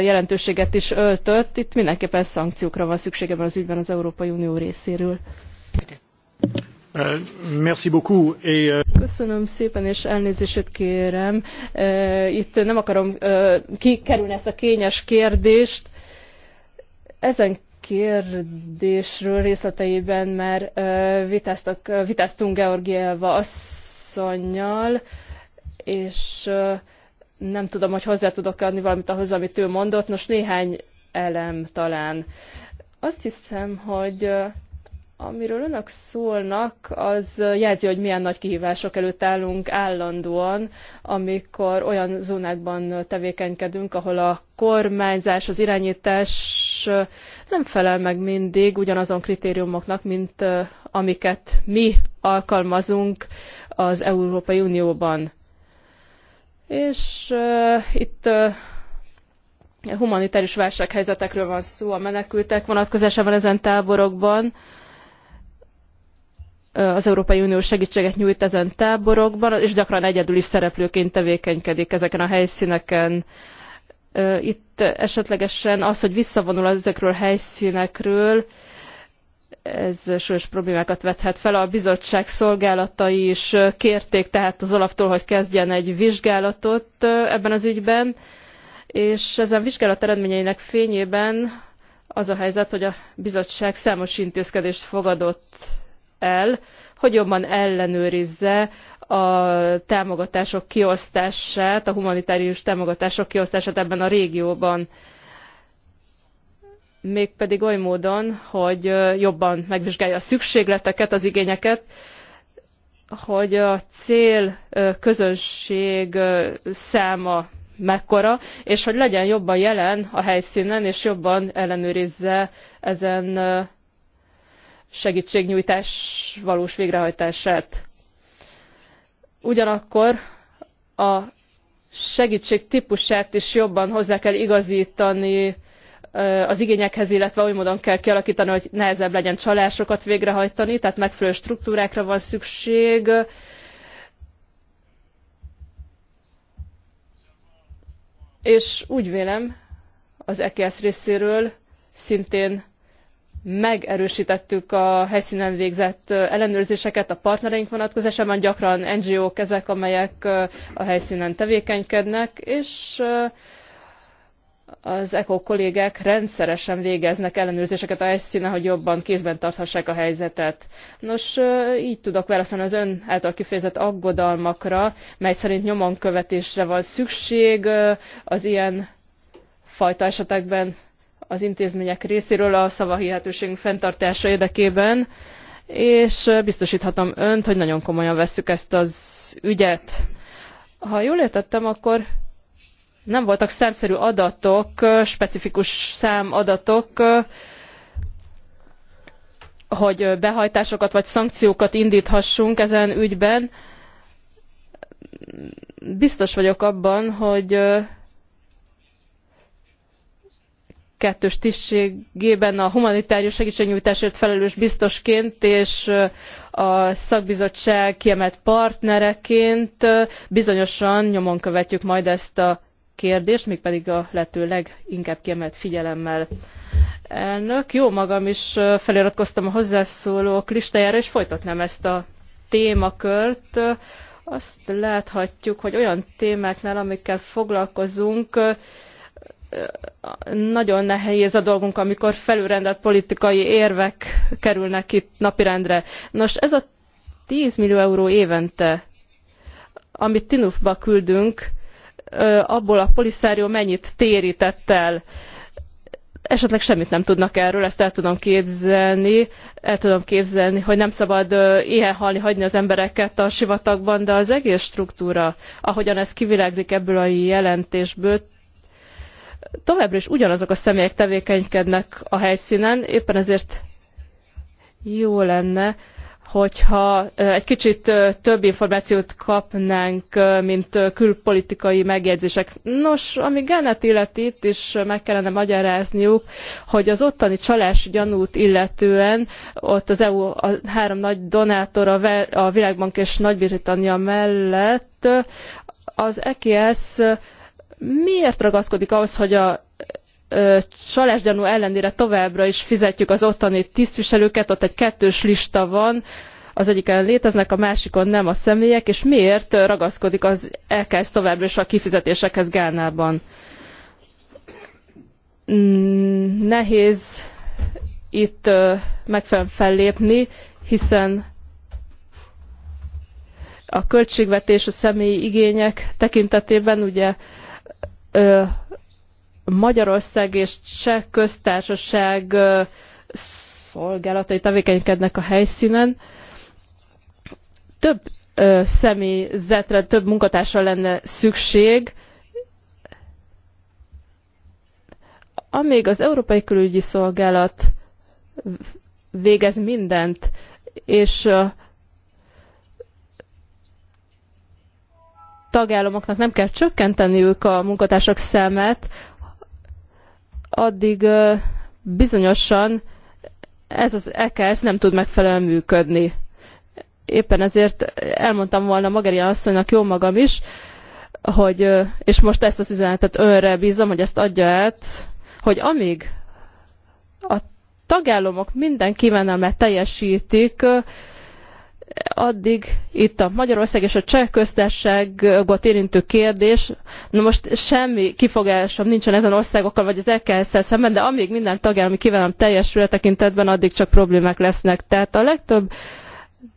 jelentőséget is öltött. Itt mindenképpen szankciókra van szükség ebben az ügyben az Európai Unió részéről. Euh, euh, Köszönöm szépen, és elnézést kérem. Euh, itt nem akarom kikerülni ezt a kényes kérdést. Ezen kérdésről részleteiben már vitáztak, vitáztunk Georgieva asszonynal, és nem tudom, hogy hozzá tudok adni valamit ahhoz, amit ő mondott. Nos, néhány elem talán. Azt hiszem, hogy Amiről önök szólnak, az jelzi, hogy milyen nagy kihívások előtt állunk állandóan, amikor olyan zónákban tevékenykedünk, ahol a kormányzás, az irányítás nem felel meg mindig ugyanazon kritériumoknak, mint amiket mi alkalmazunk az Európai Unióban. És uh, itt uh, humanitárius válsághelyzetekről van szó a menekültek vonatkozásában ezen táborokban. Uh, az Európai Unió segítséget nyújt ezen táborokban, és gyakran egyedüli szereplőként tevékenykedik ezeken a helyszíneken. Itt esetlegesen az, hogy visszavonul ezekről a helyszínekről, ez súlyos problémákat vethet fel. A bizottság szolgálatai is kérték tehát az Olaftól, hogy kezdjen egy vizsgálatot ebben az ügyben, és ezen vizsgálat eredményeinek fényében az a helyzet, hogy a bizottság számos intézkedést fogadott el, hogy jobban ellenőrizze a támogatások kiosztását, a humanitárius támogatások kiosztását ebben a régióban. Mégpedig oly módon, hogy jobban megvizsgálja a szükségleteket, az igényeket, hogy a cél közönség száma mekkora, és hogy legyen jobban jelen a helyszínen, és jobban ellenőrizze ezen segítségnyújtás valós végrehajtását. Ugyanakkor a segítség típusát is jobban hozzá kell igazítani az igényekhez, illetve oly módon kell kialakítani, hogy nehezebb legyen csalásokat végrehajtani, tehát megfelelő struktúrákra van szükség. És úgy vélem, az EKS részéről szintén megerősítettük a helysznen végzett ellenőrzéseket a partnereink vonatkozásában, gyakran NGO-k ezek, amelyek a helysznen tevékenykednek, és az echo kollégák rendszeresen végeznek ellenőrzéseket a helysznen hogy jobban kézben tarthassák a helyzetet. Nos, gy tudok válaszolni az ön által kifejezett aggodalmakra, mely szerint nyomon követésre van szükség az ilyen fajta esetekben az intézmények részéről a szavahihetőségünk fenntartása érdekében, és biztosíthatom önt, hogy nagyon komolyan vesszük ezt az ügyet. Ha jól értettem, akkor nem voltak számszerű adatok, specifikus számadatok, hogy behajtásokat vagy szankciókat indíthassunk ezen ügyben. Biztos vagyok abban, hogy kettős tisztségében a humanitárius segítségnyújtásért felelős biztosként és a szakbizottság kiemelt partnereként bizonyosan nyomon követjük majd ezt a kérdést, mégpedig a lehető leginkább kiemelt figyelemmel. Elnök, jó magam is feliratkoztam a hozzászólók listájára, és folytatnám ezt a témakört. Azt láthatjuk, hogy olyan témáknál, amikkel foglalkozunk, nagyon nehéz a dolgunk, amikor felülrendelt politikai érvek kerülnek itt napirendre. Nos, ez a 10 millió euró évente, amit Tinufba küldünk, abból a poliszárió mennyit térített el? esetleg semmit nem tudnak erről, ezt el tudom képzelni, el tudom képzelni, hogy nem szabad éhen halni hagyni az embereket a sivatagban, de az egész struktúra, ahogyan ez kivilágzik ebből a jelentésből, továbbra is ugyanazok a személyek tevékenykednek a helyszínen, éppen ezért jó lenne, hogyha egy kicsit több információt kapnánk, mint külpolitikai megjegyzések. Nos, ami Gánát illeti, itt is meg kellene magyarázniuk, hogy az ottani csalás gyanút illetően ott az EU a három nagy donátor a Világbank és Nagy-Britannia mellett az EKS miért ragaszkodik ahhoz, hogy a csalásgyanú ellenére továbbra is fizetjük az ottani tisztviselőket, ott egy kettős lista van, az egyiken léteznek, a másikon nem a személyek, és miért ragaszkodik az elkezd továbbra is a kifizetésekhez Gánában? Mm, nehéz itt megfelelően fellépni, hiszen a költségvetés a személyi igények tekintetében ugye Magyarország és Cseh köztársaság szolgálatai tevékenykednek a helyszínen. Több személyzetre, több munkatársra lenne szükség, amíg az Európai Külügyi Szolgálat végez mindent, és tagállamoknak nem kell csökkenteniük a munkatársak számát, addig bizonyosan ez az EKS nem tud megfelelően működni. Éppen ezért elmondtam volna Mageri asszonynak jó magam is, hogy, és most ezt az üzenetet önre bízom, hogy ezt adja át, hogy amíg a tagállamok minden kívánalmát teljesítik, addig itt a Magyarország és a Cseh köztársaságot érintő kérdés, na most semmi kifogásom nincsen ezen országokkal, vagy az EKS-szel szemben, de amíg minden tagállami kívánom teljesül a tekintetben, addig csak problémák lesznek. Tehát a legtöbb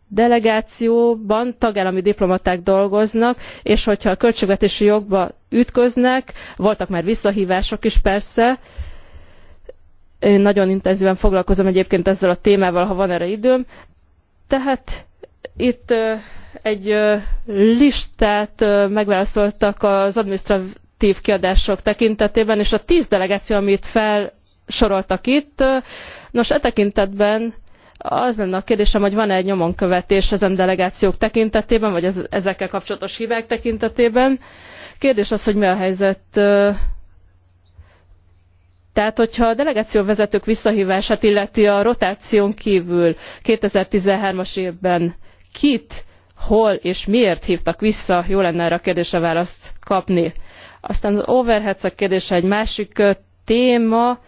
delegációban tagállami diplomaták dolgoznak, és hogyha a költségvetési jogba ütköznek, voltak már visszahívások is persze, én nagyon intenzíven foglalkozom egyébként ezzel a témával, ha van erre időm, tehát itt egy listát megválaszoltak az adminisztratv kiadások tekintetében, és a tíz delegáció, amit felsoroltak itt, nos, e tekintetben az lenne a kérdésem, hogy van-e egy nyomonkövetés ezen delegációk tekintetében, vagy ezekkel kapcsolatos hibák tekintetében. Kérdés az, hogy mi a helyzet. Tehát, hogyha a delegáció vezetők visszahívását illeti a rotáción kívül 2013-as évben, kit, hol és miért hívtak vissza, jó lenne erre a kérdésre választ kapni. Aztán az overheads a kérdése egy másik téma,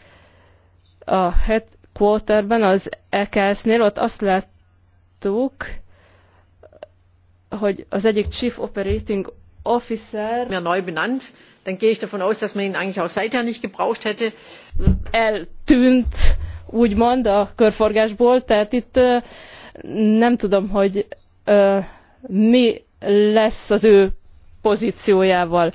a headquarterben, az EKS-nél, ott azt láttuk, hogy az egyik Chief Operating Officer mir neu benannt, dann gehe ich davon aus, dass man ihn eigentlich auch seither nicht gebraucht hätte. Eltűnt, úgymond, a körforgásból, tehát itt nem tudom, hogy ö, mi lesz az ő pozíciójával.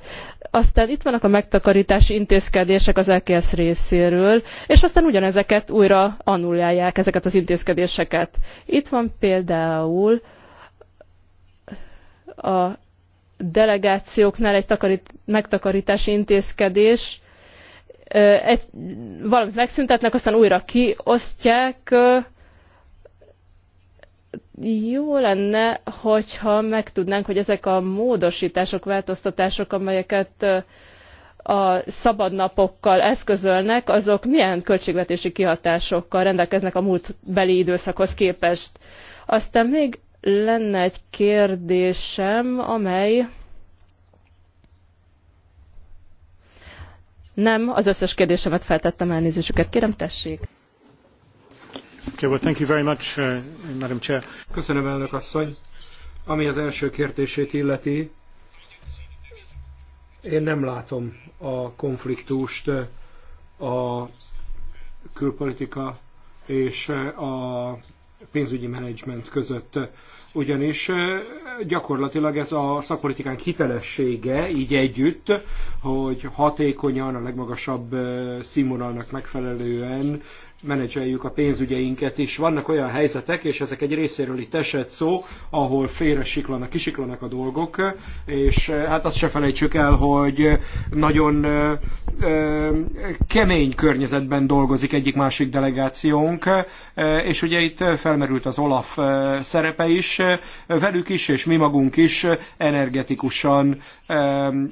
Aztán itt vannak a megtakarítási intézkedések az EKS részéről, és aztán ugyanezeket újra annulálják, ezeket az intézkedéseket. Itt van például a delegációknál egy takarít, megtakarítási intézkedés, egy, valamit megszüntetnek, aztán újra kiosztják, jó lenne, hogyha megtudnánk, hogy ezek a módosítások, változtatások, amelyeket a szabadnapokkal eszközölnek, azok milyen költségvetési kihatásokkal rendelkeznek a múltbeli időszakhoz képest. Aztán még lenne egy kérdésem, amely nem, az összes kérdésemet feltettem, elnézésüket kérem, tessék. Uh, Köszönöm, elnök asszony. Ami az első kérdését illeti, én nem látom a konfliktust uh, a külpolitika és uh, a pénzügyi menedzsment között. Ugyanis gyakorlatilag ez a szakpolitikánk hitelessége így együtt, hogy hatékonyan, a legmagasabb színvonalnak megfelelően menedzseljük a pénzügyeinket is. Vannak olyan helyzetek, és ezek egy részéről itt esett szó, ahol félre siklanak, kisiklanak a dolgok, és eh, hát azt se felejtsük el, hogy eh, nagyon ö, eh, ö, kemény környezetben dolgozik egyik-másik delegációnk, és ugye itt felmerült az Olaf szerepe is, velük is, és mi magunk is energetikusan ö,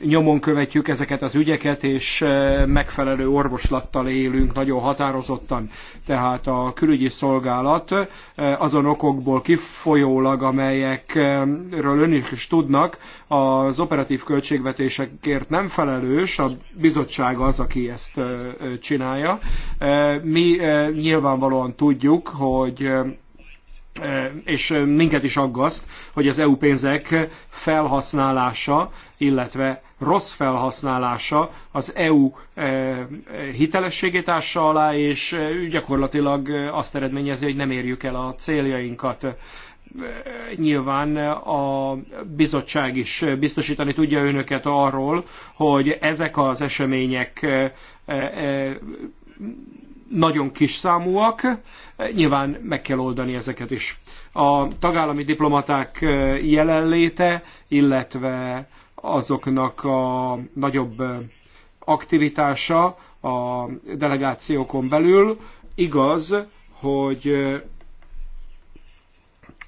nyomon követjük ezeket az ügyeket, és megfelelő orvoslattal élünk, nagyon határozottan tehát a külügyi szolgálat eh, azon okokból kifolyólag, amelyekről ön is tudnak, az operatív költségvetésekért nem felelős, a bizottság az, aki ezt eh, csinálja. Eh, mi nyilvánvalóan tudjuk, hogy és minket is aggaszt, hogy az EU pénzek felhasználása, illetve rossz felhasználása az EU e, e, hitelességét ássa alá, és e, gyakorlatilag azt eredményezi, hogy nem érjük el a céljainkat nyilván a bizottság is biztosítani tudja önöket arról, hogy ezek az események nagyon kis számúak, nyilván meg kell oldani ezeket is. A tagállami diplomaták jelenléte, illetve azoknak a nagyobb aktivitása a delegációkon belül. Igaz, hogy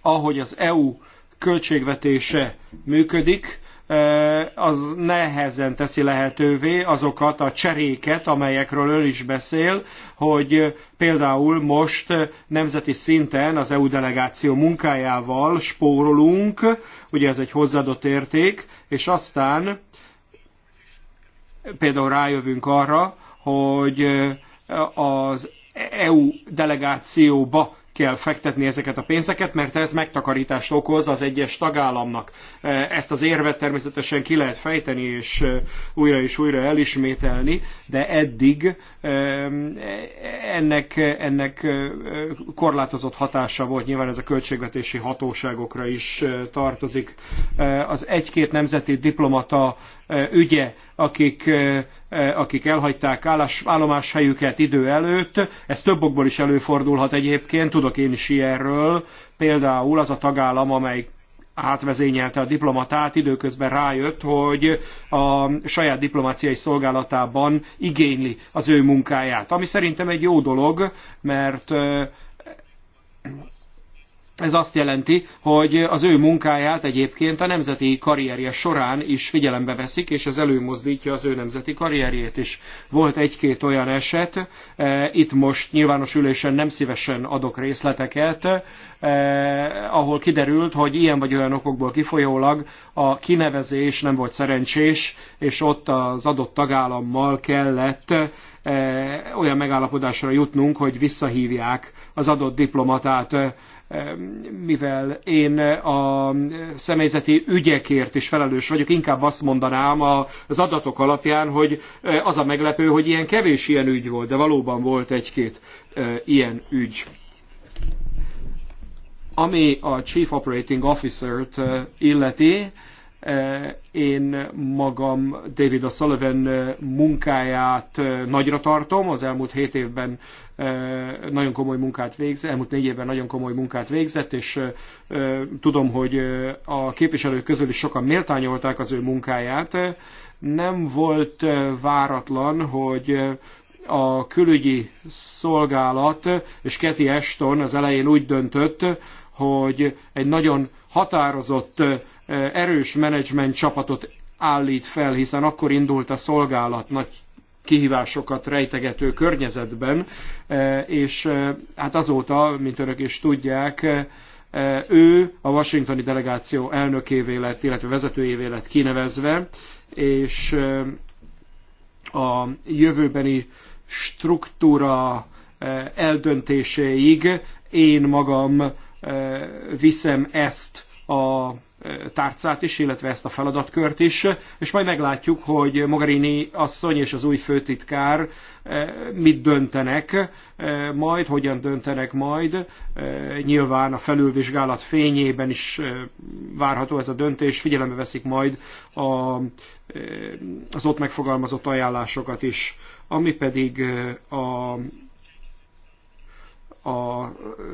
ahogy az EU költségvetése működik, az nehezen teszi lehetővé azokat a cseréket, amelyekről ő is beszél, hogy például most nemzeti szinten az EU delegáció munkájával spórolunk, ugye ez egy hozzáadott érték, és aztán például rájövünk arra, hogy az EU delegációba kell fektetni ezeket a pénzeket, mert ez megtakarítást okoz az egyes tagállamnak. E, ezt az érvet természetesen ki lehet fejteni és e, újra és újra elismételni, de eddig e, ennek, ennek korlátozott hatása volt, nyilván ez a költségvetési hatóságokra is tartozik. Az egy-két nemzeti diplomata ügye, akik E, akik elhagyták állás, állomáshelyüket idő előtt. Ez több okból is előfordulhat egyébként, tudok én is ilyenről. Például az a tagállam, amely átvezényelte a diplomatát, időközben rájött, hogy a saját diplomáciai szolgálatában igényli az ő munkáját. Ami szerintem egy jó dolog, mert e, ez azt jelenti, hogy az ő munkáját egyébként a nemzeti karrierje során is figyelembe veszik, és ez előmozdítja az ő nemzeti karrierjét is. Volt egy-két olyan eset, e, itt most nyilvános ülésen nem szívesen adok részleteket, e, ahol kiderült, hogy ilyen vagy olyan okokból kifolyólag a kinevezés nem volt szerencsés, és ott az adott tagállammal kellett e, olyan megállapodásra jutnunk, hogy visszahívják az adott diplomatát mivel én a személyzeti ügyekért is felelős vagyok, inkább azt mondanám az adatok alapján, hogy az a meglepő, hogy ilyen kevés ilyen ügy volt, de valóban volt egy-két ilyen ügy. Ami a Chief Operating Officer-t illeti, Eh, én magam David Sullivan eh, munkáját eh, nagyra tartom, az elmúlt hét évben nagyon komoly munkát végzett, elmúlt négy évben nagyon komoly munkát végzett, és tudom, hogy a képviselők közül is sokan méltányolták az ő munkáját. Nem volt váratlan, hogy a külügyi szolgálat és Keti Ashton az elején úgy döntött, hogy egy nagyon határozott Eh, erős menedzsment csapatot állít fel, hiszen akkor indult a szolgálat nagy kihívásokat rejtegető környezetben, eh, és eh, hát azóta, mint önök is tudják, ő a washingtoni delegáció elnökévé lett, illetve vezetőjévé lett kinevezve, és a jövőbeni struktúra eldöntéséig én magam viszem ezt a e, tárcát is, illetve ezt a feladatkört is, és majd meglátjuk, hogy Mogherini asszony és az új főtitkár e, mit döntenek e, majd, hogyan döntenek majd. Nyilván a felülvizsgálat fényében is várható ez a döntés, figyelembe veszik majd a, az ott megfogalmazott ajánlásokat is, ami pedig a a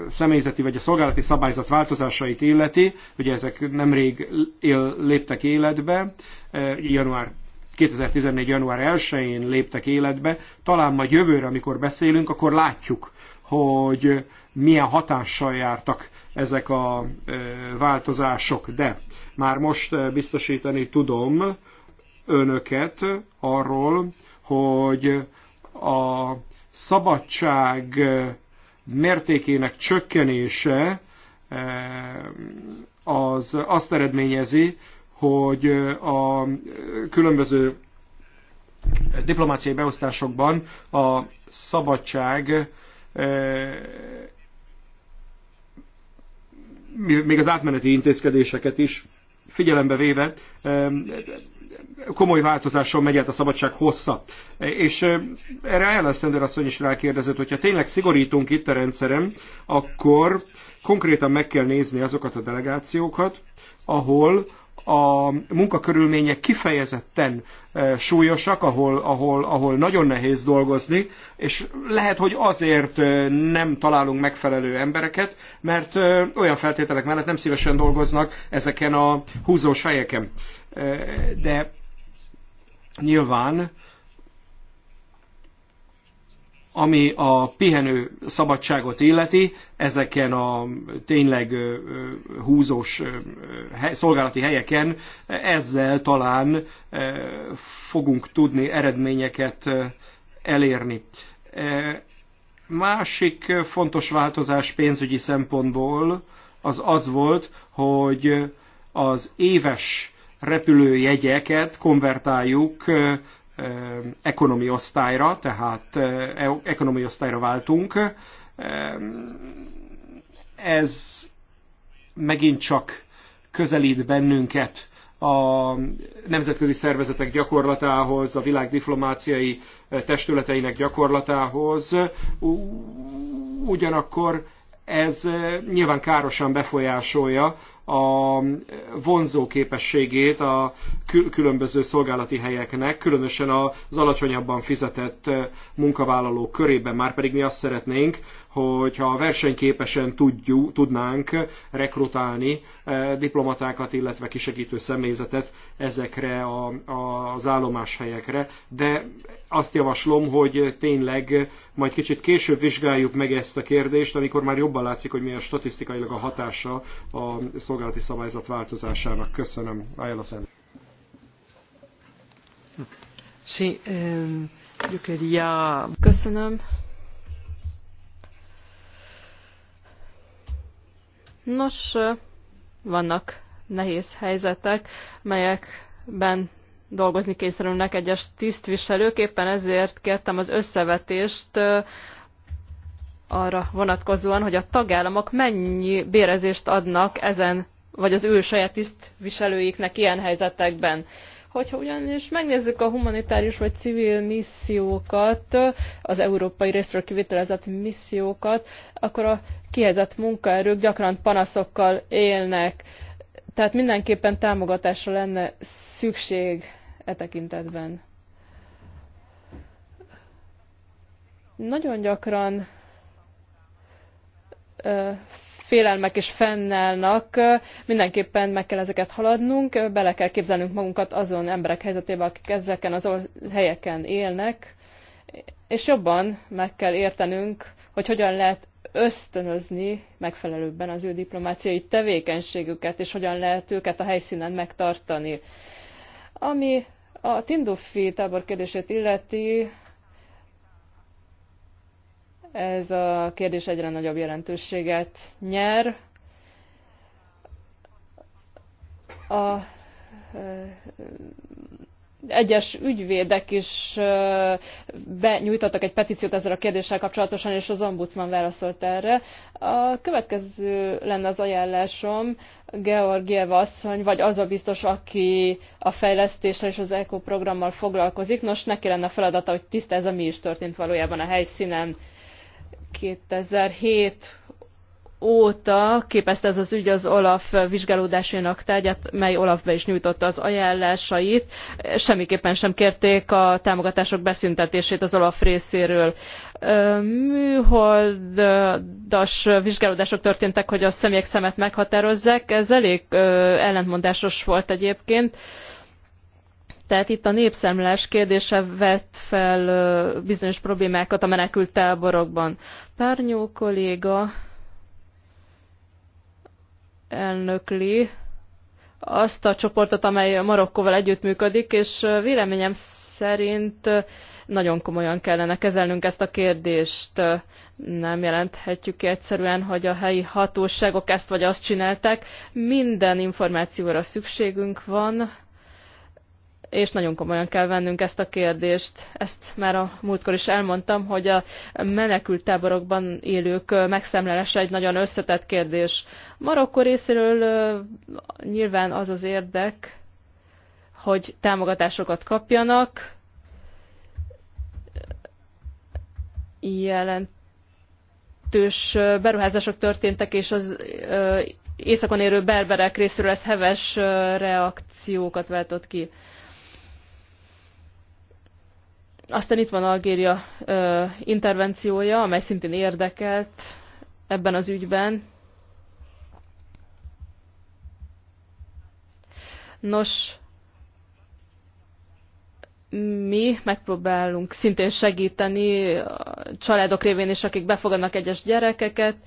személyzeti vagy a szolgálati szabályzat változásait illeti, ugye ezek nemrég él, léptek életbe, e, január 2014. január 1-én léptek életbe, talán majd jövőre, amikor beszélünk, akkor látjuk, hogy milyen hatással jártak ezek a e, változások, de már most e, biztosítani tudom önöket arról, hogy a szabadság mértékének csökkenése eh, az azt eredményezi, hogy a különböző diplomáciai beosztásokban a szabadság eh, még az átmeneti intézkedéseket is figyelembe véve komoly változáson megy át a szabadság hossza. És erre Ellen Sender asszony is rákérdezett, hogyha tényleg szigorítunk itt a rendszerem, akkor konkrétan meg kell nézni azokat a delegációkat, ahol a munkakörülmények kifejezetten e, súlyosak, ahol, ahol, ahol nagyon nehéz dolgozni, és lehet, hogy azért e, nem találunk megfelelő embereket, mert e, olyan feltételek mellett nem szívesen dolgoznak ezeken a húzós helyeken. De nyilván ami a pihenő szabadságot illeti, ezeken a tényleg húzós szolgálati helyeken, ezzel talán fogunk tudni eredményeket elérni. Másik fontos változás pénzügyi szempontból az az volt, hogy az éves repülőjegyeket konvertáljuk ekonomi eh, osztályra, tehát ekonomi eh, osztályra váltunk. Eh, ez megint csak közelít bennünket a nemzetközi szervezetek gyakorlatához, a világ diplomáciai testületeinek gyakorlatához. Ugyanakkor ez nyilván károsan befolyásolja a vonzó képességét a különböző szolgálati helyeknek, különösen az alacsonyabban fizetett munkavállalók körében, már pedig mi azt szeretnénk, hogyha versenyképesen tudjuk, tudnánk rekrutálni diplomatákat, illetve kisegítő személyzetet ezekre a, a, az állomáshelyekre. De azt javaslom, hogy tényleg majd kicsit később vizsgáljuk meg ezt a kérdést, amikor már jobban látszik, hogy milyen statisztikailag a hatása a szolgálati szabályzat változásának. Köszönöm. Ayala Szent. Sí, yo quería... Köszönöm. Nos, vannak nehéz helyzetek, melyekben dolgozni kényszerülnek egyes tisztviselők, éppen ezért kértem az összevetést arra vonatkozóan, hogy a tagállamok mennyi bérezést adnak ezen, vagy az ő saját tisztviselőiknek ilyen helyzetekben. Hogyha ugyanis megnézzük a humanitárius vagy civil missziókat, az európai részről kivitelezett missziókat, akkor a kihezett munkaerők gyakran panaszokkal élnek. Tehát mindenképpen támogatásra lenne szükség e tekintetben. Nagyon gyakran félelmek is fennállnak, mindenképpen meg kell ezeket haladnunk, bele kell képzelnünk magunkat azon emberek helyzetébe, akik ezeken az helyeken élnek, és jobban meg kell értenünk, hogy hogyan lehet ösztönözni megfelelőbben az ő diplomáciai tevékenységüket, és hogyan lehet őket a helyszínen megtartani. Ami a Tindufi tábor kérdését illeti, ez a kérdés egyre nagyobb jelentőséget nyer. A egyes ügyvédek is benyújtottak egy petíciót ezzel a kérdéssel kapcsolatosan, és az ombudsman válaszolt erre. A következő lenne az ajánlásom, Georgiev asszony, vagy az a biztos, aki a fejlesztéssel és az ECO programmal foglalkozik. Nos, neki lenne a feladata, hogy tisztázza, mi is történt valójában a helyszínen. 2007 óta képezte ez az ügy az Olaf vizsgálódásainak tárgyát, mely Olaf be is nyújtotta az ajánlásait. Semmiképpen sem kérték a támogatások beszüntetését az Olaf részéről. Műholdas vizsgálódások történtek, hogy a személyek szemet meghatározzák. Ez elég ellentmondásos volt egyébként. Tehát itt a népszemlés kérdése vett fel bizonyos problémákat a menekült táborokban. Párnyó kolléga elnökli azt a csoportot, amely Marokkóval együttműködik, és véleményem szerint nagyon komolyan kellene kezelnünk ezt a kérdést. Nem jelenthetjük ki egyszerűen, hogy a helyi hatóságok ezt vagy azt csinálták. Minden információra szükségünk van, és nagyon komolyan kell vennünk ezt a kérdést. Ezt már a múltkor is elmondtam, hogy a menekült táborokban élők megszemlelése egy nagyon összetett kérdés. Marokkó részéről nyilván az az érdek, hogy támogatásokat kapjanak, jelentős beruházások történtek, és az északon érő berberek részéről ez heves reakciókat váltott ki. Aztán itt van Algéria ö, intervenciója, amely szintén érdekelt ebben az ügyben. Nos, mi megpróbálunk szintén segíteni a családok révén is, akik befogadnak egyes gyerekeket, ö,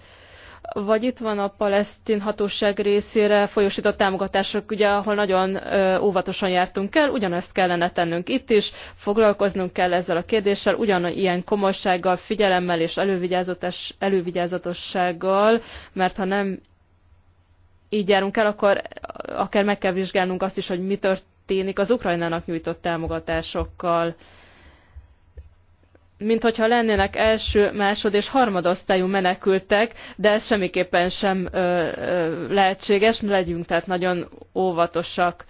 vagy itt van a palesztin hatóság részére folyósított támogatások, ugye, ahol nagyon óvatosan jártunk el, ugyanezt kellene tennünk itt is, foglalkoznunk kell ezzel a kérdéssel, ugyanilyen komolysággal, figyelemmel és elővigyázatossággal, mert ha nem így járunk el, akkor akár meg kell vizsgálnunk azt is, hogy mi történik az Ukrajnának nyújtott támogatásokkal mint lennének első, másod és harmadosztályú menekültek, de ez semmiképpen sem ö, ö, lehetséges, legyünk tehát nagyon óvatosak.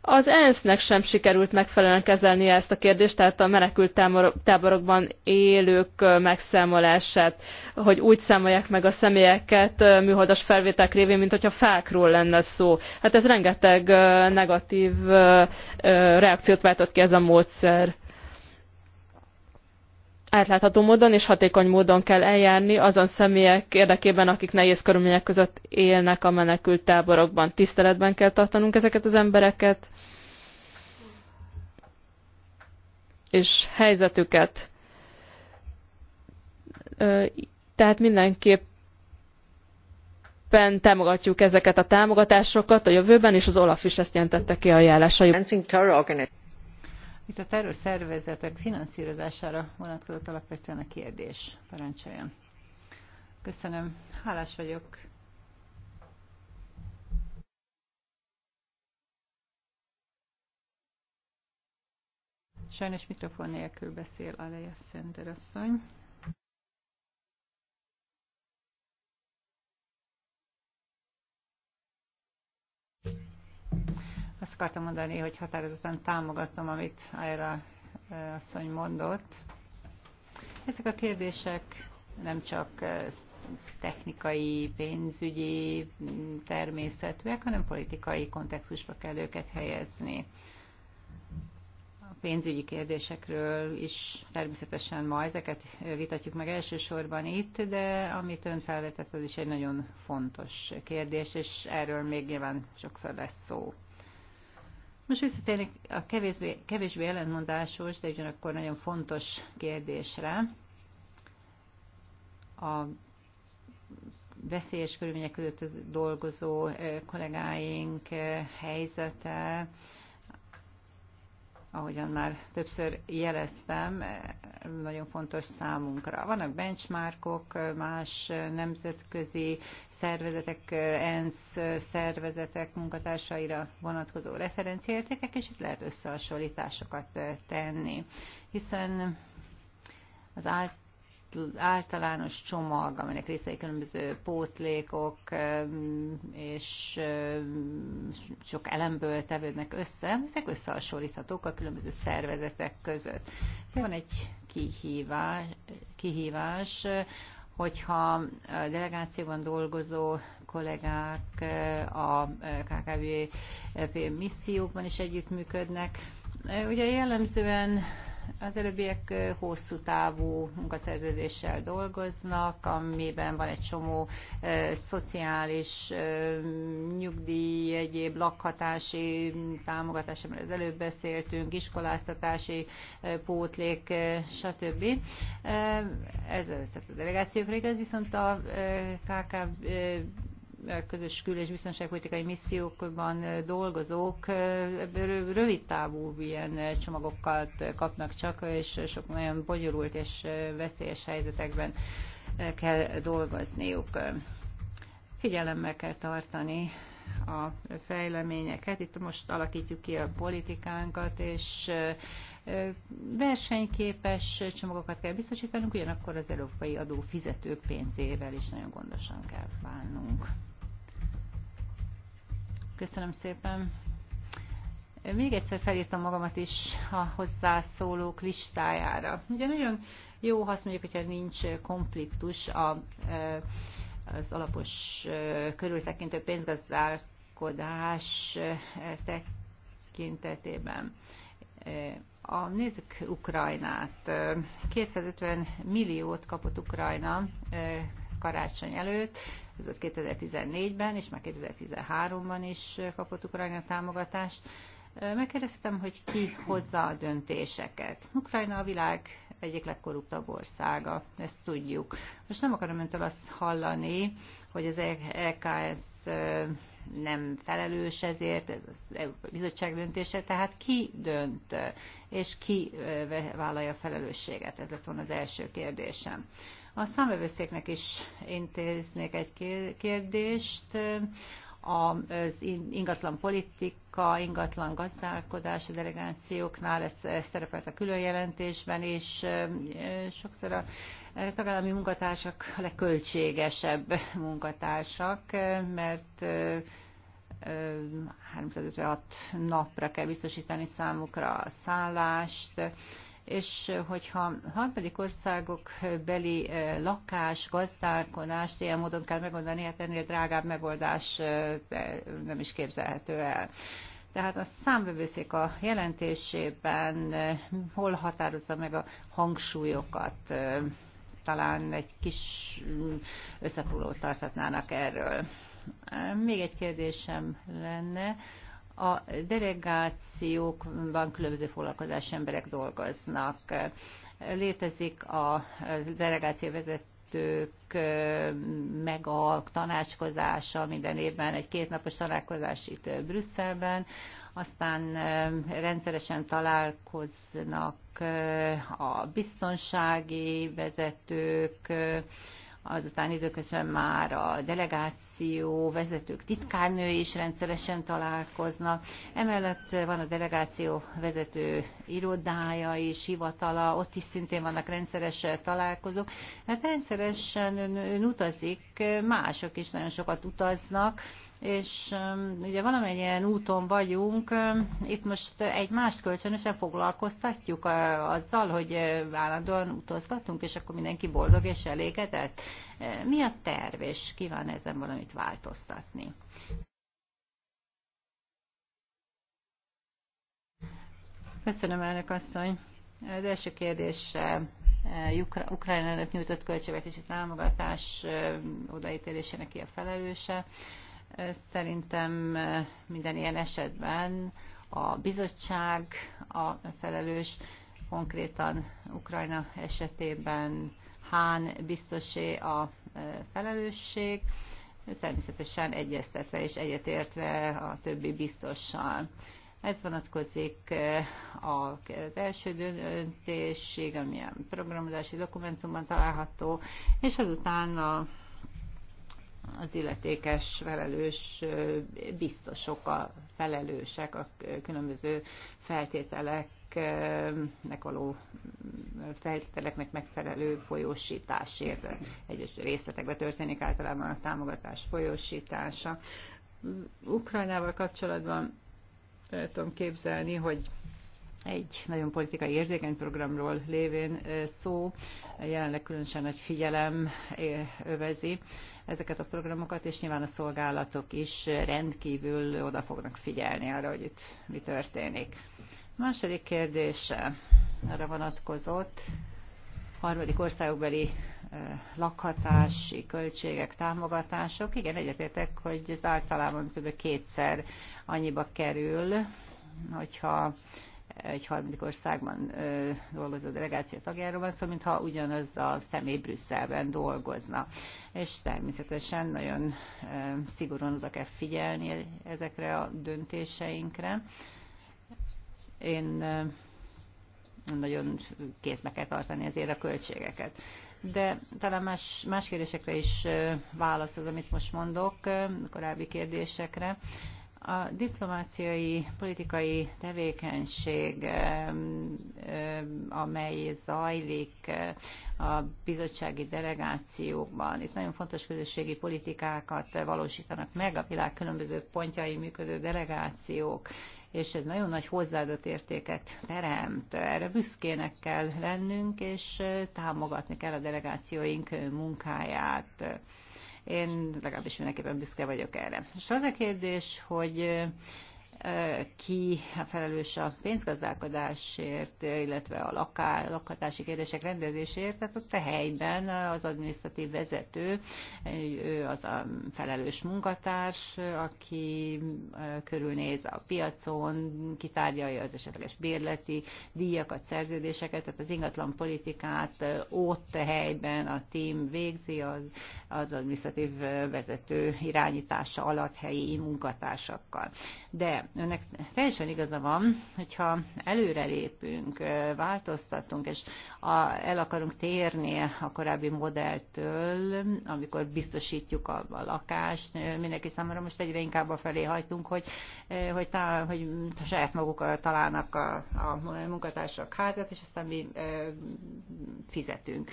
Az ENSZ-nek sem sikerült megfelelően kezelni ezt a kérdést, tehát a menekült táborokban élők megszámolását, hogy úgy számolják meg a személyeket műholdas felvételek révén, mint hogyha fákról lenne szó. Hát ez rengeteg negatív reakciót váltott ki ez a módszer átlátható módon és hatékony módon kell eljárni azon személyek érdekében, akik nehéz körülmények között élnek a menekült táborokban. Tiszteletben kell tartanunk ezeket az embereket, és helyzetüket. Tehát mindenképpen támogatjuk ezeket a támogatásokat a jövőben, és az Olaf is ezt jelentette ki a ajánlásaiban. Itt a terror szervezetek finanszírozására vonatkozott alapvetően a kérdés. Parancsoljon. Köszönöm. Hálás vagyok. Sajnos mikrofon nélkül beszél Aleja Szenderasszony. asszony. Azt akartam mondani, hogy határozottan támogatom, amit Ayra asszony mondott. Ezek a kérdések nem csak technikai, pénzügyi természetűek, hanem politikai kontextusba kell őket helyezni. A pénzügyi kérdésekről is természetesen ma ezeket vitatjuk meg elsősorban itt, de amit ön felvetett, az is egy nagyon fontos kérdés, és erről még nyilván sokszor lesz szó. Most visszatérnék a kevésbé, kevésbé ellentmondásos, de ugyanakkor nagyon fontos kérdésre. A veszélyes körülmények között dolgozó kollégáink helyzete, ahogyan már többször jeleztem, nagyon fontos számunkra. Vannak benchmarkok, más nemzetközi szervezetek, ENSZ szervezetek munkatársaira vonatkozó referenciértékek, és itt lehet összehasonlításokat tenni. Hiszen az által általános csomag, aminek részei különböző pótlékok és sok elemből tevődnek össze, ezek összehasonlíthatók a különböző szervezetek között. Van egy kihívás, kihívás hogyha a delegációban dolgozó kollégák a KKV missziókban is együttműködnek, Ugye jellemzően az előbbiek hosszú távú munkaszerződéssel dolgoznak, amiben van egy csomó e, szociális, e, nyugdíj, egyéb lakhatási támogatás, amiről az előbb beszéltünk, iskoláztatási e, pótlék, e, stb. E, ez a delegációkra igaz, viszont a e, e, közös kül- és biztonságpolitikai missziókban dolgozók rövid távú ilyen csomagokat kapnak csak, és sok nagyon bonyolult és veszélyes helyzetekben kell dolgozniuk. Figyelemmel kell tartani a fejleményeket. Itt most alakítjuk ki a politikánkat, és versenyképes csomagokat kell biztosítanunk, ugyanakkor az európai adófizetők pénzével is nagyon gondosan kell válnunk. Köszönöm szépen. Még egyszer felírtam magamat is a hozzászólók listájára. Ugye nagyon jó, ha azt mondjuk, hogyha nincs konfliktus a, az alapos körültekintő pénzgazdálkodás tekintetében a, nézzük Ukrajnát. 250 milliót kapott Ukrajna karácsony előtt, ez volt 2014-ben, és már 2013-ban is kapott Ukrajna támogatást. Megkérdeztem, hogy ki hozza a döntéseket. Ukrajna a világ egyik legkorruptabb országa, ezt tudjuk. Most nem akarom öntől azt hallani, hogy az EKS nem felelős ezért, ez az Európai Bizottság döntése, tehát ki dönt, és ki vállalja a felelősséget? Ez lett volna az első kérdésem. A számövőszéknek is intéznék egy kérdést az ingatlan politika, ingatlan gazdálkodás a delegációknál, ez, ez szerepelt a külön jelentésben, és sokszor a tagállami munkatársak a legköltségesebb munkatársak, mert 356 napra kell biztosítani számukra a szállást, és hogyha harmadik országok beli eh, lakás, gazdálkodást ilyen módon kell megoldani, hát ennél drágább megoldás eh, nem is képzelhető el. Tehát a számbevőszék a jelentésében eh, hol határozza meg a hangsúlyokat, talán egy kis mm, összefoglalót tartatnának erről. Még egy kérdésem lenne. A delegációkban különböző foglalkozás emberek dolgoznak. Létezik a delegáció vezető vezetők meg a tanácskozása minden évben egy kétnapos találkozás itt Brüsszelben, aztán eh, rendszeresen találkoznak eh, a biztonsági vezetők, eh, azután időközben már a delegáció vezetők titkárnői is rendszeresen találkoznak. Emellett van a delegáció vezető irodája és hivatala, ott is szintén vannak rendszeres találkozók, mert hát rendszeresen ön, ön utazik, mások is nagyon sokat utaznak, és ugye valamilyen úton vagyunk, itt most egymást kölcsönösen foglalkoztatjuk azzal, hogy állandóan utazgatunk, és akkor mindenki boldog és elégedett. Mi a terv, és kíván ezen valamit változtatni? Köszönöm, elnök asszony. Az első kérdés Ukrajna előtt nyújtott költségvetési támogatás odaítélésének ki a felelőse. Szerintem minden ilyen esetben a bizottság a felelős, konkrétan Ukrajna esetében Hán biztosé a felelősség, természetesen egyeztetve és egyetértve a többi biztossal. Ez vonatkozik az első döntésség, amilyen programozási dokumentumban található, és azután a az illetékes felelős biztosok a felelősek a különböző feltételeknek való feltételeknek megfelelő folyósításért. Egyes részletekben történik általában a támogatás folyósítása. Ukrajnával kapcsolatban tudom képzelni, hogy egy nagyon politikai érzékeny programról lévén szó, jelenleg különösen nagy figyelem övezi ezeket a programokat, és nyilván a szolgálatok is rendkívül oda fognak figyelni arra, hogy itt mi történik. A második kérdése arra vonatkozott, harmadik országokbeli lakhatási költségek, támogatások. Igen, egyetértek, hogy ez általában kb. kétszer annyiba kerül, hogyha egy harmadik országban dolgozó delegáció tagjáról van szó, szóval, mintha ugyanaz a személy Brüsszelben dolgozna. És természetesen nagyon szigorúan oda kell figyelni ezekre a döntéseinkre. Én nagyon kézbe kell tartani ezért a költségeket. De talán más, más kérdésekre is válasz az, amit most mondok, korábbi kérdésekre. A diplomáciai, politikai tevékenység, amely zajlik eh, a bizottsági delegációkban, itt nagyon fontos közösségi politikákat valósítanak meg a világ különböző pontjai működő delegációk, és ez nagyon nagy hozzáadott értéket teremt. Erre büszkének kell lennünk, és eh, támogatni kell a delegációink munkáját. Én legalábbis mindenképpen büszke vagyok erre. És az a kérdés, hogy ki a felelős a pénzgazdálkodásért, illetve a laká, lakhatási kérdések rendezéséért, tehát ott a helyben az adminisztratív vezető, ő az a felelős munkatárs, aki körülnéz a piacon, kitárgyalja az esetleges bérleti díjakat, szerződéseket, tehát az ingatlan politikát ott a helyben a tím végzi, az, az adminisztratív vezető irányítása alatt helyi munkatársakkal. De önnek teljesen igaza van, hogyha előrelépünk, változtatunk, és a, el akarunk térni a korábbi modelltől, amikor biztosítjuk a, a lakást mindenki számára, most egyre inkább a felé hajtunk, hogy, hogy, tá, hogy saját maguk találnak a, a munkatársak házat, és aztán mi fizetünk.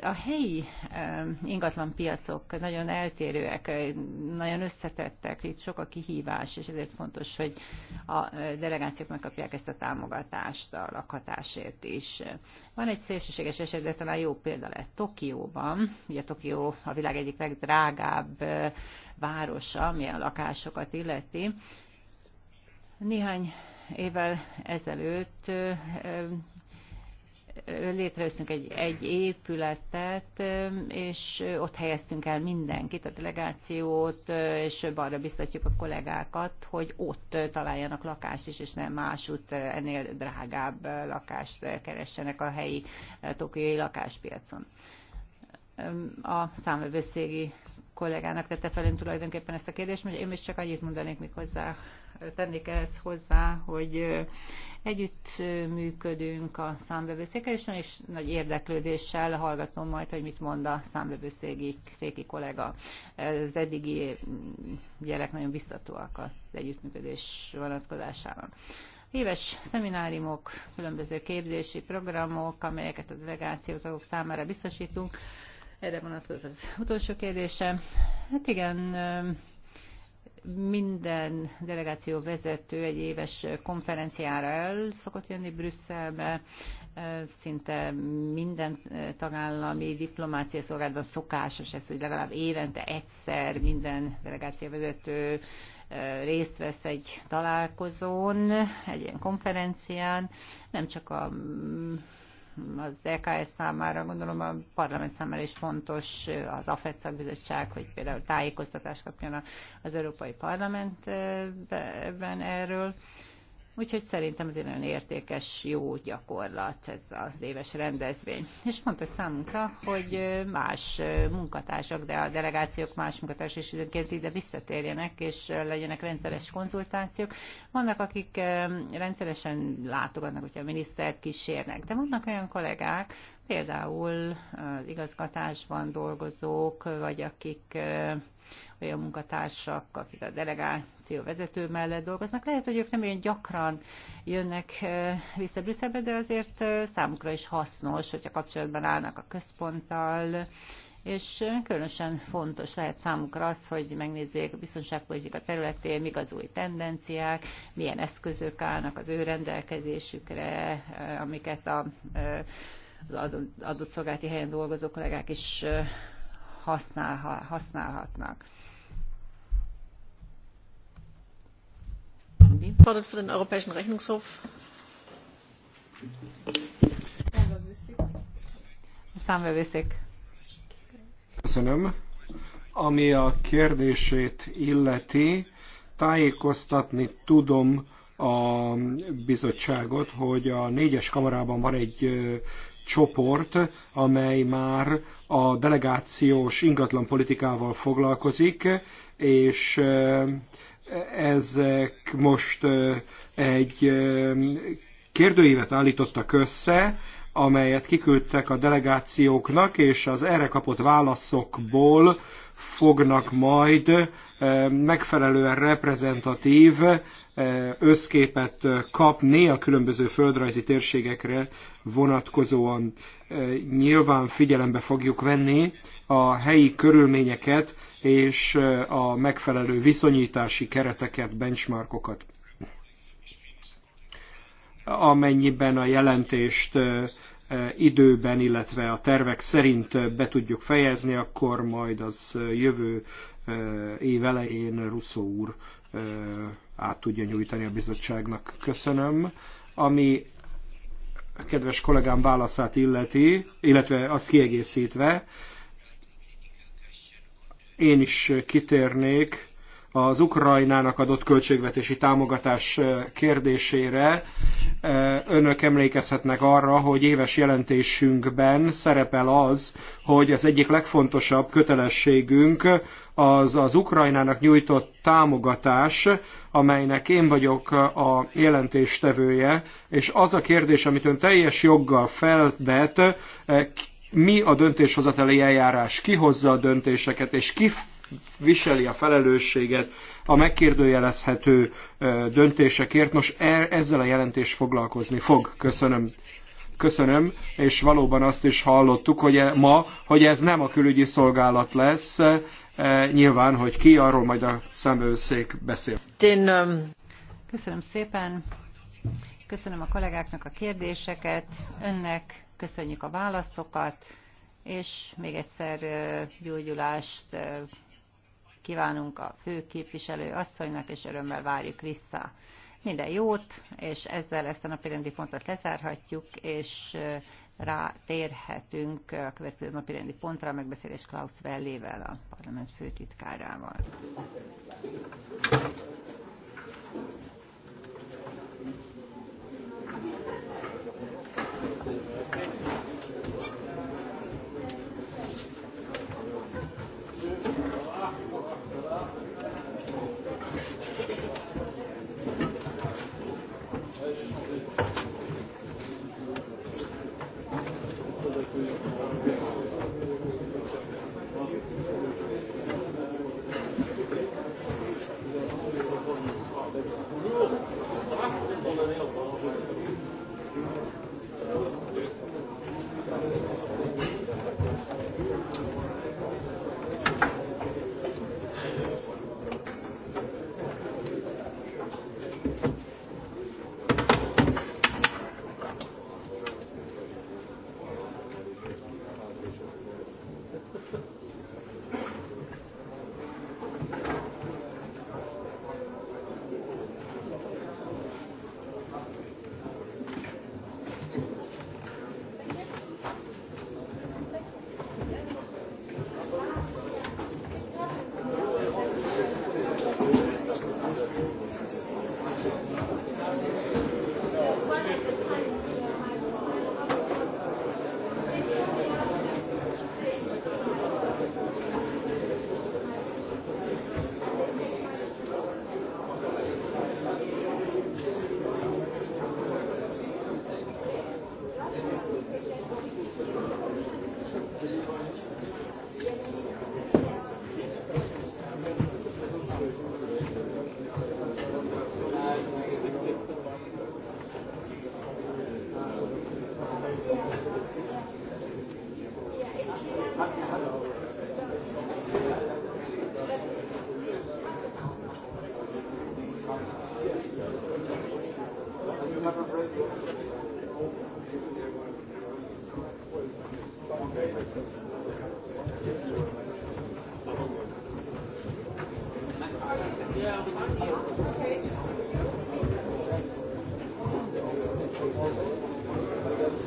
A helyi ingatlanpiacok nagyon eltérőek, nagyon összetettek, itt sok a kihívás, és ezért fontos, hogy a delegációk megkapják ezt a támogatást a lakhatásért is. Van egy szélsőséges eset, de talán jó példa lett Tokióban. Ugye Tokió a világ egyik legdrágább városa, ami a lakásokat illeti. Néhány évvel ezelőtt létrehoztunk egy, egy épületet, és ott helyeztünk el mindenkit, a delegációt, és arra biztatjuk a kollégákat, hogy ott találjanak lakást is, és nem másút ennél drágább lakást keressenek a helyi tokiai lakáspiacon. A számövőszégi kollégának tette felünk tulajdonképpen ezt a kérdést, hogy én is csak annyit mondanék még hozzá, tennék ehhez hozzá, hogy együtt működünk a számbevőszékkel, és nagyon is nagy érdeklődéssel hallgatom majd, hogy mit mond a számbevőszéki széki kollega. Az eddigi mm, gyerek nagyon biztatóak az együttműködés vonatkozásában éves szemináriumok, különböző képzési programok, amelyeket a delegációtagok számára biztosítunk. Erre vonatkozott az utolsó kérdése. Hát igen, minden delegáció vezető egy éves konferenciára el szokott jönni Brüsszelbe, szinte minden tagállami diplomácia szolgálatban szokásos ez, hogy legalább évente egyszer minden delegáció vezető részt vesz egy találkozón, egy ilyen konferencián, nem csak a az EKS számára, gondolom a parlament számára is fontos az Afet szakbizottság, hogy például tájékoztatást kapjon az Európai Parlamentben erről. Úgyhogy szerintem ez egy nagyon értékes, jó gyakorlat ez az éves rendezvény. És fontos számunkra, hogy más munkatársak, de a delegációk más munkatársak is időnként ide visszatérjenek, és legyenek rendszeres konzultációk. Vannak, akik rendszeresen látogatnak, hogyha a minisztert kísérnek, de vannak olyan kollégák, például az igazgatásban dolgozók, vagy akik olyan munkatársak, akik a delegáció vezető mellett dolgoznak. Lehet, hogy ők nem olyan gyakran jönnek eh, vissza Brüsszelbe, de azért eh, számukra is hasznos, hogyha kapcsolatban állnak a központtal, és eh, különösen fontos lehet számukra az, hogy megnézzék a biztonságpolitika területén, mik az új tendenciák, milyen eszközök állnak az ő rendelkezésükre, amiket a az adott szolgálati helyen dolgozó kollégák is használha, használhatnak. für den Europäischen Rechnungshof. Köszönöm. Ami a kérdését illeti, tájékoztatni tudom a bizottságot, hogy a négyes kamarában van egy csoport, amely már a delegációs ingatlan politikával foglalkozik, és ezek most egy kérdőívet állítottak össze, amelyet kiküldtek a delegációknak, és az erre kapott válaszokból fognak majd megfelelően reprezentatív összképet kapni a különböző földrajzi térségekre vonatkozóan. Nyilván figyelembe fogjuk venni a helyi körülményeket és a megfelelő viszonyítási kereteket, benchmarkokat amennyiben a jelentést időben, illetve a tervek szerint be tudjuk fejezni, akkor majd az jövő év elején Russzó úr át tudja nyújtani a bizottságnak. Köszönöm. Ami a kedves kollégám válaszát illeti, illetve azt kiegészítve, én is kitérnék az Ukrajnának adott költségvetési támogatás kérdésére. Önök emlékezhetnek arra, hogy éves jelentésünkben szerepel az, hogy az egyik legfontosabb kötelességünk az az Ukrajnának nyújtott támogatás, amelynek én vagyok a jelentéstevője, és az a kérdés, amit ön teljes joggal felvet, eh, mi a döntéshozatali eljárás, ki hozza a döntéseket, és ki viseli a felelősséget a megkérdőjelezhető eh, döntésekért. Nos, e- ezzel a jelentés foglalkozni fog. Köszönöm. Köszönöm, és valóban azt is hallottuk, hogy e- ma, hogy ez nem a külügyi szolgálat lesz, E, nyilván, hogy ki, arról majd a számvevőszék beszél. Um, Köszönöm szépen. Köszönöm a kollégáknak a kérdéseket, önnek köszönjük a válaszokat, és még egyszer e, gyógyulást e, kívánunk a fő képviselő asszonynak, és örömmel várjuk vissza. Minden jót, és ezzel ezt a napi rendi pontot lezárhatjuk, és rátérhetünk a következő napi rendi pontra, a megbeszélés Klaus Vellével, a parlament főtitkárával.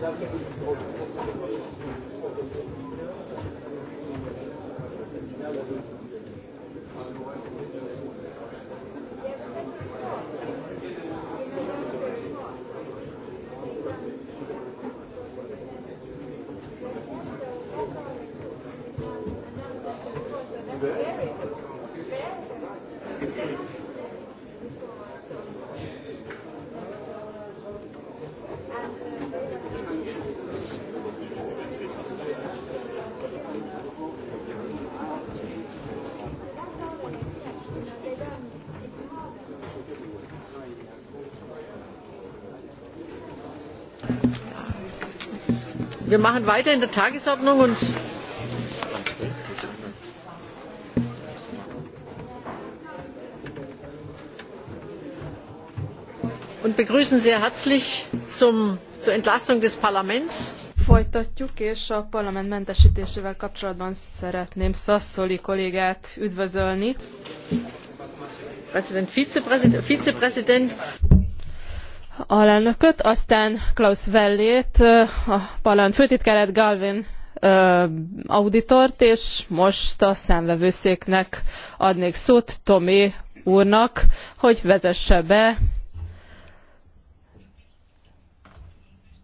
Thank you. wir machen weiter in der tagesordnung und und begrüßen sehr herzlich zum, zur Entlastung des Parlaments. Folytatjuk, és a parlament mentesítésével kapcsolatban szeretném Sassoli kollégát üdvözölni. Vizepräsident, Vizepräsident alelnököt, aztán Klaus Vellét, a parlament főtitkárát, Galvin auditort, és most a számvevőszéknek adnék szót Tomi úrnak, hogy vezesse be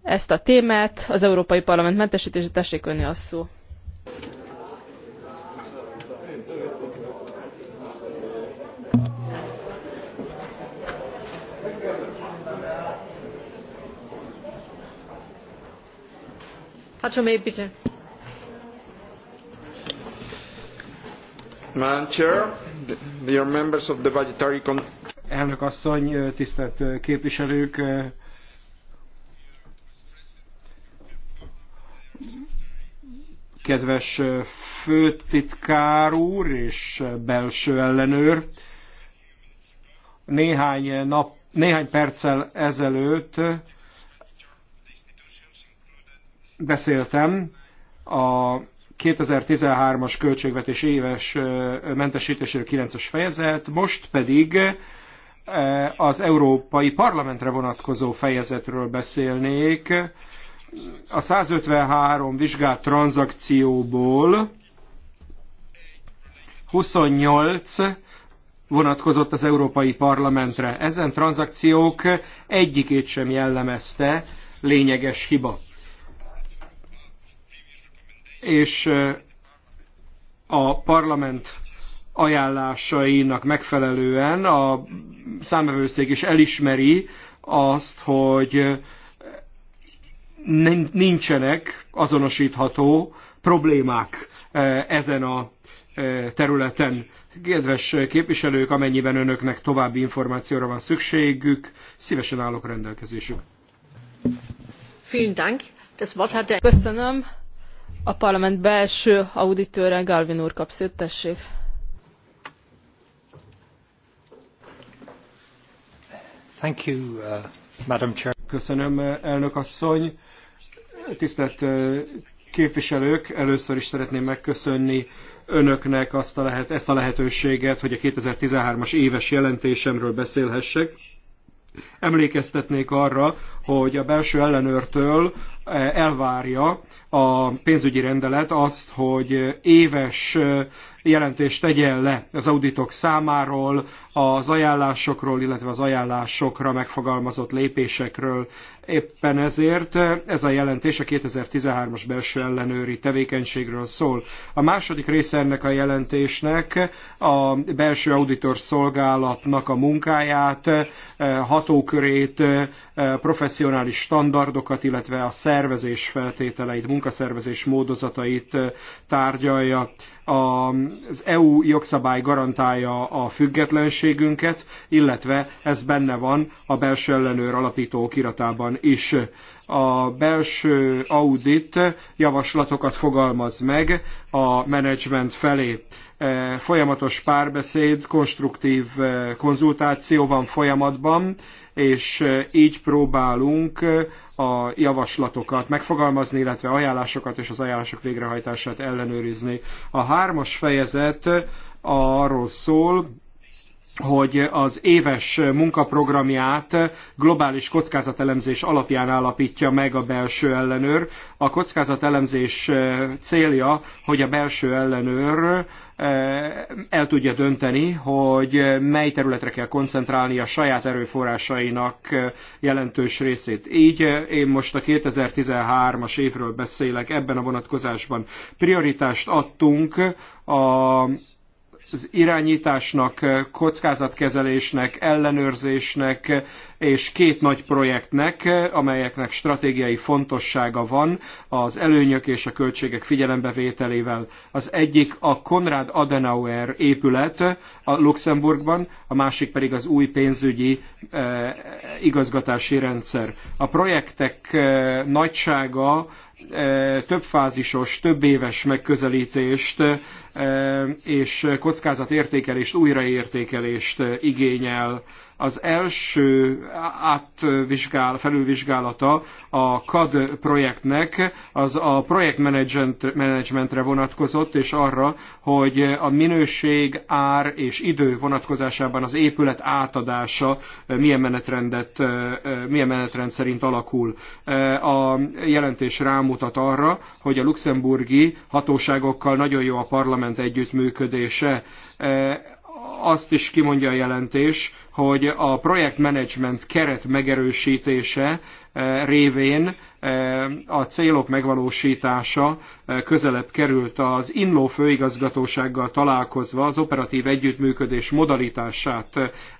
ezt a témát, az Európai Parlament mentesítési tessék önni a szó. Elnök asszony, tisztelt képviselők! Kedves főtitkár úr és belső ellenőr! Néhány, nap, néhány perccel ezelőtt beszéltem a 2013-as költségvetés éves mentesítéséről 9-es fejezet, most pedig az Európai Parlamentre vonatkozó fejezetről beszélnék. A 153 vizsgált tranzakcióból 28 vonatkozott az Európai Parlamentre. Ezen tranzakciók egyikét sem jellemezte lényeges hiba és a parlament ajánlásainak megfelelően a számvevőszék is elismeri azt, hogy nincsenek azonosítható problémák ezen a területen. Kedves képviselők, amennyiben önöknek további információra van szükségük, szívesen állok rendelkezésük. Köszönöm. A parlament belső auditőre Galvin úr kap szét, tessék. Thank you, uh, Madam Chair. Köszönöm, elnök asszony. Tisztelt uh, képviselők, először is szeretném megköszönni önöknek azt a lehet, ezt a lehetőséget, hogy a 2013-as éves jelentésemről beszélhessek. Emlékeztetnék arra, hogy a belső ellenőrtől uh, elvárja, a pénzügyi rendelet azt, hogy éves jelentést tegyen le az auditok számáról, az ajánlásokról, illetve az ajánlásokra megfogalmazott lépésekről. Éppen ezért ez a jelentés a 2013-as belső ellenőri tevékenységről szól. A második része ennek a jelentésnek a belső auditor szolgálatnak a munkáját, hatókörét, professzionális standardokat, illetve a szervezés feltételeit, munkaszervezés módozatait tárgyalja. Az EU jogszabály garantálja a függetlenségünket, illetve ez benne van a belső ellenőr alapító okiratában is. A belső audit javaslatokat fogalmaz meg a menedzsment felé folyamatos párbeszéd, konstruktív konzultáció van folyamatban, és így próbálunk a javaslatokat megfogalmazni, illetve ajánlásokat és az ajánlások végrehajtását ellenőrizni. A hármas fejezet arról szól, hogy az éves munkaprogramját globális kockázatelemzés alapján állapítja meg a belső ellenőr. A kockázatelemzés célja, hogy a belső ellenőr el tudja dönteni, hogy mely területre kell koncentrálni a saját erőforrásainak jelentős részét. Így én most a 2013-as évről beszélek ebben a vonatkozásban. Prioritást adtunk a az irányításnak, kockázatkezelésnek, ellenőrzésnek és két nagy projektnek, amelyeknek stratégiai fontossága van az előnyök és a költségek figyelembevételével. Az egyik a Konrad Adenauer épület a Luxemburgban, a másik pedig az új pénzügyi eh, igazgatási rendszer. A projektek eh, nagysága Eh, többfázisos, éves megközelítést eh, és kockázatértékelést, újraértékelést igényel az első átvizsgál, felülvizsgálata a CAD projektnek az a projektmenedzsmentre vonatkozott, és arra, hogy a minőség, ár és idő vonatkozásában az épület átadása milyen menetrendet, milyen menetrend szerint alakul. A jelentés rámutat arra, hogy a luxemburgi hatóságokkal nagyon jó a parlament együttműködése azt is kimondja a jelentés, hogy a projektmenedzsment keret megerősítése eh, révén eh, a célok megvalósítása eh, közelebb került az INLO főigazgatósággal találkozva az operatív együttműködés modalitását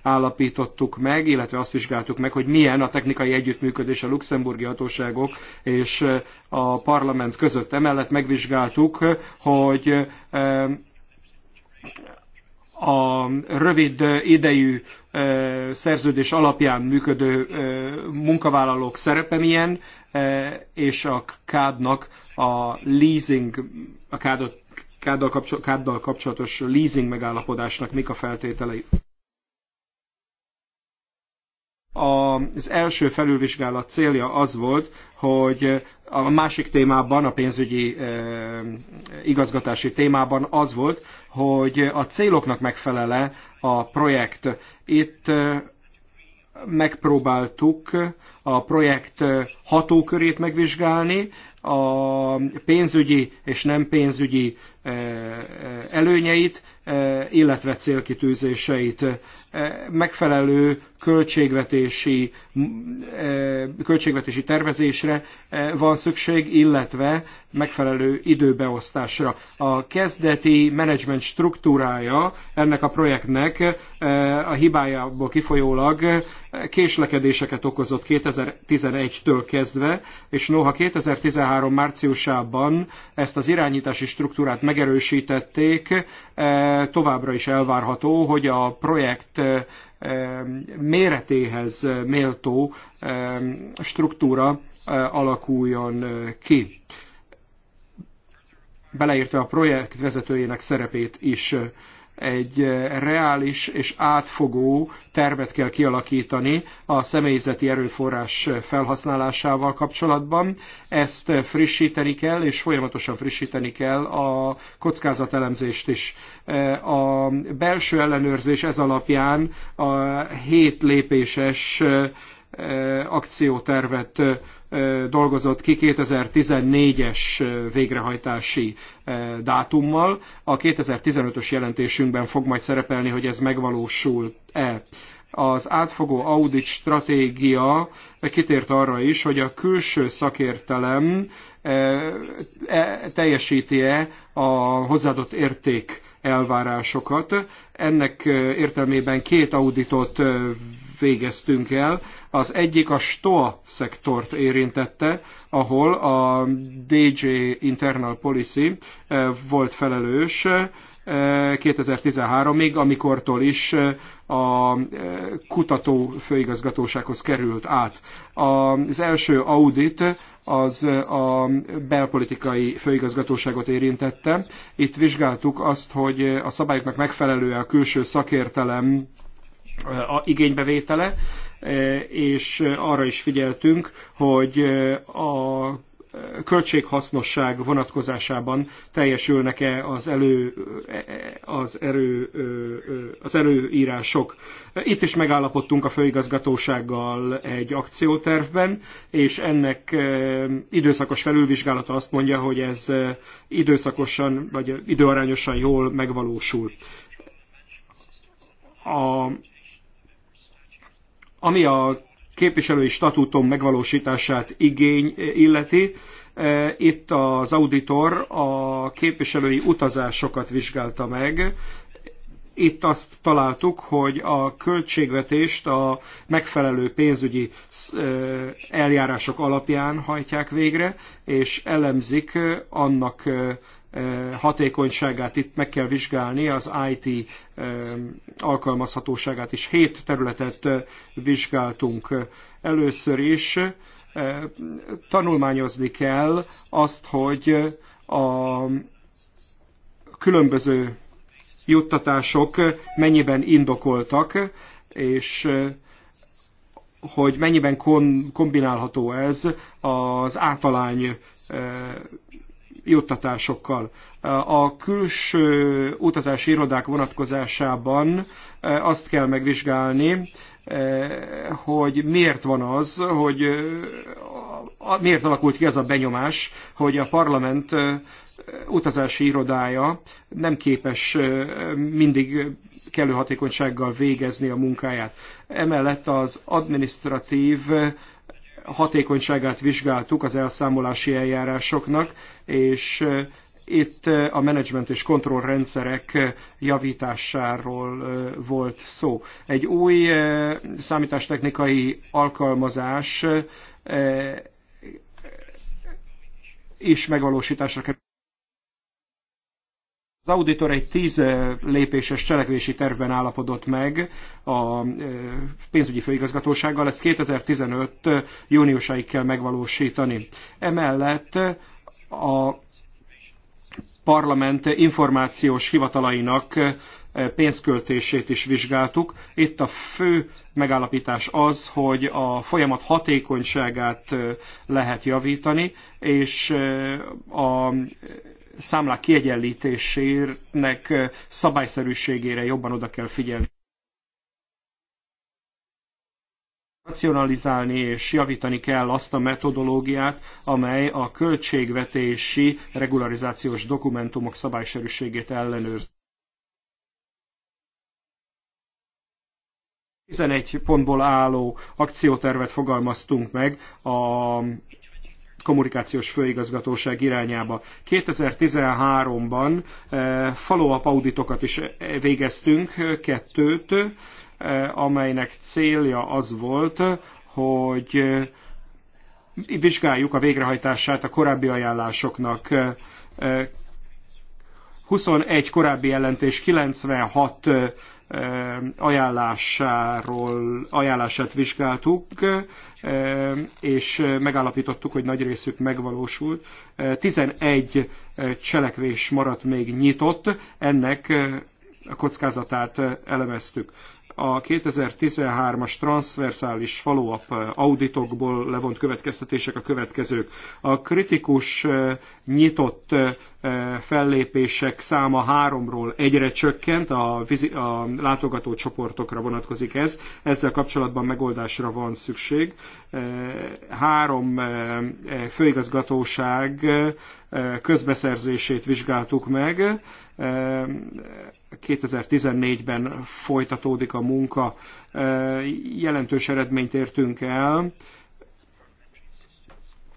állapítottuk meg, illetve azt vizsgáltuk meg, hogy milyen a technikai együttműködés a luxemburgi hatóságok és a parlament között. Emellett megvizsgáltuk, hogy a rövid idejű szerződés alapján működő munkavállalók szerepe milyen, és a kádnak a leasing, a kádot, káddal, káddal kapcsolatos leasing megállapodásnak mik a feltételei az első felülvizsgálat célja az volt, hogy a másik témában, a pénzügyi igazgatási témában az volt, hogy a céloknak megfelele a projekt. Itt megpróbáltuk a projekt hatókörét megvizsgálni, a pénzügyi és nem pénzügyi e, e, előnyeit, e, illetve célkitűzéseit. Megfelelő költségvetési, költségvetési tervezésre van szükség, illetve megfelelő időbeosztásra. A kezdeti menedzsment struktúrája ennek a projektnek a hibájából kifolyólag késlekedéseket okozott 2011-től kezdve, és noha 2013 2013 márciusában ezt az irányítási struktúrát megerősítették, e, továbbra is elvárható, hogy a projekt e, e, méretéhez méltó struktúra alakuljon ki beleértve a projekt vezetőjének szerepét is egy eh, reális és átfogó tervet kell kialakítani a személyzeti erőforrás felhasználásával kapcsolatban. Ezt frissíteni kell, és folyamatosan frissíteni kell a kockázatelemzést is. Eh, a belső ellenőrzés ez alapján a hét lépéses eh, akciótervet dolgozott ki 2014-es végrehajtási dátummal. A 2015-ös jelentésünkben fog majd szerepelni, hogy ez megvalósult-e az átfogó audit stratégia kitért arra is, hogy a külső szakértelem e, teljesíti-e a hozzáadott érték elvárásokat. Ennek értelmében két auditot végeztünk el. Az egyik a STOA szektort érintette, ahol a DJ Internal Policy eh, volt felelős 2013-ig, eh, amikortól is eh, a kutató főigazgatósághoz került át. Az első audit az a belpolitikai főigazgatóságot érintette. Itt vizsgáltuk azt, hogy a szabályoknak megfelelően a külső szakértelem a igénybevétele, e, és arra is figyeltünk, hogy e, a költséghasznosság vonatkozásában teljesülnek-e az, elő, e, az, erő, az előírások. Itt is megállapodtunk a főigazgatósággal egy akciótervben, és ennek időszakos felülvizsgálata azt mondja, hogy ez időszakosan vagy időarányosan jól megvalósul. A ami a képviselői statútum megvalósítását igény eh, illeti, eh, itt az auditor a képviselői utazásokat vizsgálta meg, itt azt találtuk, hogy a költségvetést a megfelelő pénzügyi eh, eljárások alapján hajtják végre, és elemzik annak hatékonyságát itt meg kell vizsgálni, az IT alkalmazhatóságát is. Hét területet vizsgáltunk először is. Tanulmányozni kell azt, hogy a különböző juttatások mennyiben indokoltak, és hogy mennyiben kombinálható ez az általány juttatásokkal. A külső utazási irodák vonatkozásában e, azt kell megvizsgálni, e, hogy miért van az, hogy e, miért alakult ki ez a benyomás, hogy a parlament utazási irodája nem képes mindig kellő hatékonysággal végezni a munkáját. Emellett az administratív hatékonyságát vizsgáltuk az elszámolási eljárásoknak, és itt a menedzsment és kontrollrendszerek javításáról volt szó. Egy új számítástechnikai alkalmazás is megvalósításra került. Az auditor egy tíz lépéses cselekvési tervben állapodott meg a pénzügyi főigazgatósággal, ezt 2015 júniusáig kell megvalósítani. Emellett a parlament információs hivatalainak pénzköltését is vizsgáltuk. Itt a fő megállapítás az, hogy a folyamat hatékonyságát lehet javítani, és a számlák kiegyenlítésének eh, szabályszerűségére jobban oda kell figyelni. racionalizálni és javítani kell azt a metodológiát, amely a költségvetési regularizációs dokumentumok szabályszerűségét ellenőrzi. 11 pontból álló akciótervet fogalmaztunk meg a kommunikációs főigazgatóság irányába. 2013-ban eh, follow-up auditokat is végeztünk, kettőt, eh, amelynek célja az volt, hogy eh, vizsgáljuk a végrehajtását a korábbi ajánlásoknak. 21 korábbi jelentés, 96 ajánlásáról, ajánlását vizsgáltuk, és megállapítottuk, hogy nagy részük megvalósult. 11 cselekvés maradt még nyitott, ennek a kockázatát elemeztük. A 2013-as transversális follow-up auditokból levont következtetések a következők. A kritikus nyitott fellépések száma háromról egyre csökkent, a, vizi, a látogató csoportokra vonatkozik ez, ezzel kapcsolatban megoldásra van szükség. Három főigazgatóság közbeszerzését vizsgáltuk meg, 2014-ben folytatódik a munka, jelentős eredményt értünk el,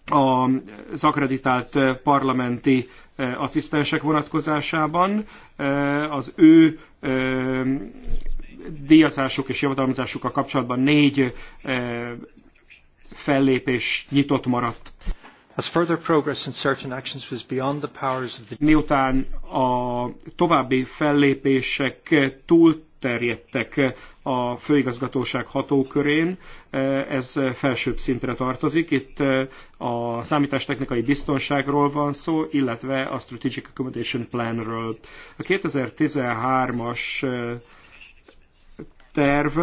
az akreditált parlamenti asszisztensek vonatkozásában. Az ő díjazásuk és javadalmazásukkal kapcsolatban négy fellépés nyitott maradt. Miután a további fellépések túl terjedtek a főigazgatóság hatókörén, ez felsőbb szintre tartozik. Itt a számítástechnikai biztonságról van szó, illetve a Strategic Accommodation Planről. A 2013-as terv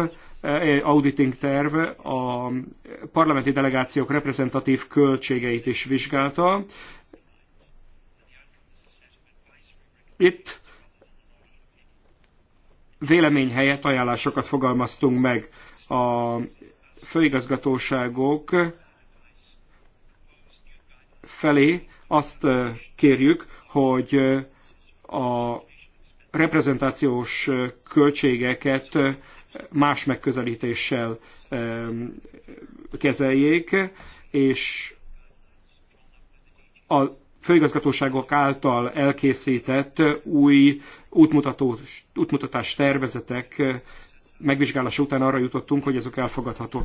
auditing terv a parlamenti delegációk reprezentatív költségeit is vizsgálta. Itt vélemény helyett ajánlásokat fogalmaztunk meg. A főigazgatóságok felé azt kérjük, hogy a reprezentációs költségeket más megközelítéssel kezeljék, és a főigazgatóságok által elkészített új útmutatós, útmutatás tervezetek megvizsgálása után arra jutottunk, hogy ezek elfogadhatók.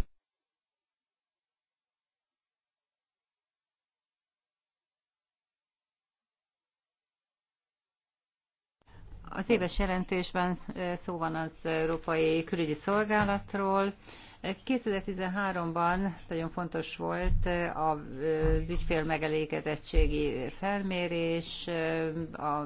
Az éves jelentésben szó van az Európai Külügyi Szolgálatról, 2013-ban nagyon fontos volt az ügyfél megelégedettségi felmérés, a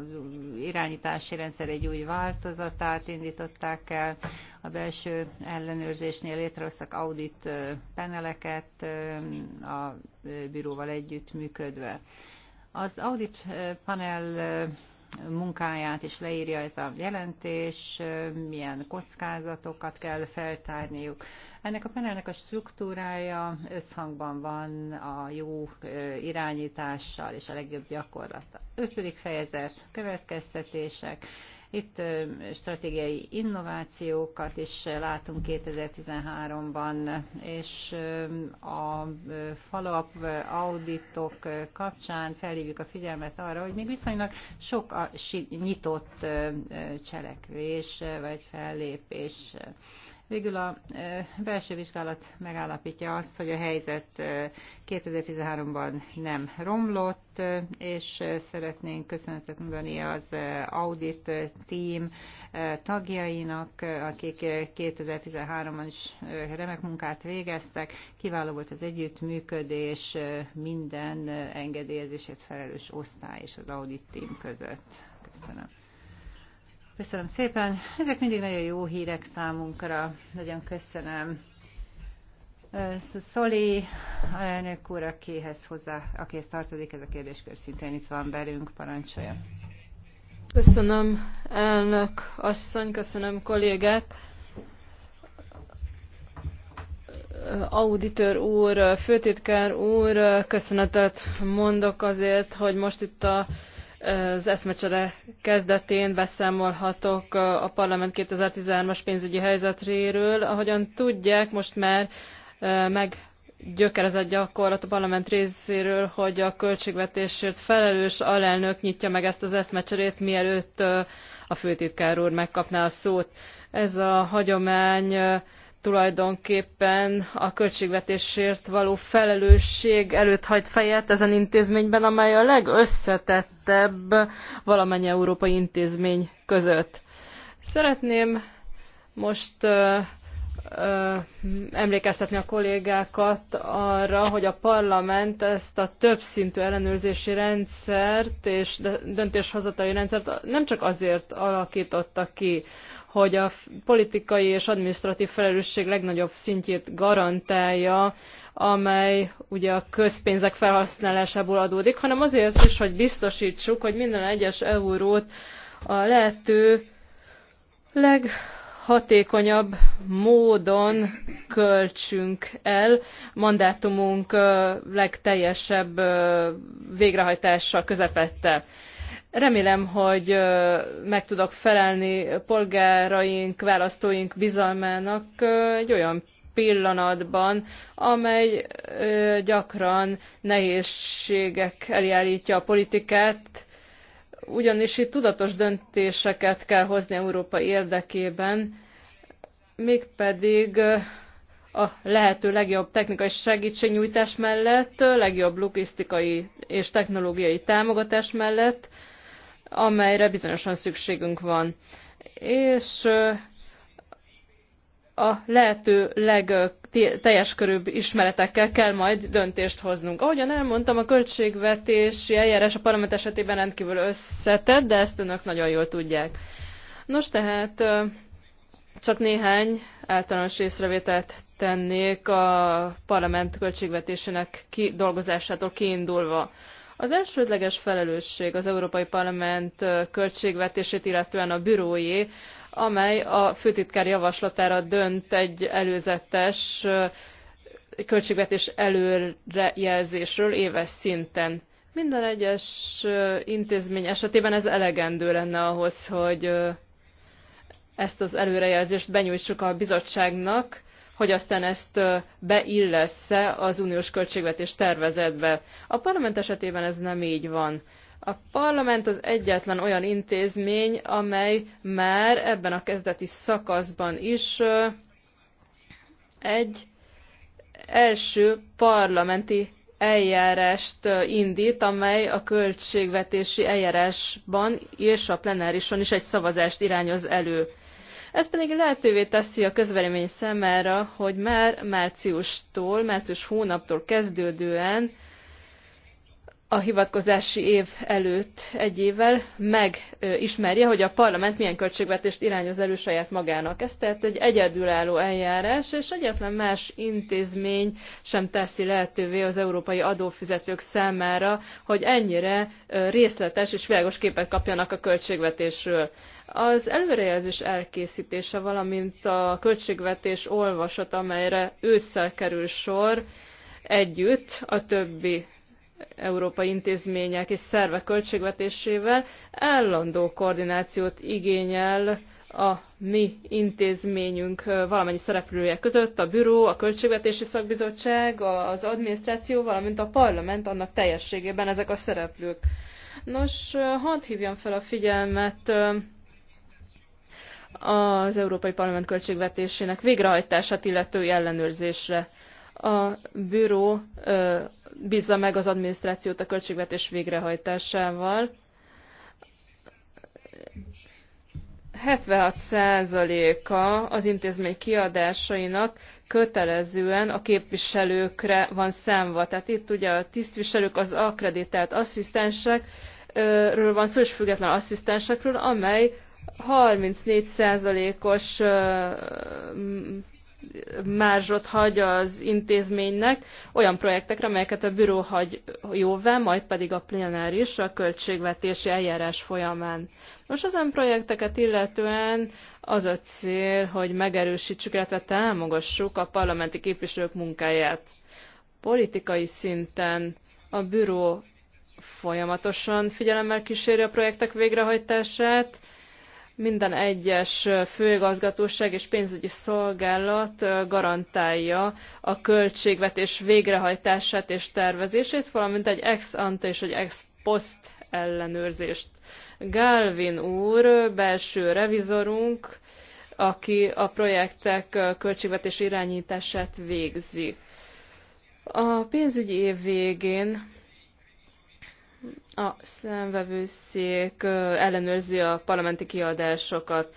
irányítási rendszer egy új változatát indították el, a belső ellenőrzésnél létrehoztak audit paneleket a bíróval együtt működve. Az audit panel munkáját is leírja ez a jelentés, milyen kockázatokat kell feltárniuk. Ennek a panelnek a struktúrája összhangban van a jó irányítással és a legjobb gyakorlata. Ötödik fejezet, következtetések. Itt stratégiai innovációkat is látunk 2013-ban, és a follow-up auditok kapcsán felhívjuk a figyelmet arra, hogy még viszonylag sok a nyitott cselekvés vagy fellépés Végül a belső vizsgálat megállapítja azt, hogy a helyzet 2013-ban nem romlott, és szeretnénk köszönetet mondani az audit team tagjainak, akik 2013-ban is remek munkát végeztek. Kiváló volt az együttműködés minden engedélyezését felelős osztály és az audit team között. Köszönöm. Köszönöm szépen. Ezek mindig nagyon jó hírek számunkra. Nagyon köszönöm. Szoli, elnök úr, akihez hozzá, akihez tartozik ez a kérdéskör, szintén itt van velünk, parancsolja. Köszönöm, elnök asszony, köszönöm, kollégák. Auditor úr, főtitkár úr, köszönetet mondok azért, hogy most itt a az eszmecsere kezdetén beszámolhatok a parlament 2013-as pénzügyi helyzetéről, Ahogyan tudják, most már meg gyökerezett gyakorlat a parlament részéről, hogy a költségvetésért felelős alelnök nyitja meg ezt az eszmecserét, mielőtt a főtitkár úr megkapná a szót. Ez a hagyomány tulajdonképpen a költségvetésért való felelősség előtt hajt fejet ezen intézményben, amely a legösszetettebb valamennyi európai intézmény között. Szeretném most ö, ö, emlékeztetni a kollégákat arra, hogy a parlament ezt a többszintű ellenőrzési rendszert és döntéshozatali rendszert nem csak azért alakította ki, hogy a politikai és adminisztratív felelősség legnagyobb szintjét garantálja, amely ugye a közpénzek felhasználásából adódik, hanem azért is, hogy biztosítsuk, hogy minden egyes eurót a lehető leg hatékonyabb módon költsünk el mandátumunk legteljesebb végrehajtása közepette. Remélem, hogy meg tudok felelni polgáraink, választóink bizalmának egy olyan pillanatban, amely gyakran nehézségek eljárítja a politikát, ugyanis itt tudatos döntéseket kell hozni Európa érdekében, mégpedig a lehető legjobb technikai segítségnyújtás mellett, legjobb logisztikai és technológiai támogatás mellett, amelyre bizonyosan szükségünk van. És a lehető legteljes körűbb ismeretekkel kell majd döntést hoznunk. Ahogyan elmondtam, a költségvetési eljárás a parlament esetében rendkívül összetett, de ezt önök nagyon jól tudják. Nos tehát csak néhány általános észrevételt tennék a parlament költségvetésének kidolgozásától kiindulva. Az elsődleges felelősség az Európai Parlament költségvetését, illetően a bürójé, amely a főtitkár javaslatára dönt egy előzetes költségvetés előrejelzésről éves szinten. Minden egyes intézmény esetében ez elegendő lenne ahhoz, hogy ezt az előrejelzést benyújtsuk a bizottságnak, hogy aztán ezt beillesz-e az uniós költségvetés tervezetbe. A parlament esetében ez nem így van. A parlament az egyetlen olyan intézmény, amely már ebben a kezdeti szakaszban is egy első parlamenti eljárást indít, amely a költségvetési eljárásban és a plenárison is egy szavazást irányoz elő. Ez pedig lehetővé teszi a közvelemény számára, hogy már márciustól, március hónaptól kezdődően a hivatkozási év előtt egy évvel megismerje, hogy a parlament milyen költségvetést irányoz elő saját magának. Ez tehát egy egyedülálló eljárás, és egyetlen más intézmény sem teszi lehetővé az európai adófizetők számára, hogy ennyire részletes és világos képet kapjanak a költségvetésről. Az előrejelzés elkészítése, valamint a költségvetés olvasata, amelyre ősszel kerül sor együtt a többi európai intézmények és szervek költségvetésével állandó koordinációt igényel a mi intézményünk valamennyi szereplője között, a büró, a költségvetési szakbizottság, az adminisztráció, valamint a parlament, annak teljességében ezek a szereplők. Nos, hadd hívjam fel a figyelmet az Európai Parlament költségvetésének végrehajtását illető ellenőrzésre. A bűró bízza meg az adminisztrációt a költségvetés végrehajtásával. 76%-a az intézmény kiadásainak kötelezően a képviselőkre van számva. Tehát itt ugye a tisztviselők, az akreditált asszisztensekről van szó, és független asszisztensekről, amely 34%-os márzsot hagy az intézménynek olyan projektekre, amelyeket a büró hagy jóvá, majd pedig a plenáris a költségvetési eljárás folyamán. Most ezen projekteket illetően az a cél, hogy megerősítsük, illetve támogassuk a parlamenti képviselők munkáját. Politikai szinten a büró folyamatosan figyelemmel kíséri a projektek végrehajtását, minden egyes főigazgatóság és pénzügyi szolgálat garantálja a költségvetés végrehajtását és tervezését, valamint egy ex ante és egy ex post ellenőrzést. Galvin úr, belső revizorunk, aki a projektek költségvetés irányítását végzi. A pénzügyi év végén a szemvevőszék ellenőrzi a parlamenti kiadásokat.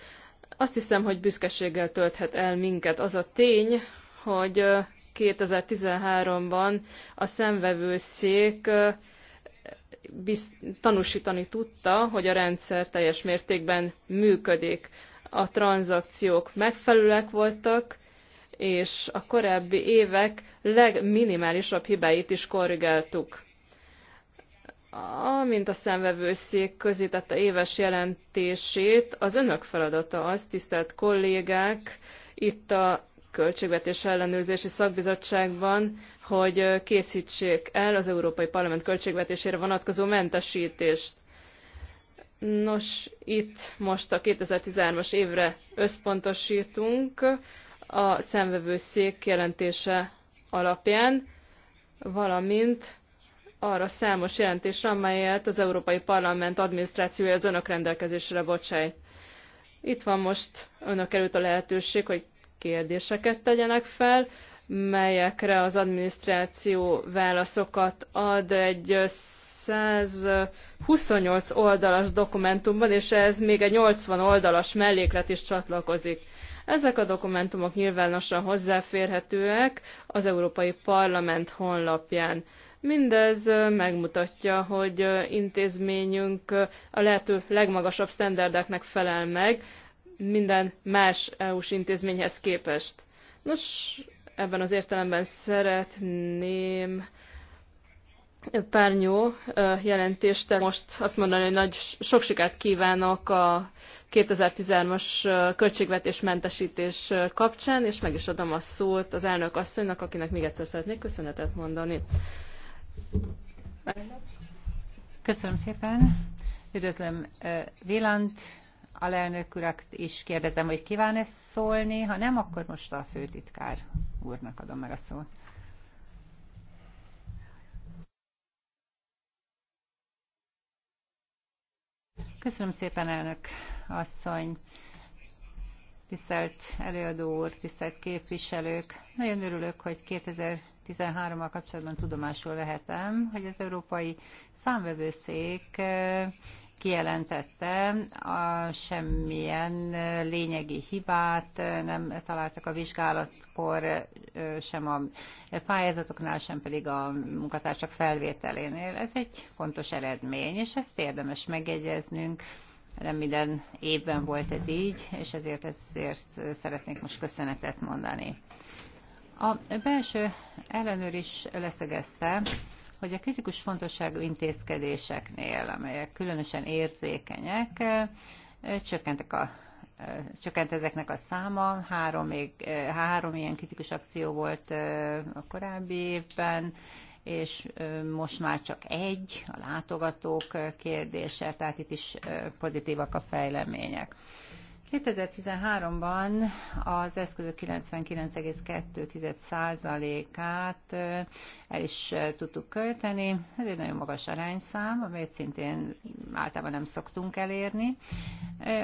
Azt hiszem, hogy büszkeséggel tölthet el minket az a tény, hogy 2013-ban a szemvevőszék tanúsítani tudta, hogy a rendszer teljes mértékben működik. A tranzakciók megfelelőek voltak, és a korábbi évek legminimálisabb hibáit is korrigáltuk. Amint a szemvevőszék tette éves jelentését, az önök feladata az, tisztelt kollégák, itt a Költségvetés Ellenőrzési Szakbizottságban, hogy készítsék el az Európai Parlament költségvetésére vonatkozó mentesítést. Nos, itt most a 2013-as évre összpontosítunk a szemvevőszék jelentése alapján, valamint arra számos jelentésre, amelyet az Európai Parlament adminisztrációja az önök rendelkezésre bocsájt. Itt van most önök előtt a lehetőség, hogy kérdéseket tegyenek fel, melyekre az adminisztráció válaszokat ad egy 128 oldalas dokumentumban, és ez még egy 80 oldalas melléklet is csatlakozik. Ezek a dokumentumok nyilvánosan hozzáférhetőek az Európai Parlament honlapján. Mindez megmutatja, hogy intézményünk a lehető legmagasabb sztenderdeknek felel meg minden más EU-s intézményhez képest. Nos, ebben az értelemben szeretném párnyó jelentést. Most azt mondani, hogy nagy, sok sikert kívánok a 2013-as költségvetés mentesítés kapcsán, és meg is adom a szót az elnök asszonynak, akinek még egyszer szeretnék köszönetet mondani. Köszönöm szépen. Üdvözlöm Vélant, alelnök urat és kérdezem, hogy kíván e szólni. Ha nem, akkor most a főtitkár úrnak adom meg a szót. Köszönöm szépen, elnök asszony, tisztelt előadó úr, tisztelt képviselők. Nagyon örülök, hogy 2000 13-mal kapcsolatban tudomásul lehetem, hogy az Európai Számvevőszék kijelentette, a semmilyen lényegi hibát nem találtak a vizsgálatkor, sem a pályázatoknál, sem pedig a munkatársak felvételénél. Ez egy fontos eredmény, és ezt érdemes megjegyeznünk. Nem minden évben volt ez így, és ezért ezért szeretnék most köszönetet mondani. A belső ellenőr is leszögezte, hogy a kritikus fontosságú intézkedéseknél, amelyek különösen érzékenyek, csökkentek a csökkent ezeknek a száma, három, még, három ilyen kritikus akció volt a korábbi évben, és most már csak egy, a látogatók kérdése, tehát itt is pozitívak a fejlemények. 2013-ban az eszközök 99,2%-át el is tudtuk költeni. Ez egy nagyon magas arányszám, amelyet szintén általában nem szoktunk elérni.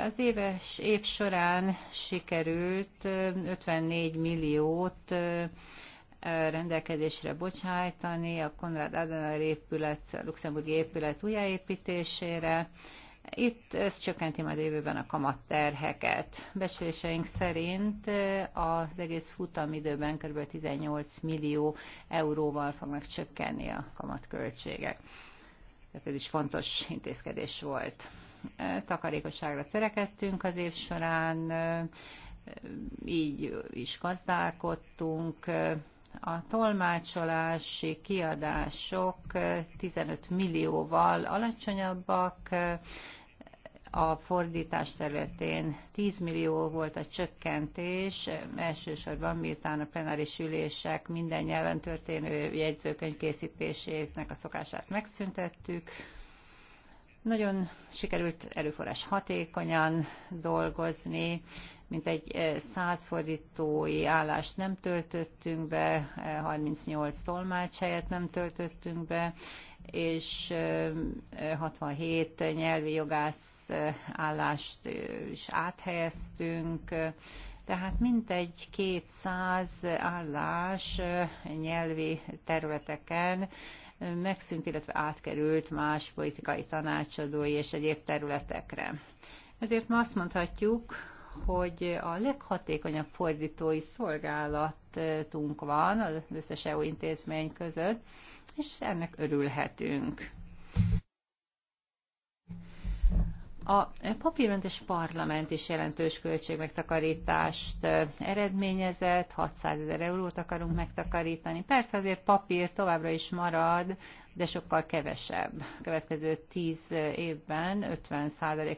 Az éves, év során sikerült 54 milliót rendelkezésre bocsájtani a Konrad Adenauer épület, a luxemburgi épület újjáépítésére, itt ez csökkenti majd jövőben a kamatterheket. Becsléseink szerint az egész futamidőben kb. 18 millió euróval fognak csökkenni a kamatköltségek. Tehát ez is fontos intézkedés volt. Takarékosságra törekedtünk az év során, így is gazdálkodtunk, a tolmácsolási kiadások 15 millióval alacsonyabbak, a fordítás területén 10 millió volt a csökkentés, elsősorban miután a plenáris ülések minden nyelven történő jegyzőkönyv készítésének a szokását megszüntettük. Nagyon sikerült erőforrás hatékonyan dolgozni, mint egy 100 fordítói állást nem töltöttünk be, 38 tolmács helyet nem töltöttünk be, és 67 nyelvi jogász állást is áthelyeztünk, tehát mintegy 200 állás nyelvi területeken megszűnt, illetve átkerült más politikai tanácsadói és egyéb területekre. Ezért ma azt mondhatjuk, hogy a leghatékonyabb fordítói szolgálatunk van az összes EU intézmény között, és ennek örülhetünk. A papírmentes parlament is jelentős költségmegtakarítást eredményezett, 600 ezer eurót akarunk megtakarítani. Persze azért papír továbbra is marad, de sokkal kevesebb. A következő 10 évben 50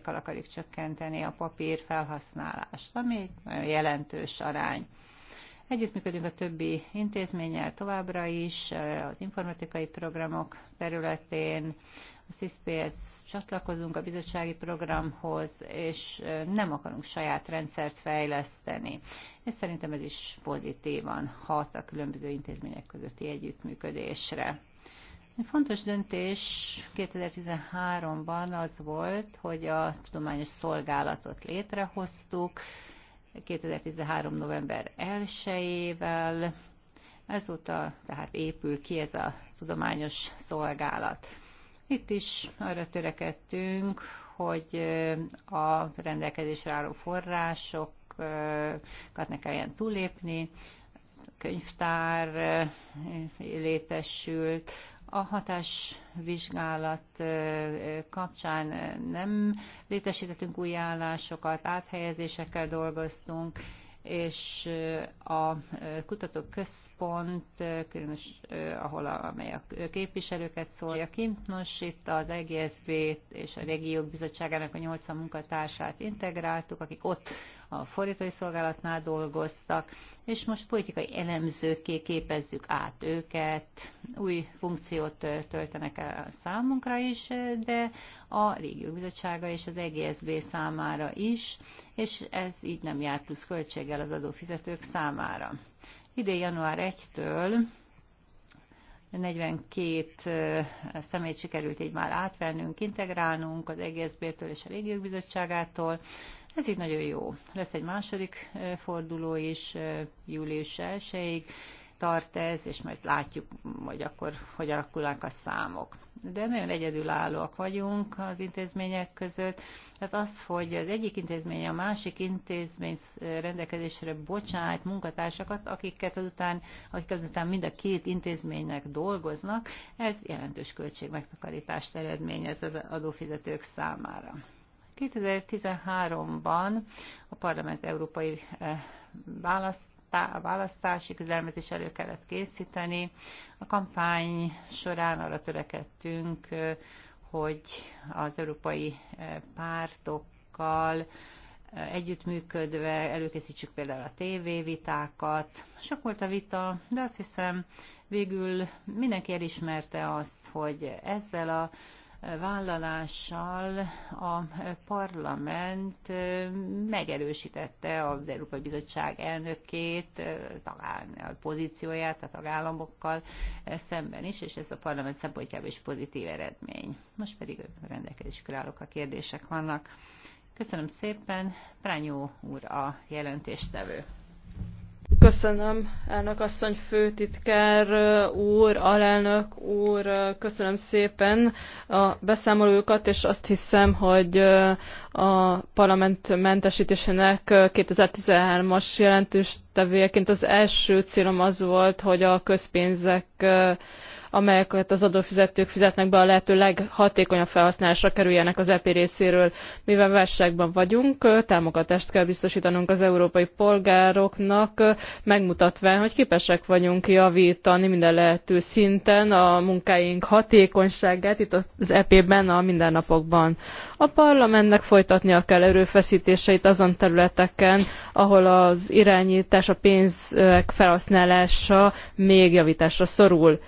kal akarjuk csökkenteni a papír felhasználást, ami egy nagyon jelentős arány. Együttműködünk a többi intézménnyel továbbra is, az informatikai programok területén, a CISPS csatlakozunk a bizottsági programhoz, és nem akarunk saját rendszert fejleszteni. És szerintem ez is pozitívan hat a különböző intézmények közötti együttműködésre. Egy fontos döntés 2013-ban az volt, hogy a tudományos szolgálatot létrehoztuk 2013. november 1-ével. Ezóta tehát épül ki ez a tudományos szolgálat. Itt is arra törekedtünk, hogy a rendelkezésre álló forrásokat ne kelljen túlépni, könyvtár létesült, a hatásvizsgálat kapcsán nem létesítettünk új állásokat, áthelyezésekkel dolgoztunk, és a kutatóközpont, különös, ahol a, amely a képviselőket szólja ki, nos itt az EGSB és a Régiók Bizottságának a 80 munkatársát integráltuk, akik ott a fordítói szolgálatnál dolgoztak, és most politikai elemzőké képezzük át őket, új funkciót töltenek el számunkra is, de a régiók bizottsága és az EGSB számára is, és ez így nem jár plusz költséggel az adófizetők számára. Idén január 1-től 42 személyt sikerült így már átvennünk, integrálnunk az egsb től és a régiók bizottságától. Ez így nagyon jó. Lesz egy második forduló is július 1 tart ez, és majd látjuk, hogy akkor hogy alakulnak a számok. De nagyon egyedülállóak vagyunk az intézmények között. Tehát az, hogy az egyik intézmény a másik intézmény rendelkezésre bocsát munkatársakat, akiket azután, akik azután mind a két intézménynek dolgoznak, ez jelentős költségmegtakarítást eredményez az adófizetők számára. 2013-ban a parlament európai eh, választási küzdelmet is elő kellett készíteni. A kampány során arra törekedtünk, eh, hogy az európai eh, pártokkal együttműködve előkészítsük például a tévévitákat. Sok volt a vita, de azt hiszem végül mindenki elismerte azt, hogy ezzel a vállalással a parlament megerősítette az Európai Bizottság elnökét, talán a pozícióját a tagállamokkal szemben is, és ez a parlament szempontjából is pozitív eredmény. Most pedig rendelkezésükre állok, a kérdések vannak. Köszönöm szépen, Prányó úr a jelentéstevő. Köszönöm, elnök asszony, főtitkár úr, alelnök úr, köszönöm szépen a beszámolókat, és azt hiszem, hogy a parlament mentesítésének 2013-as jelentős tevéjeként az első célom az volt, hogy a közpénzek amelyeket az adófizetők fizetnek be a lehető leghatékonyabb felhasználásra kerüljenek az EP részéről. Mivel válságban vagyunk, támogatást kell biztosítanunk az európai polgároknak, megmutatva, hogy képesek vagyunk javítani minden lehető szinten a munkáink hatékonyságát itt az EP-ben, a mindennapokban. A parlamentnek folytatnia kell erőfeszítéseit azon területeken, ahol az irányítás, a pénzek felhasználása még javításra szorul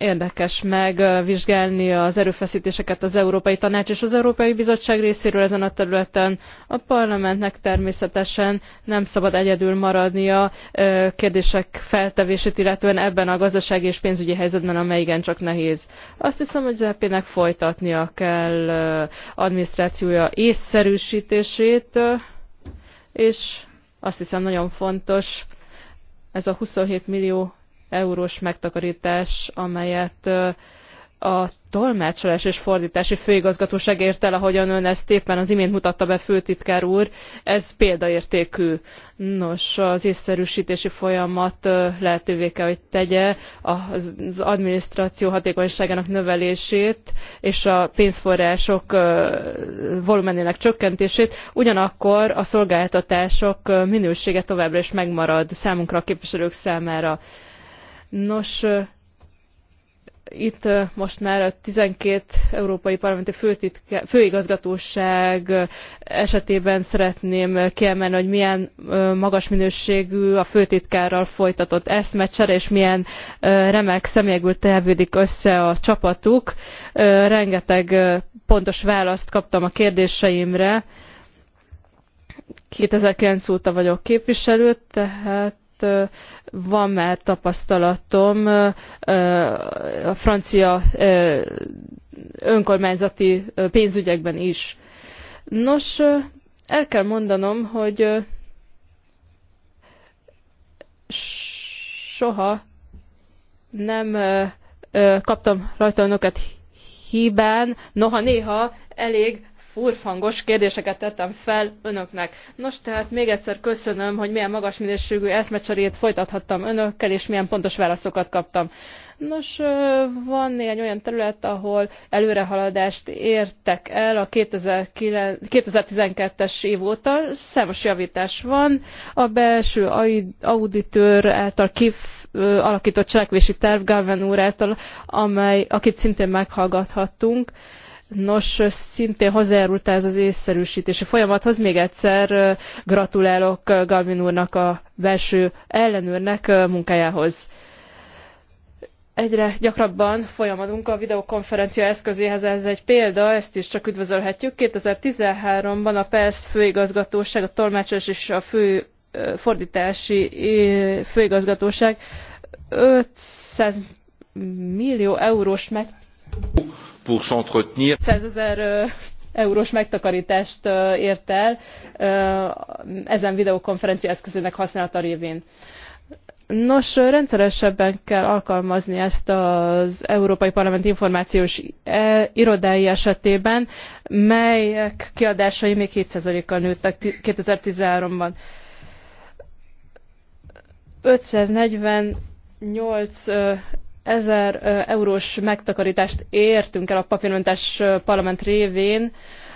érdekes megvizsgálni az erőfeszítéseket az Európai Tanács és az Európai Bizottság részéről ezen a területen. A parlamentnek természetesen nem szabad egyedül maradnia kérdések feltevését, illetően ebben a gazdasági és pénzügyi helyzetben, amely igencsak nehéz. Azt hiszem, hogy ep nek folytatnia kell adminisztrációja észszerűsítését, és azt hiszem nagyon fontos ez a 27 millió eurós megtakarítás, amelyet a tolmácsolás és fordítási főigazgatóság ért el, ahogyan ön ezt éppen az imént mutatta be főtitkár úr, ez példaértékű. Nos, az észszerűsítési folyamat lehetővé kell, hogy tegye az adminisztráció hatékonyságának növelését és a pénzforrások volumenének csökkentését, ugyanakkor a szolgáltatások minősége továbbra is megmarad számunkra, a képviselők számára Nos, itt most már a 12 európai parlamenti főigazgatóság esetében szeretném kiemelni, hogy milyen magas minőségű a főtitkárral folytatott eszmecsere, és milyen remek személyekből tevődik össze a csapatuk. Rengeteg pontos választ kaptam a kérdéseimre. 2009 óta vagyok képviselő, tehát van már tapasztalatom a francia önkormányzati pénzügyekben is. Nos, el kell mondanom, hogy soha nem kaptam rajta önöket hibán, noha néha elég furfangos kérdéseket tettem fel önöknek. Nos, tehát még egyszer köszönöm, hogy milyen magas minőségű eszmecserét folytathattam önökkel, és milyen pontos válaszokat kaptam. Nos, van néhány olyan terület, ahol előrehaladást értek el a 2012-es év óta. Számos javítás van. A belső auditőr által kif alakított cselekvési terv Galven úr által, amely, akit szintén meghallgathattunk. Nos, szintén hozzájárult ez az észszerűsítési folyamathoz. Még egyszer gratulálok Galvin úrnak a belső ellenőrnek munkájához. Egyre gyakrabban folyamodunk a videokonferencia eszközéhez, ez egy példa, ezt is csak üdvözölhetjük. 2013-ban a PESZ főigazgatóság, a tolmácsos és a fő fordítási főigazgatóság 500 millió eurós meg pour s'entretenir. eurós megtakarítást ért el ezen videokonferencia eszközének használata révén. Nos, rendszeresebben kell alkalmazni ezt az Európai Parlament információs e, irodái esetében, melyek kiadásai még 7%-kal nőttek 2013-ban. 548 ezer eurós megtakarítást értünk el a papírmentes parlament révén,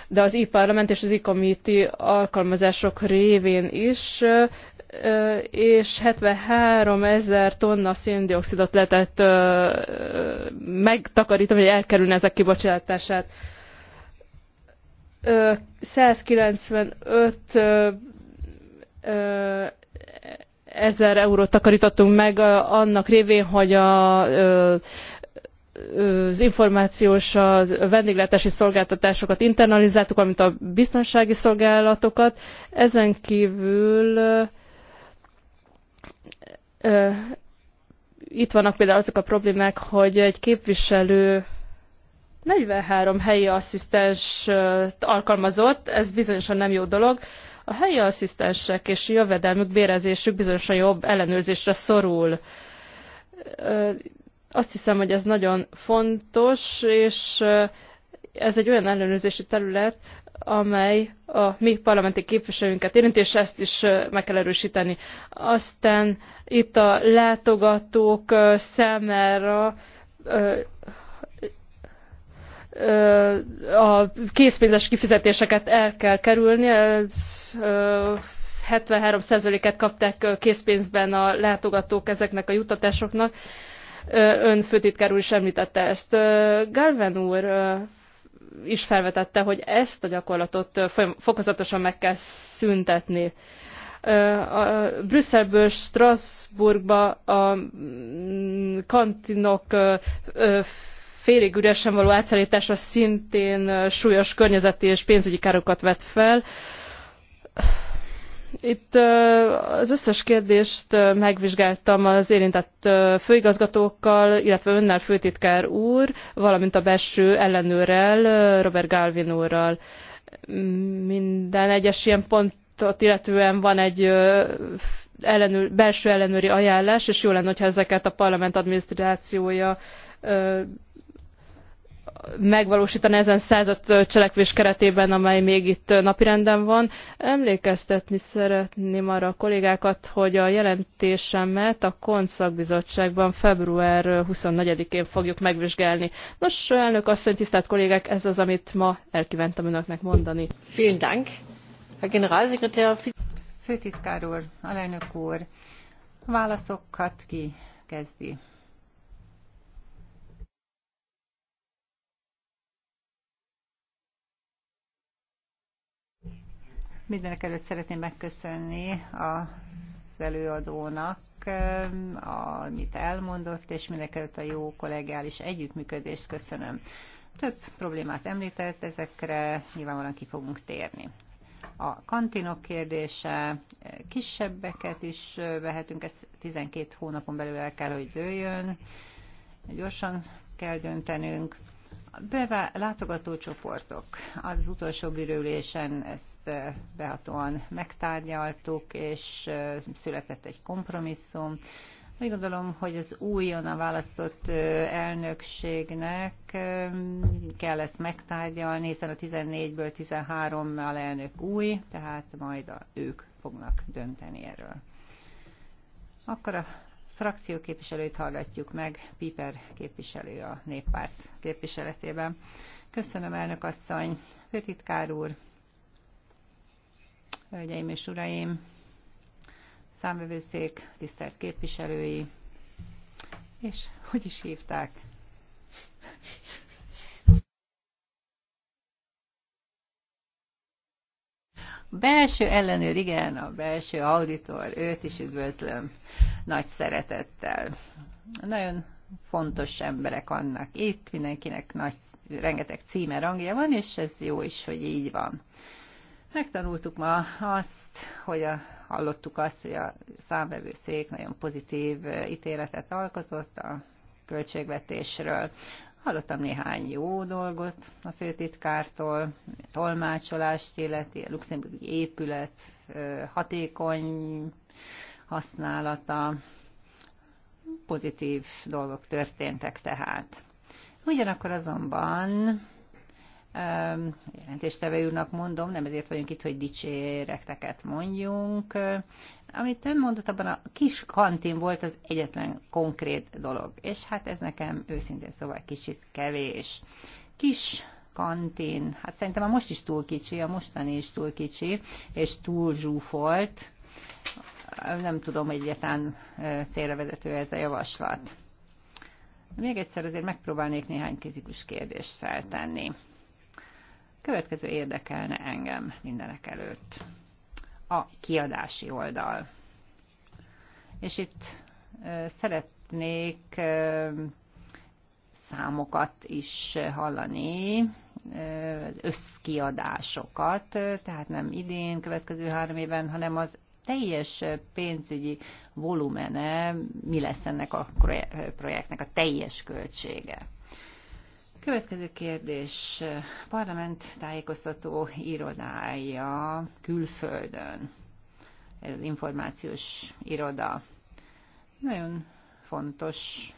de az e-parlament és az e-committee alkalmazások révén is, és 73 ezer tonna széndiokszidot lehetett megtakarítani, hogy elkerülni ezek kibocsátását. 195 ezer eurót takarítottunk meg annak révén, hogy a, az információs a vendéglátási szolgáltatásokat internalizáltuk, amit a biztonsági szolgálatokat. Ezen kívül itt vannak például azok a problémák, hogy egy képviselő 43 helyi asszisztens alkalmazott, ez bizonyosan nem jó dolog, a helyi asszisztensek és jövedelmük, bérezésük bizonyosan jobb ellenőrzésre szorul. Azt hiszem, hogy ez nagyon fontos, és ez egy olyan ellenőrzési terület, amely a mi parlamenti képviselőinket érint, és ezt is meg kell erősíteni. Aztán itt a látogatók számára a készpénzes kifizetéseket el kell kerülni. Ez 73%-et kapták készpénzben a látogatók ezeknek a juttatásoknak. Ön főtitkár úr is említette ezt. Galven úr is felvetette, hogy ezt a gyakorlatot fokozatosan meg kell szüntetni. A Brüsszelből Strasbourgba a mm, kantinok félig üresen való átszállítása szintén súlyos környezeti és pénzügyi károkat vet fel. Itt az összes kérdést megvizsgáltam az érintett főigazgatókkal, illetve önnel főtitkár úr, valamint a belső ellenőrrel, Robert Galvin úrral. Minden egyes ilyen pontot illetően van egy ellenőr, belső ellenőri ajánlás, és jó lenne, hogyha ezeket a parlament adminisztrációja megvalósítani ezen század cselekvés keretében, amely még itt napirenden van. Emlékeztetni szeretném arra a kollégákat, hogy a jelentésemet a Konszakbizottságban február 24-én fogjuk megvizsgálni. Nos, elnök asszony, tisztelt kollégák, ez az, amit ma elkívántam önöknek mondani. Vielen Dank. Herr Generalsekretär. Főtitkár úr, alelnök úr, válaszokat ki kezdi? Mindenek előtt szeretném megköszönni az előadónak, eh, amit elmondott, és mindenek előtt a jó kollegiális együttműködést köszönöm. Több problémát említett, ezekre nyilvánvalóan ki fogunk térni a kantinok kérdése, eh, kisebbeket is eh, vehetünk, ez 12 hónapon belül el kell, hogy dőljön, gyorsan kell döntenünk. Bevá- látogatócsoportok, az utolsó bűrülésen ez ezt eh, behatóan megtárgyaltuk, és eh, született egy kompromisszum. Úgy gondolom, hogy az a választott eh, elnökségnek kell ezt megtárgyalni, hiszen a 14-ből 13 elnök új, tehát majd a, ők fognak dönteni erről. Akkor a frakció képviselőt hallgatjuk meg, Piper képviselő a néppárt képviseletében. Köszönöm, elnök asszony, főtitkár úr, Hölgyeim és uraim, számvevőszék, tisztelt képviselői, és hogy is hívták? A belső ellenőr, igen, a belső auditor, őt is üdvözlöm nagy szeretettel. Nagyon fontos emberek annak itt, mindenkinek nagy, rengeteg címe, rangja van, és ez jó is, hogy így van. Megtanultuk ma azt, hogy a, hallottuk azt, hogy a számvevőszék nagyon pozitív ítéletet alkotott a költségvetésről. Hallottam néhány jó dolgot a főtitkártól, tolmácsolást illeti, a luxemburgi épület hatékony használata, pozitív dolgok történtek tehát. Ugyanakkor azonban jelentéstevő úrnak mondom, nem ezért vagyunk itt, hogy dicséreteket mondjunk. Amit ön mondott, abban a kis kantin volt az egyetlen konkrét dolog, és hát ez nekem őszintén szóval kicsit kevés. Kis kantin, hát szerintem a most is túl kicsi, a mostani is túl kicsi, és túl zsúfolt. Nem tudom, hogy egyáltalán célra vezető ez a javaslat. Még egyszer azért megpróbálnék néhány kritikus kérdést feltenni. Következő érdekelne engem mindenek előtt. A kiadási oldal. És itt szeretnék számokat is hallani, az összkiadásokat, tehát nem idén, következő három évben, hanem az teljes pénzügyi volumene, mi lesz ennek a projektnek a teljes költsége. Következő kérdés. Parlament tájékoztató irodája külföldön. Ez az információs iroda. Nagyon fontos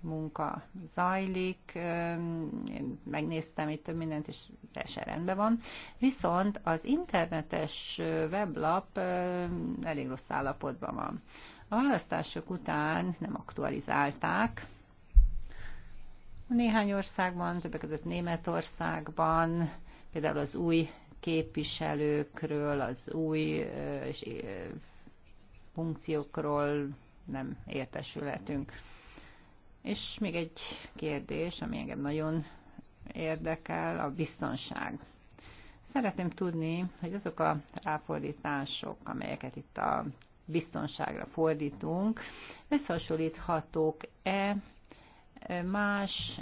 munka zajlik. Én megnéztem itt több mindent, és teljesen rendben van. Viszont az internetes weblap elég rossz állapotban van. A választások után nem aktualizálták, néhány országban, többek között Németországban, például az új képviselőkről, az új funkciókról nem értesülhetünk. És még egy kérdés, ami engem nagyon érdekel, a biztonság. Szeretném tudni, hogy azok a ráfordítások, amelyeket itt a biztonságra fordítunk, összehasonlíthatók-e más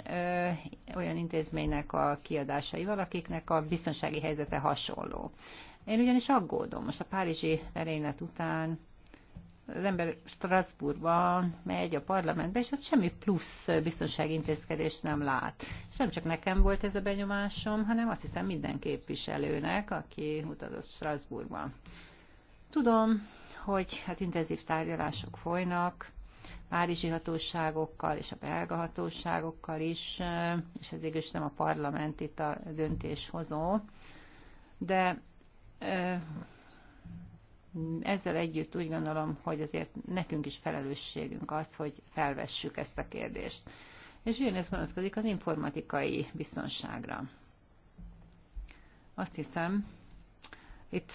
olyan intézménynek a kiadásai, valakiknek a biztonsági helyzete hasonló. Én ugyanis aggódom. Most a párizsi erénylet után az ember Strasbourgba megy a parlamentbe, és ott semmi plusz biztonsági intézkedést nem lát. És nem csak nekem volt ez a benyomásom, hanem azt hiszem minden képviselőnek, aki utazott Strasbourgba. Tudom, hogy hát intenzív tárgyalások folynak, párizsi hatóságokkal és a belga hatóságokkal is, és ez végül is nem a parlament itt a döntéshozó, de ezzel együtt úgy gondolom, hogy azért nekünk is felelősségünk az, hogy felvessük ezt a kérdést. És ez vonatkozik az informatikai biztonságra. Azt hiszem, itt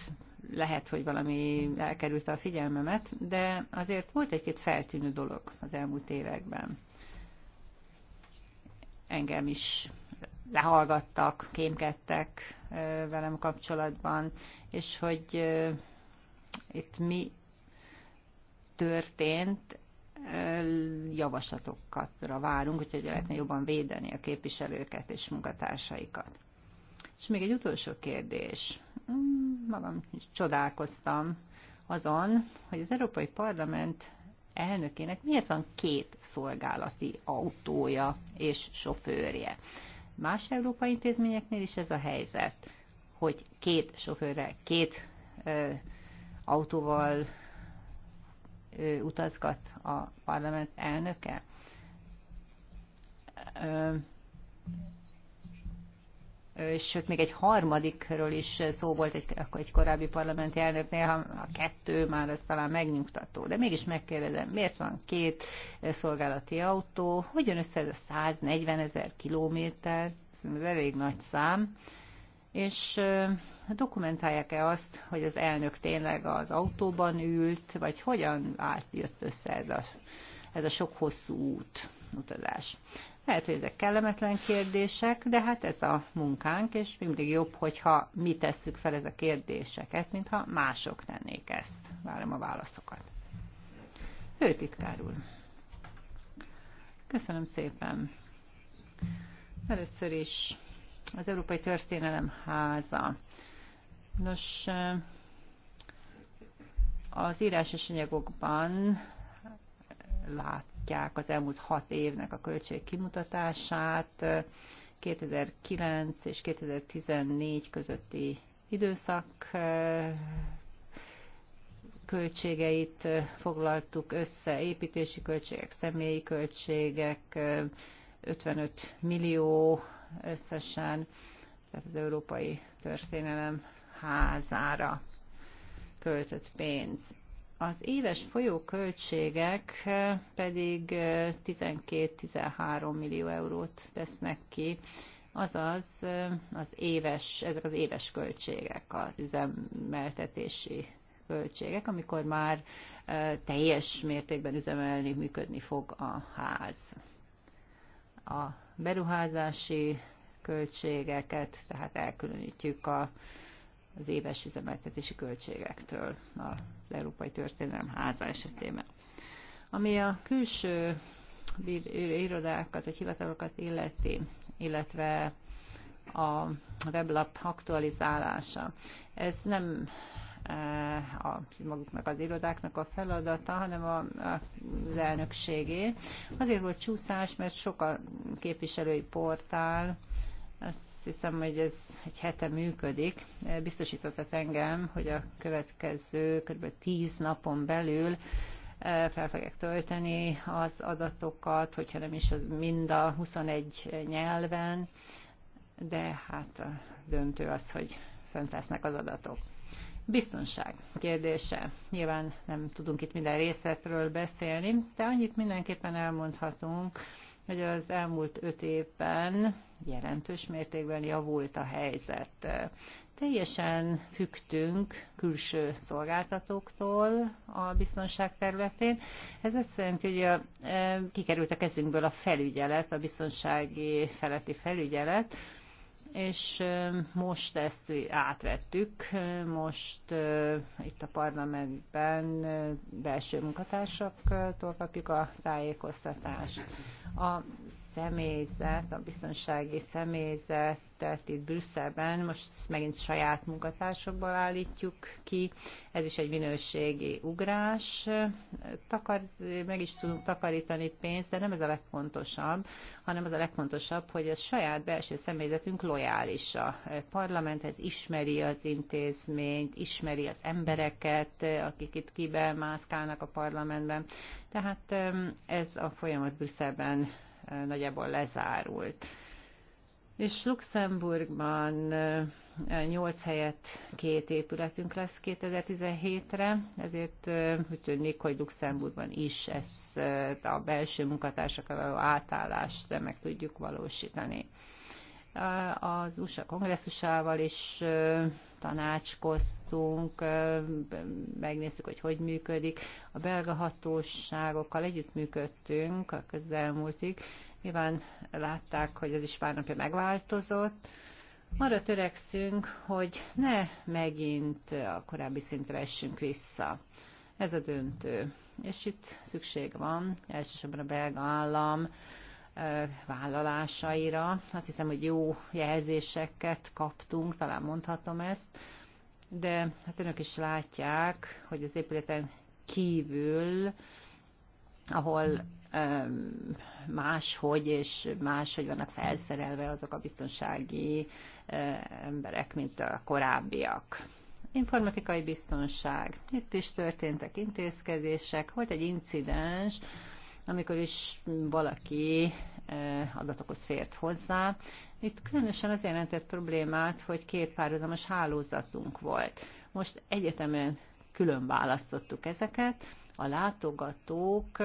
lehet, hogy valami elkerülte a figyelmemet, de azért volt egy-két feltűnő dolog az elmúlt években. Engem is lehallgattak, kémkedtek velem kapcsolatban, és hogy itt mi történt, javaslatokatra várunk, úgyhogy lehetne jobban védeni a képviselőket és munkatársaikat. És még egy utolsó kérdés. Magam is csodálkoztam azon, hogy az Európai Parlament elnökének miért van két szolgálati autója és sofőrje. Más európai intézményeknél is ez a helyzet, hogy két sofőrre, két ö, autóval ö, utazgat a parlament elnöke. Ö, sőt még egy harmadikről is szó volt egy, egy korábbi parlamenti elnöknél, ha a kettő már az talán megnyugtató. De mégis megkérdezem, miért van két szolgálati autó, hogy jön össze ez a 140 ezer kilométer, ez elég nagy szám, és dokumentálják-e azt, hogy az elnök tényleg az autóban ült, vagy hogyan állt, jött össze ez a, ez a sok hosszú út, utazás. Lehet, hogy ezek kellemetlen kérdések, de hát ez a munkánk, és mindig jobb, hogyha mi tesszük fel ez a kérdéseket, mintha mások tennék ezt. Várom a válaszokat. Főtitkár úr. Köszönöm szépen. Először is az Európai Történelem Háza. Nos, az írásos anyagokban lát, bemutatják az elmúlt hat évnek a költség kimutatását 2009 és 2014 közötti időszak eh, költségeit eh, foglaltuk össze, építési költségek, személyi költségek, 55 eh, millió összesen, tehát az Európai Történelem házára költött pénz. Az éves folyóköltségek eh, pedig 12-13 eh, millió eurót tesznek ki, azaz eh, az éves, ezek az éves költségek, az üzemeltetési költségek, amikor már teljes mértékben üzemelni, működni fog a ház. A beruházási költségeket, tehát elkülönítjük a az éves üzemeltetési költségektől az Európai Történelem Háza esetében. Ami a külső irodákat, vagy hivatalokat illeti, illetve a weblap aktualizálása. Ez nem eh, a, maguknak az irodáknak a feladata, hanem a, a, az elnökségé. Azért volt csúszás, mert sok a képviselői portál, azt hiszem, hogy ez egy hete működik. Biztosítottat engem, hogy a következő kb. 10 napon belül eh, fel fogják tölteni az adatokat, hogyha nem is mind a 21 nyelven, de hát a döntő az, hogy fönt lesznek az adatok. Biztonság kérdése. Nyilván nem tudunk itt minden részletről beszélni, de annyit mindenképpen elmondhatunk, hogy az elmúlt öt évben jelentős mértékben javult a helyzet. Teljesen fügtünk külső szolgáltatóktól a biztonság területén. Ez azt jelenti, hogy a, e, kikerült a kezünkből a felügyelet, a biztonsági feletti felügyelet, és most ezt átvettük, most itt a parlamentben belső munkatársaktól kapjuk a tájékoztatást. A személyzet, a biztonsági személyzetet itt Brüsszelben most megint saját munkatársokból állítjuk ki. Ez is egy minőségi ugrás. Takar, meg is tudunk takarítani pénzt, de nem ez a legfontosabb, hanem az a legfontosabb, hogy a saját belső személyzetünk lojális a parlamenthez, ismeri az intézményt, ismeri az embereket, akik itt kibemászkálnak a parlamentben. Tehát ez a folyamat Brüsszelben nagyjából lezárult. És Luxemburgban eh, nyolc helyett két épületünk lesz 2017-re, ezért eh, úgy tűnik, hogy Luxemburgban is ezt eh, a belső munkatársak átállást meg tudjuk valósítani. Az USA kongresszusával is tanácskoztunk, megnéztük, hogy hogy működik. A belga hatóságokkal együttműködtünk a közelmúltig. Nyilván látták, hogy ez is pár napja megváltozott. Arra törekszünk, hogy ne megint a korábbi szintre essünk vissza. Ez a döntő. És itt szükség van, elsősorban a belga állam, vállalásaira. Azt hiszem, hogy jó jelzéseket kaptunk, talán mondhatom ezt, de hát önök is látják, hogy az épületen kívül, ahol máshogy és máshogy vannak felszerelve azok a biztonsági emberek, mint a korábbiak. Informatikai biztonság. Itt is történtek intézkedések. Volt egy incidens, amikor is valaki adatokhoz fért hozzá. Itt különösen az jelentett problémát, hogy két párhuzamos hálózatunk volt. Most egyetemen külön választottuk ezeket, a látogatók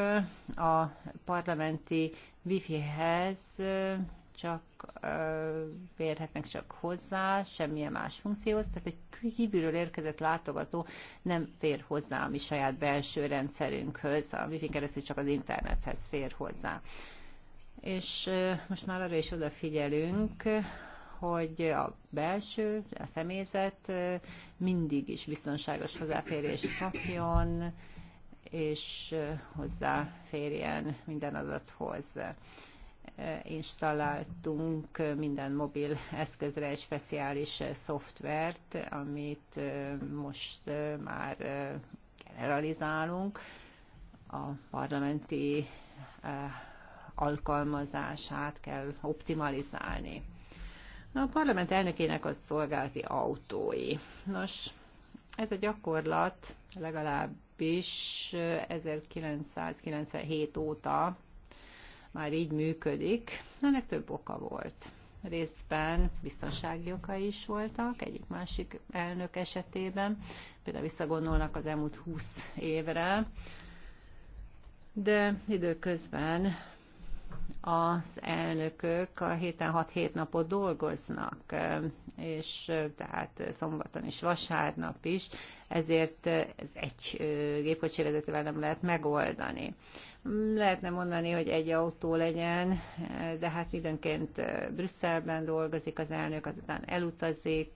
a parlamenti wifi-hez csak férhetnek csak hozzá, semmilyen más funkcióhoz, tehát egy kívülről érkezett látogató nem fér hozzá a mi saját belső rendszerünkhöz, a wifi keresztül csak az internethez fér hozzá. És most már arra is odafigyelünk, hogy a belső, a személyzet mindig is biztonságos hozzáférést kapjon, és hozzáférjen minden adathoz installáltunk minden mobil eszközre egy speciális szoftvert, amit most már generalizálunk. A parlamenti alkalmazását kell optimalizálni. Na A parlament elnökének az szolgálati autói. Nos, ez a gyakorlat legalábbis 1997 óta már így működik, ennek több oka volt. Részben biztonsági oka is voltak, egyik másik elnök esetében, például visszagondolnak az elmúlt 20 évre, de időközben az elnökök a héten 6-7 napot dolgoznak, és tehát szombaton is, vasárnap is, ezért ez egy gépkocsivezetővel nem lehet megoldani. Lehetne mondani, hogy egy autó legyen, de hát időnként Brüsszelben dolgozik az elnök, azután elutazik,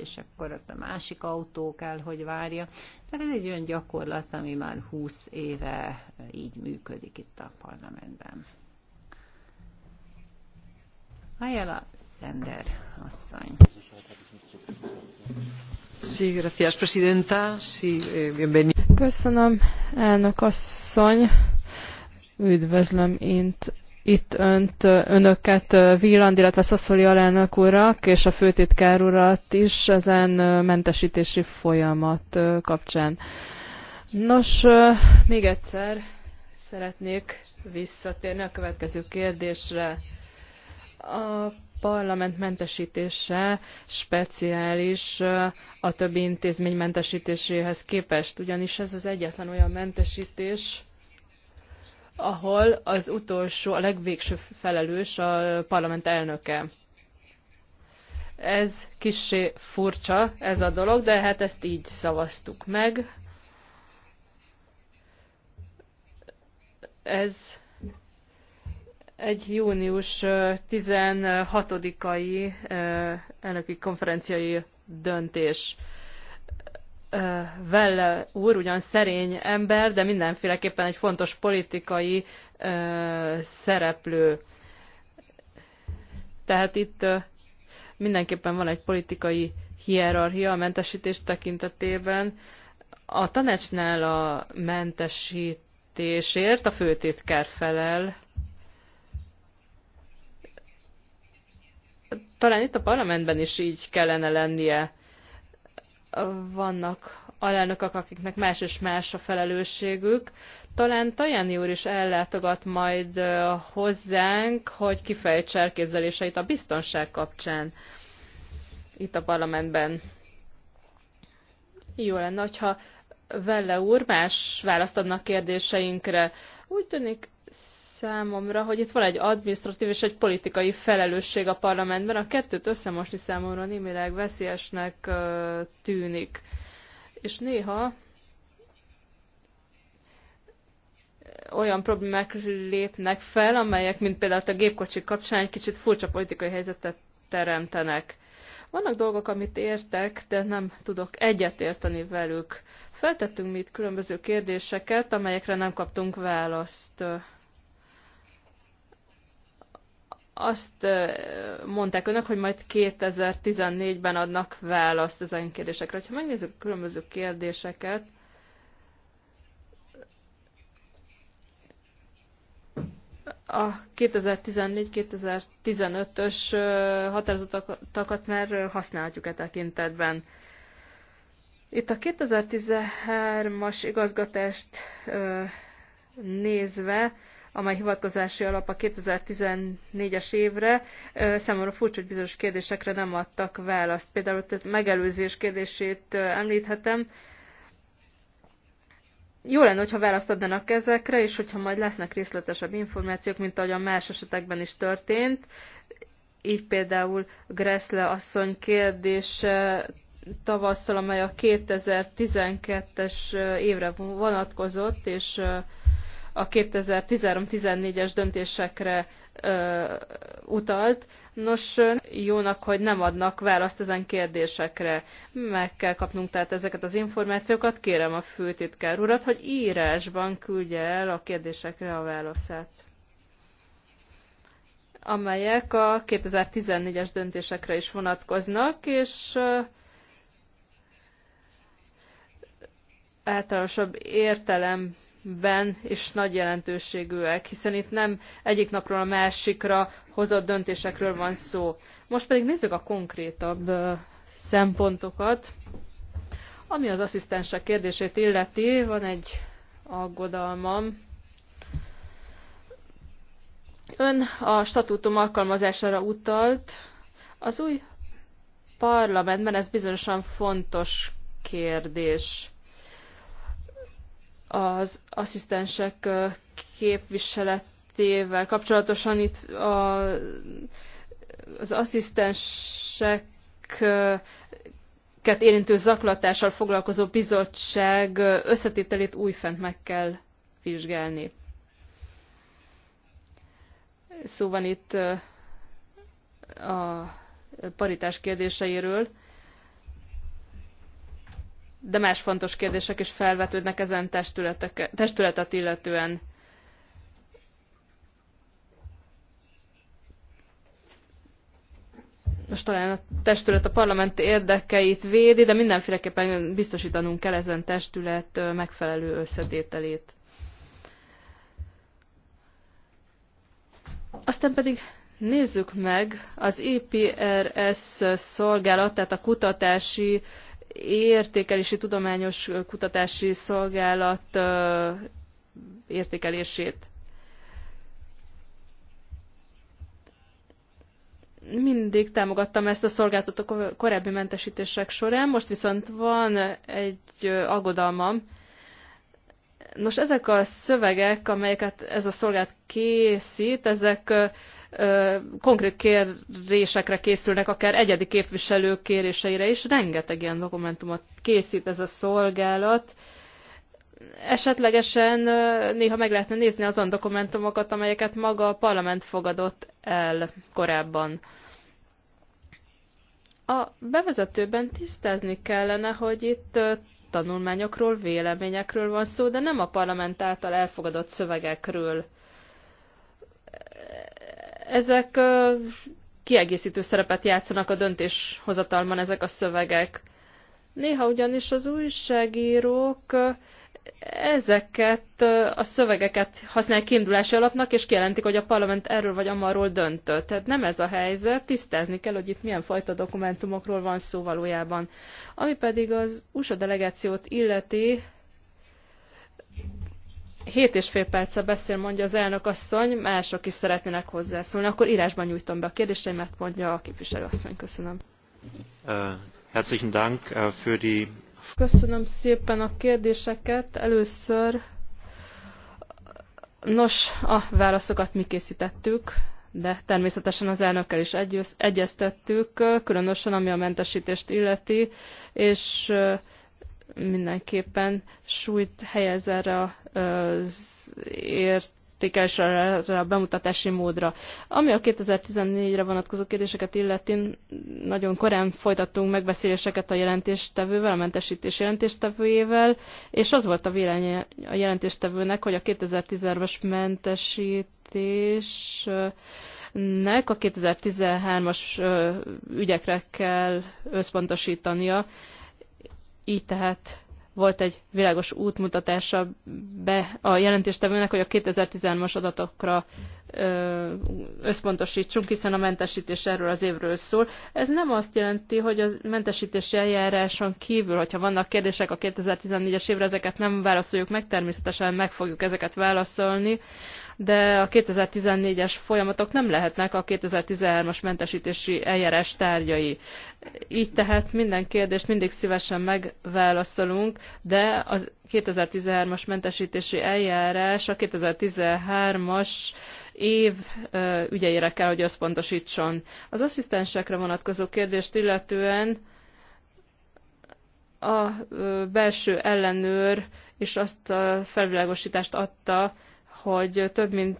és akkor ott a másik autó kell, hogy várja. Tehát ez egy olyan gyakorlat, ami már 20 éve így működik itt a parlamentben. Ajala Sender asszony. Sí, gracias, presidenta. Sí, eh, bienvenida. Köszönöm, elnök asszony. Üdvözlöm int, itt önt, önöket, Villand, illetve Szaszoli alelnök urak és a főtitkár urat is ezen mentesítési folyamat kapcsán. Nos, még egyszer szeretnék visszatérni a következő kérdésre. A parlament mentesítése speciális a többi intézmény mentesítéséhez képest, ugyanis ez az egyetlen olyan mentesítés, ahol az utolsó, a legvégső felelős a parlament elnöke. Ez kissé furcsa, ez a dolog, de hát ezt így szavaztuk meg. Ez egy június 16-ai elnöki konferenciai döntés. Velle úr ugyan szerény ember, de mindenféleképpen egy fontos politikai szereplő. Tehát itt mindenképpen van egy politikai hierarchia a mentesítés tekintetében. A tanácsnál a mentesítésért a főtitkár felel. Talán itt a parlamentben is így kellene lennie vannak alelnökök, akiknek más és más a felelősségük. Talán Tajani úr is ellátogat majd hozzánk, hogy kifejtse elképzeléseit a biztonság kapcsán itt a parlamentben. Jó lenne, hogyha Velle úr más választ adnak kérdéseinkre. Úgy tűnik, számomra, hogy itt van egy administratív és egy politikai felelősség a parlamentben. A kettőt összemosni számomra némileg veszélyesnek tűnik. És néha olyan problémák lépnek fel, amelyek, mint például a gépkocsik kapcsán egy kicsit furcsa politikai helyzetet teremtenek. Vannak dolgok, amit értek, de nem tudok egyet érteni velük. Feltettünk mi itt különböző kérdéseket, amelyekre nem kaptunk választ azt mondták önök, hogy majd 2014-ben adnak választ ezen kérdésekre. Ha megnézzük a különböző kérdéseket, a 2014-2015-ös határozatokat már használhatjuk e tekintetben. Itt a 2013-as igazgatást nézve amely hivatkozási alap a 2014-es évre, számomra furcsa, hogy bizonyos kérdésekre nem adtak választ. Például a megelőzés kérdését említhetem. Jó lenne, hogyha választ adnának ezekre, és hogyha majd lesznek részletesebb információk, mint ahogy a más esetekben is történt. Így például Gressle asszony kérdése tavasszal, amely a 2012-es évre vonatkozott, és a 2013-14-es döntésekre ö, utalt. Nos, jónak, hogy nem adnak választ ezen kérdésekre. Meg kell kapnunk tehát ezeket az információkat. Kérem a főtitkár urat, hogy írásban küldje el a kérdésekre a válaszát amelyek a 2014-es döntésekre is vonatkoznak, és általánosabb értelemben ben is nagy jelentőségűek, hiszen itt nem egyik napról a másikra hozott döntésekről van szó. Most pedig nézzük a konkrétabb szempontokat. Ami az asszisztensek kérdését illeti, van egy aggodalmam. Ön a statútum alkalmazására utalt. Az új parlamentben ez bizonyosan fontos kérdés az asszisztensek képviseletével kapcsolatosan itt a, az asszisztenseket érintő zaklatással foglalkozó bizottság összetételét újfent meg kell vizsgálni. Szó van itt a paritás kérdéseiről de más fontos kérdések is felvetődnek ezen testületet illetően. Most talán a testület a parlamenti érdekeit védi, de mindenféleképpen biztosítanunk kell ezen testület megfelelő összetételét. Aztán pedig nézzük meg az EPRS tehát a kutatási uh, értékelési tudományos kutatási szolgálat értékelését. Mindig támogattam ezt a szolgáltatot a korábbi mentesítések során, most viszont van egy aggodalmam. Nos, ezek a szövegek, amelyeket ez a szolgált készít, ezek konkrét kérésekre készülnek, akár egyedi képviselők kéréseire is. Rengeteg ilyen dokumentumot készít ez a szolgálat. Esetlegesen néha meg lehetne nézni azon dokumentumokat, amelyeket maga a parlament fogadott el korábban. A bevezetőben tisztázni kellene, hogy itt tanulmányokról, véleményekről van szó, de nem a parlament által elfogadott szövegekről ezek kiegészítő szerepet játszanak a döntéshozatalban ezek a szövegek. Néha ugyanis az újságírók ezeket a szövegeket használják kiindulási alapnak, és kijelentik, hogy a parlament erről vagy amarról döntött. Tehát nem ez a helyzet, tisztázni kell, hogy itt milyen fajta dokumentumokról van szó valójában. Ami pedig az USA delegációt illeti, Hét és fél perce beszél, mondja az elnök asszony, mások is szeretnének hozzászólni. Akkor írásban nyújtom be a kérdéseimet, mondja a képviselő asszony. Köszönöm. Uh, herzlichen Dank für die... Köszönöm szépen a kérdéseket. Először, nos, a válaszokat mi készítettük, de természetesen az elnökkel is egyeztettük, különösen ami a mentesítést illeti, és uh, mindenképpen súlyt helyez erre az ért értékelésre, a bemutatási módra. Ami a 2014-re vonatkozó kérdéseket illeti, nagyon korán folytattunk megbeszéléseket a jelentéstevővel, a mentesítés jelentéstevőjével, és az volt a vélemény a jelentéstevőnek, hogy a 2010-es mentesítésnek nek a 2013-as ügyekre kell összpontosítania, így tehát volt egy világos útmutatása be a jelentéstevőnek, hogy a 2013-as adatokra összpontosítsunk, hiszen a mentesítés erről az évről szól. Ez nem azt jelenti, hogy a mentesítési eljáráson kívül, hogyha vannak kérdések a 2014-es évre, ezeket nem válaszoljuk meg, természetesen meg fogjuk ezeket válaszolni de a 2014-es folyamatok nem lehetnek a 2013-as mentesítési eljárás tárgyai. Így tehát minden kérdést mindig szívesen megválaszolunk, de az 2013-as mentesítési eljárás a 2013-as év ügyeire kell, hogy összpontosítson. Az asszisztensekre vonatkozó kérdést illetően a belső ellenőr és azt a felvilágosítást adta, hogy több mint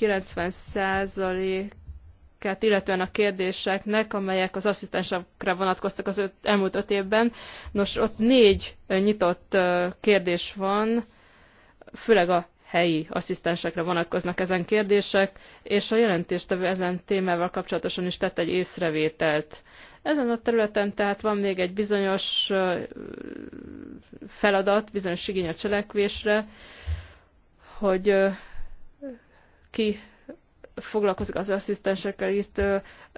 90%-át, illetően a kérdéseknek, amelyek az asszisztensekre vonatkoztak az öt, elmúlt öt évben. Nos, ott négy nyitott kérdés van, főleg a helyi asszisztensekre vonatkoznak ezen kérdések, és a jelentéstevő ezen témával kapcsolatosan is tett egy észrevételt. Ezen a területen tehát van még egy bizonyos feladat, bizonyos igény a cselekvésre, hogy ki foglalkozik az asszisztensekkel itt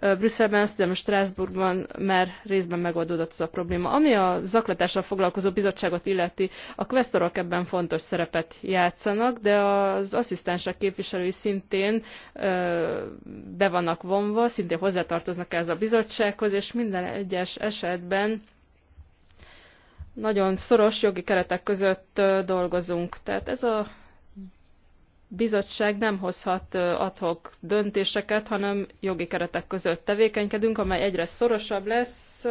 Brüsszelben, hiszem, Strasbourgban már részben megoldódott ez a probléma. Ami a zaklatással foglalkozó bizottságot illeti, a kvesztorok ebben fontos szerepet játszanak, de az asszisztensek képviselői szintén be vannak vonva, szintén hozzátartoznak ez a bizottsághoz, és minden egyes esetben nagyon szoros jogi keretek között dolgozunk. Tehát ez a bizottság nem hozhat adhok döntéseket, hanem jogi keretek között tevékenykedünk, amely egyre szorosabb lesz,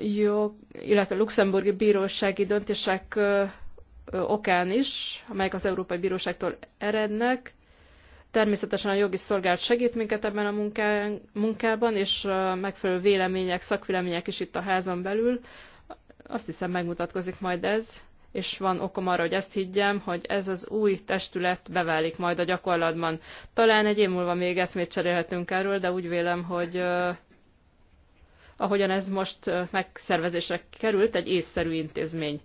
Jó, illetve luxemburgi bírósági döntések okán is, amelyek az Európai Bíróságtól erednek. Természetesen a jogi szolgált segít minket ebben a munkában, és a megfelelő vélemények, szakvélemények is itt a házon belül. Azt hiszem megmutatkozik majd ez és van okom arra, hogy ezt higgyem, hogy ez az új testület beválik majd a gyakorlatban. Talán egy év múlva még eszmét cserélhetünk erről, de úgy vélem, hogy ahogyan ez most megszervezésre került, egy észszerű intézmény.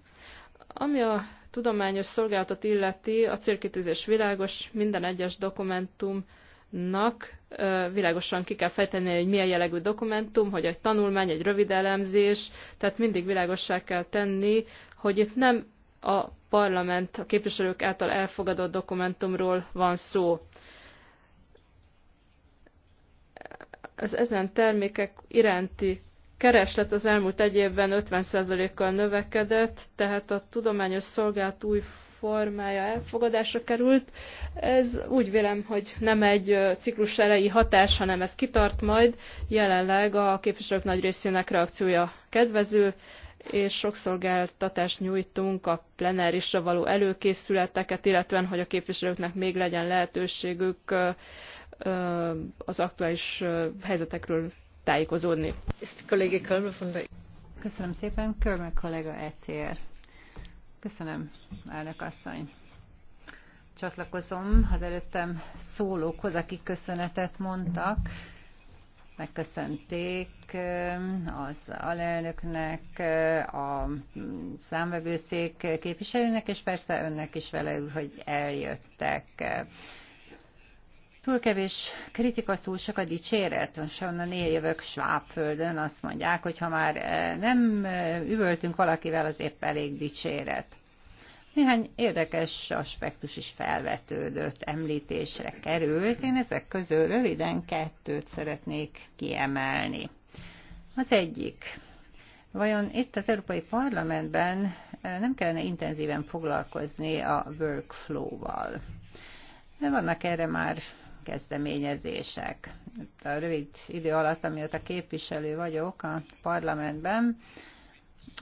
Ami a tudományos szolgálatot illeti, a célkitűzés világos, minden egyes dokumentum nak világosan ki kell fejteni, hogy milyen jellegű dokumentum, hogy egy tanulmány, egy rövid elemzés, tehát mindig világosság kell tenni, hogy itt nem a parlament, a képviselők által elfogadott dokumentumról van szó. Az ezen termékek iránti kereslet az elmúlt egy évben 50%-kal növekedett, tehát a tudományos szolgált új formája elfogadásra került. Ez úgy vélem, hogy nem egy ciklus elejé hatás, hanem ez kitart majd. Jelenleg a képviselők nagy részének reakciója kedvező, és szolgáltatást nyújtunk a plenárisra való előkészületeket, illetve hogy a képviselőknek még legyen lehetőségük az aktuális helyzetekről tájékozódni. Köszönöm szépen, Körme kollega ECR. Köszönöm, elnök asszony. Csatlakozom az előttem szólókhoz, akik köszönetet mondtak megköszönték az alelnöknek, a számvevőszék képviselőnek, és persze önnek is vele úr, hogy eljöttek. Túl kevés kritika, túl sok a dicséret, és onnan éljövök Svábföldön, azt mondják, hogy ha már nem üvöltünk valakivel, az épp elég dicséret. Néhány érdekes aspektus is felvetődött, említésre került. Én ezek közül röviden kettőt szeretnék kiemelni. Az egyik, Vajon itt az Európai Parlamentben nem kellene intenzíven foglalkozni a workflow-val? Vannak erre már kezdeményezések. A rövid idő alatt, amióta képviselő vagyok a parlamentben,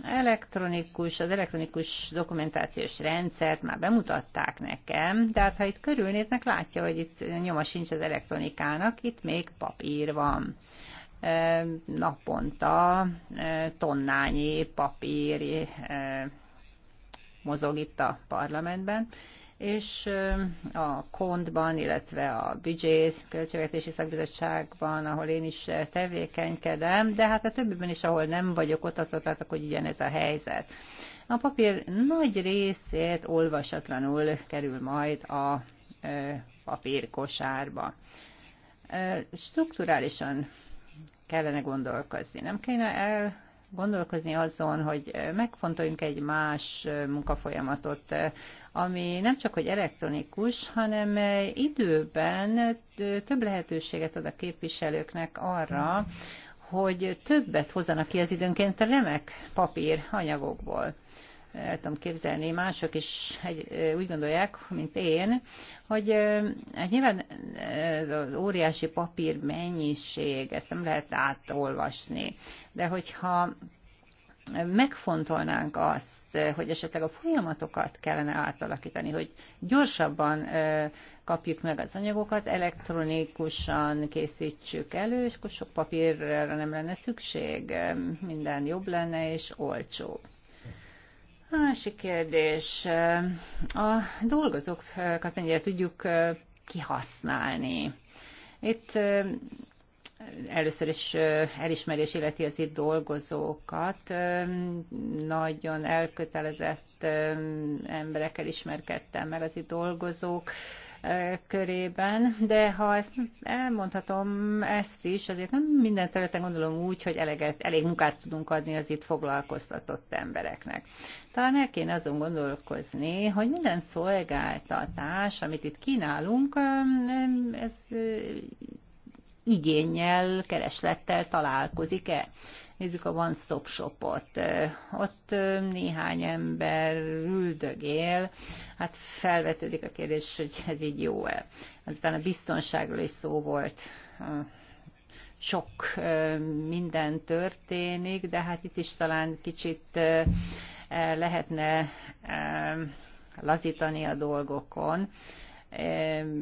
elektronikus, az elektronikus dokumentációs rendszert már bemutatták nekem, de hát ha itt körülnéznek, látja, hogy itt nyoma sincs az elektronikának, itt még papír van. Naponta tonnányi papír mozog itt a parlamentben és a kondban illetve a Büdzsés Költségvetési Szakbizottságban, ahol én is tevékenykedem, de hát a többiben is, ahol nem vagyok ott, ott, ott hogy ugyanez a helyzet. A papír nagy részét olvasatlanul kerül majd a papírkosárba. Strukturálisan kellene gondolkozni. Nem kéne el gondolkozni azon, hogy megfontoljunk egy más munkafolyamatot, ami nem csak hogy elektronikus, hanem időben több lehetőséget ad a képviselőknek arra, hogy többet hozzanak ki az időnként remek papír anyagokból el tudom képzelni, mások is egy, úgy gondolják, mint én, hogy hát nyilván az óriási papír mennyiség, ezt nem lehet átolvasni, de hogyha megfontolnánk azt, hogy esetleg a folyamatokat kellene átalakítani, hogy gyorsabban kapjuk meg az anyagokat, elektronikusan készítsük elő, és akkor sok papírra nem lenne szükség, minden jobb lenne és olcsóbb. Másik kérdés. A dolgozókat mennyire tudjuk kihasználni? Itt először is elismerés illeti az itt dolgozókat. Nagyon elkötelezett emberekkel ismerkedtem meg az itt dolgozók körében, de ha ezt elmondhatom ezt is, azért nem minden területen gondolom úgy, hogy eleget, elég munkát tudunk adni az itt foglalkoztatott embereknek. Talán el kéne azon gondolkozni, hogy minden szolgáltatás, amit itt kínálunk, ez igényel, kereslettel találkozik-e. Nézzük a One Stop Shopot. Ott néhány ember üldögél, hát felvetődik a kérdés, hogy ez így jó-e. Aztán a biztonságról is szó volt sok minden történik, de hát itt is talán kicsit lehetne lazítani a dolgokon.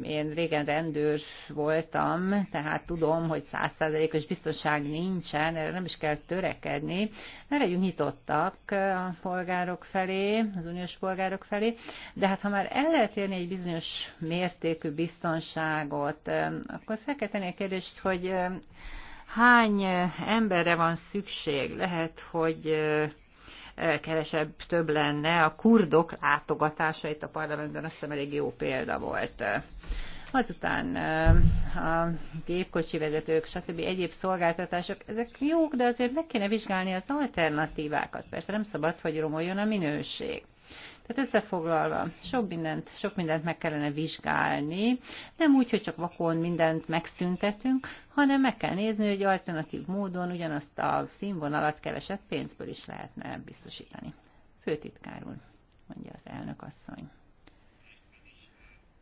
Én régen rendőr voltam, tehát tudom, hogy százszázalékos biztonság nincsen, erre nem is kell törekedni. Ne legyünk nyitottak a polgárok felé, az uniós polgárok felé, de hát ha már el lehet érni egy bizonyos mértékű biztonságot, akkor fel kell tenni a kérdést, hogy hány emberre van szükség? Lehet, hogy kevesebb, több lenne. A kurdok látogatása itt a parlamentben azt hiszem elég jó példa volt. Azután eh, a gépkocsi vezetők, stb. egyéb szolgáltatások, ezek jók, de azért meg kéne vizsgálni az alternatívákat. Persze nem szabad, hogy romoljon a minőség. Tehát összefoglalva, sok mindent, sok mindent meg kellene vizsgálni, nem úgy, hogy csak vakon mindent megszüntetünk, hanem meg kell nézni, hogy alternatív módon ugyanazt a színvonalat kevesebb pénzből is lehetne biztosítani. Főtitkárul, mondja az elnök asszony.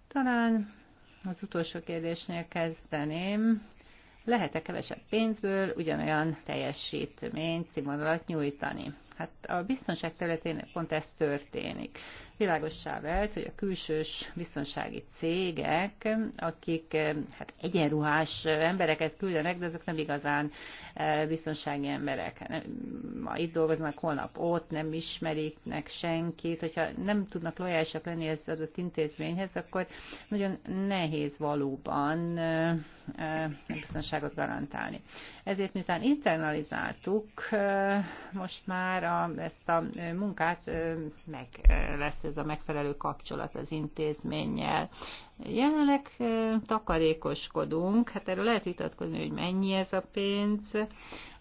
Talán az utolsó kérdésnél kezdeném. Lehet-e kevesebb pénzből ugyanolyan teljesítményt, színvonalat nyújtani? Hát a biztonság területén pont ez történik. Világossá vált, hogy a külsős biztonsági cégek, akik hát egyenruhás embereket küldenek, de azok nem igazán e, biztonsági emberek. ma itt dolgoznak, holnap ott, nem ismeriknek senkit. Hogyha nem tudnak lojálisak lenni az adott intézményhez, akkor nagyon nehéz valóban e, e, biztonságot garantálni. Ezért miután internalizáltuk most már a ezt a munkát, meg lesz ez a megfelelő kapcsolat az intézménnyel. Jelenleg takarékoskodunk, hát erről lehet vitatkozni, hogy mennyi ez a pénz.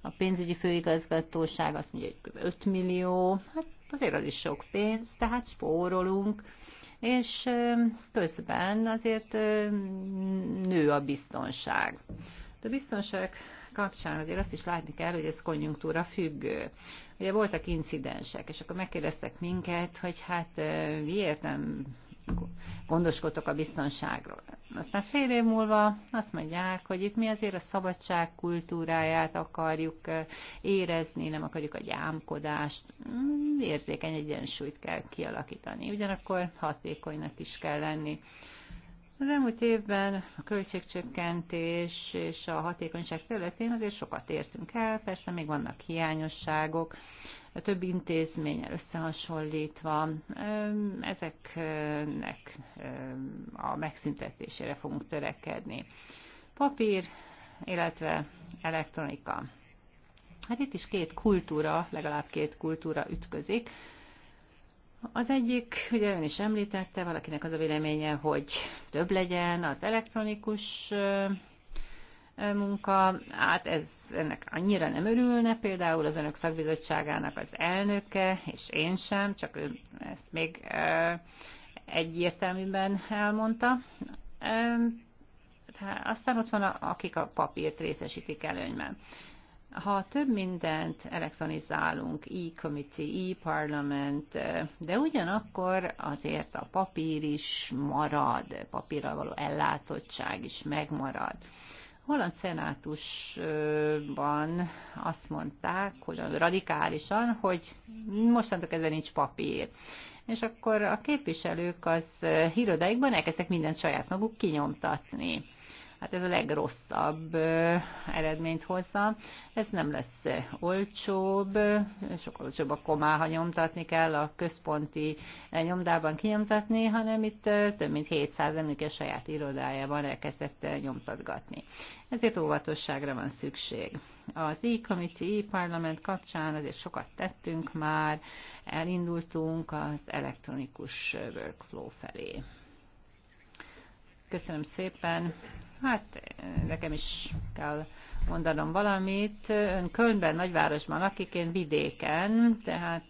A pénzügyi főigazgatóság azt mondja, hogy 5 millió, hát azért az is sok pénz, tehát spórolunk és közben azért nő a biztonság. A biztonság kapcsán azért azt is látni kell, hogy ez konjunktúra függő. Ugye voltak incidensek, és akkor megkérdeztek minket, hogy hát miért nem gondoskodtok a biztonságról. Aztán fél év múlva azt mondják, hogy itt mi azért a szabadság kultúráját akarjuk érezni, nem akarjuk a gyámkodást, mm, érzékeny egyensúlyt kell kialakítani. Ugyanakkor hatékonynak is kell lenni. Az elmúlt évben a költségcsökkentés és a hatékonyság területén azért sokat értünk el, persze még vannak hiányosságok, a több intézménnyel összehasonlítva, ezeknek a megszüntetésére fogunk törekedni. Papír, illetve elektronika. Hát itt is két kultúra, legalább két kultúra ütközik. Az egyik, ugye ön is említette, valakinek az a véleménye, hogy több legyen az elektronikus munka, hát ez, ennek annyira nem örülne, például az önök szakbizottságának az elnöke, és én sem, csak ő ezt még egyértelműben elmondta. Aztán ott van, akik a papírt részesítik előnyben ha több mindent elektronizálunk, e-committee, e-parlament, de ugyanakkor azért a papír is marad, papírral való ellátottság is megmarad. holland szenátusban azt mondták, hogy radikálisan, hogy mostantól kezdve nincs papír. És akkor a képviselők az hírodáikban elkezdtek mindent saját maguk kinyomtatni hát ez a legrosszabb eredményt hozza. Ez nem lesz olcsóbb, sokkal olcsóbb a komáha nyomtatni kell a központi nyomdában kinyomtatni, hanem itt több mint 700 emléke saját irodájában elkezdett nyomtatgatni. Ezért óvatosságra van szükség. Az e-committee, e-parlament kapcsán azért sokat tettünk már, elindultunk az elektronikus workflow felé. Köszönöm szépen. Hát nekem is kell mondanom valamit. Ön Kölnben, nagyvárosban lakik, én vidéken, tehát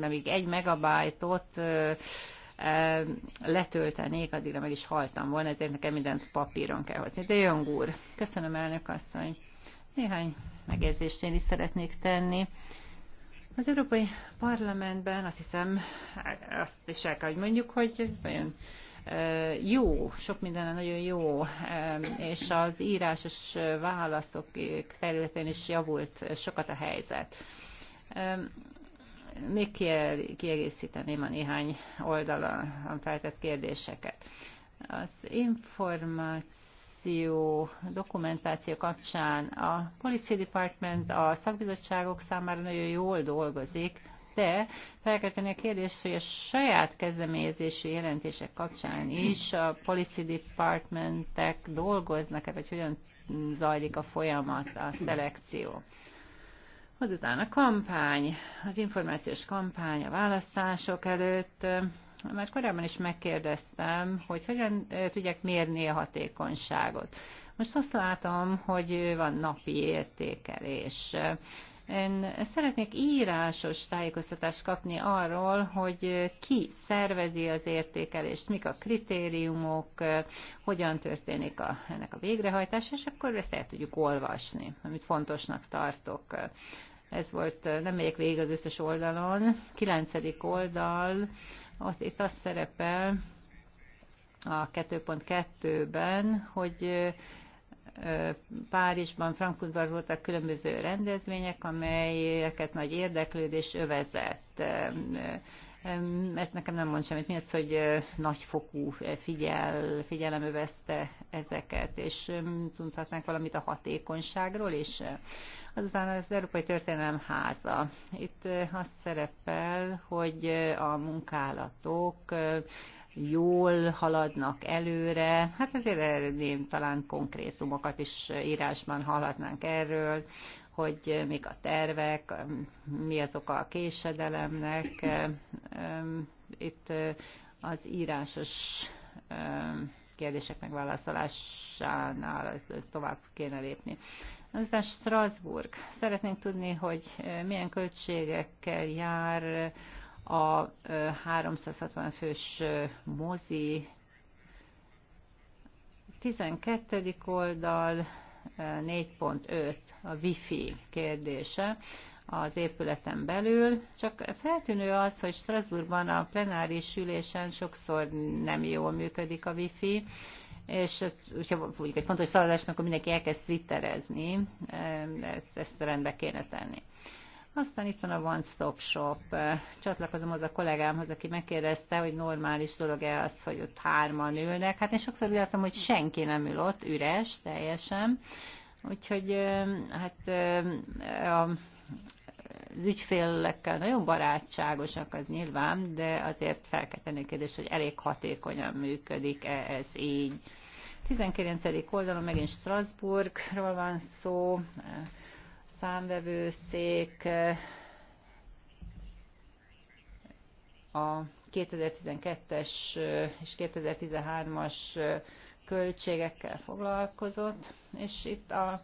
nem így egy megabájtot letöltenék, addigra meg is haltam volna, ezért nekem mindent papíron kell hozni. De jön úr, köszönöm elnök asszony. Néhány megjegyzést én is szeretnék tenni. Az Európai Parlamentben azt hiszem, azt is el kell, hogy mondjuk, hogy nagyon jó, sok minden nagyon jó, és az írásos válaszok területén is javult sokat a helyzet. Még kiegészíteném a néhány oldalon feltett kérdéseket. Az információ dokumentáció kapcsán a Policy Department a szakbizottságok számára nagyon jól dolgozik, de felkelteni a kérdést, hogy a saját kezdeményezési jelentések kapcsán is a policy departmentek dolgoznak-e, vagy hogyan zajlik a folyamat, a szelekció. Azután a kampány, az információs kampány a választások előtt. Már korábban is megkérdeztem, hogy hogyan eh, tudják mérni a hatékonyságot. Most azt látom, hogy van napi értékelés. Én szeretnék írásos tájékoztatást kapni arról, hogy ki szervezi az értékelést, mik a kritériumok, hogyan történik a, ennek a végrehajtás, és akkor ezt el tudjuk olvasni, amit fontosnak tartok. Ez volt, nem megyek végig az összes oldalon, kilencedik oldal, ott, itt az szerepel a 2.2-ben, hogy Párizsban, Frankfurtban voltak különböző rendezvények, amelyeket nagy érdeklődés övezett. Ezt nekem nem mond semmit. Mi az, hogy nagyfokú figyel, figyelem övezte ezeket, és tudhatnánk valamit a hatékonyságról is? Azután az Európai Történelem Háza. Itt az szerepel, hogy a munkálatok jól haladnak előre. Hát ezért én talán konkrétumokat is írásban hallhatnánk erről, hogy mik a tervek, mi az oka a késedelemnek. Itt az írásos kérdések megválaszolásánál tovább kéne lépni. Aztán Strasbourg. Szeretnénk tudni, hogy milyen költségekkel jár a 360 fős mozi 12. oldal 4.5 a wifi kérdése az épületen belül, csak feltűnő az, hogy Strasbourgban a plenáris ülésen sokszor nem jól működik a wifi, és úgyhogy egy fontos szavazásnak, akkor mindenki elkezd twitterezni, ezt, ezt rendbe kéne tenni. Aztán itt van a One Stop Shop. Csatlakozom az a kollégámhoz, aki megkérdezte, hogy normális dolog-e az, hogy ott hárman ülnek. Hát én sokszor láttam, hogy senki nem ül ott, üres teljesen. Úgyhogy hát a az ügyfélekkel nagyon barátságosak az nyilván, de azért fel kell tenni a hogy elég hatékonyan működik -e ez így. 19. oldalon megint Strasbourgról van szó, számvevőszék eh, a 2012-es eh, és 2013-as eh, költségekkel foglalkozott, és itt a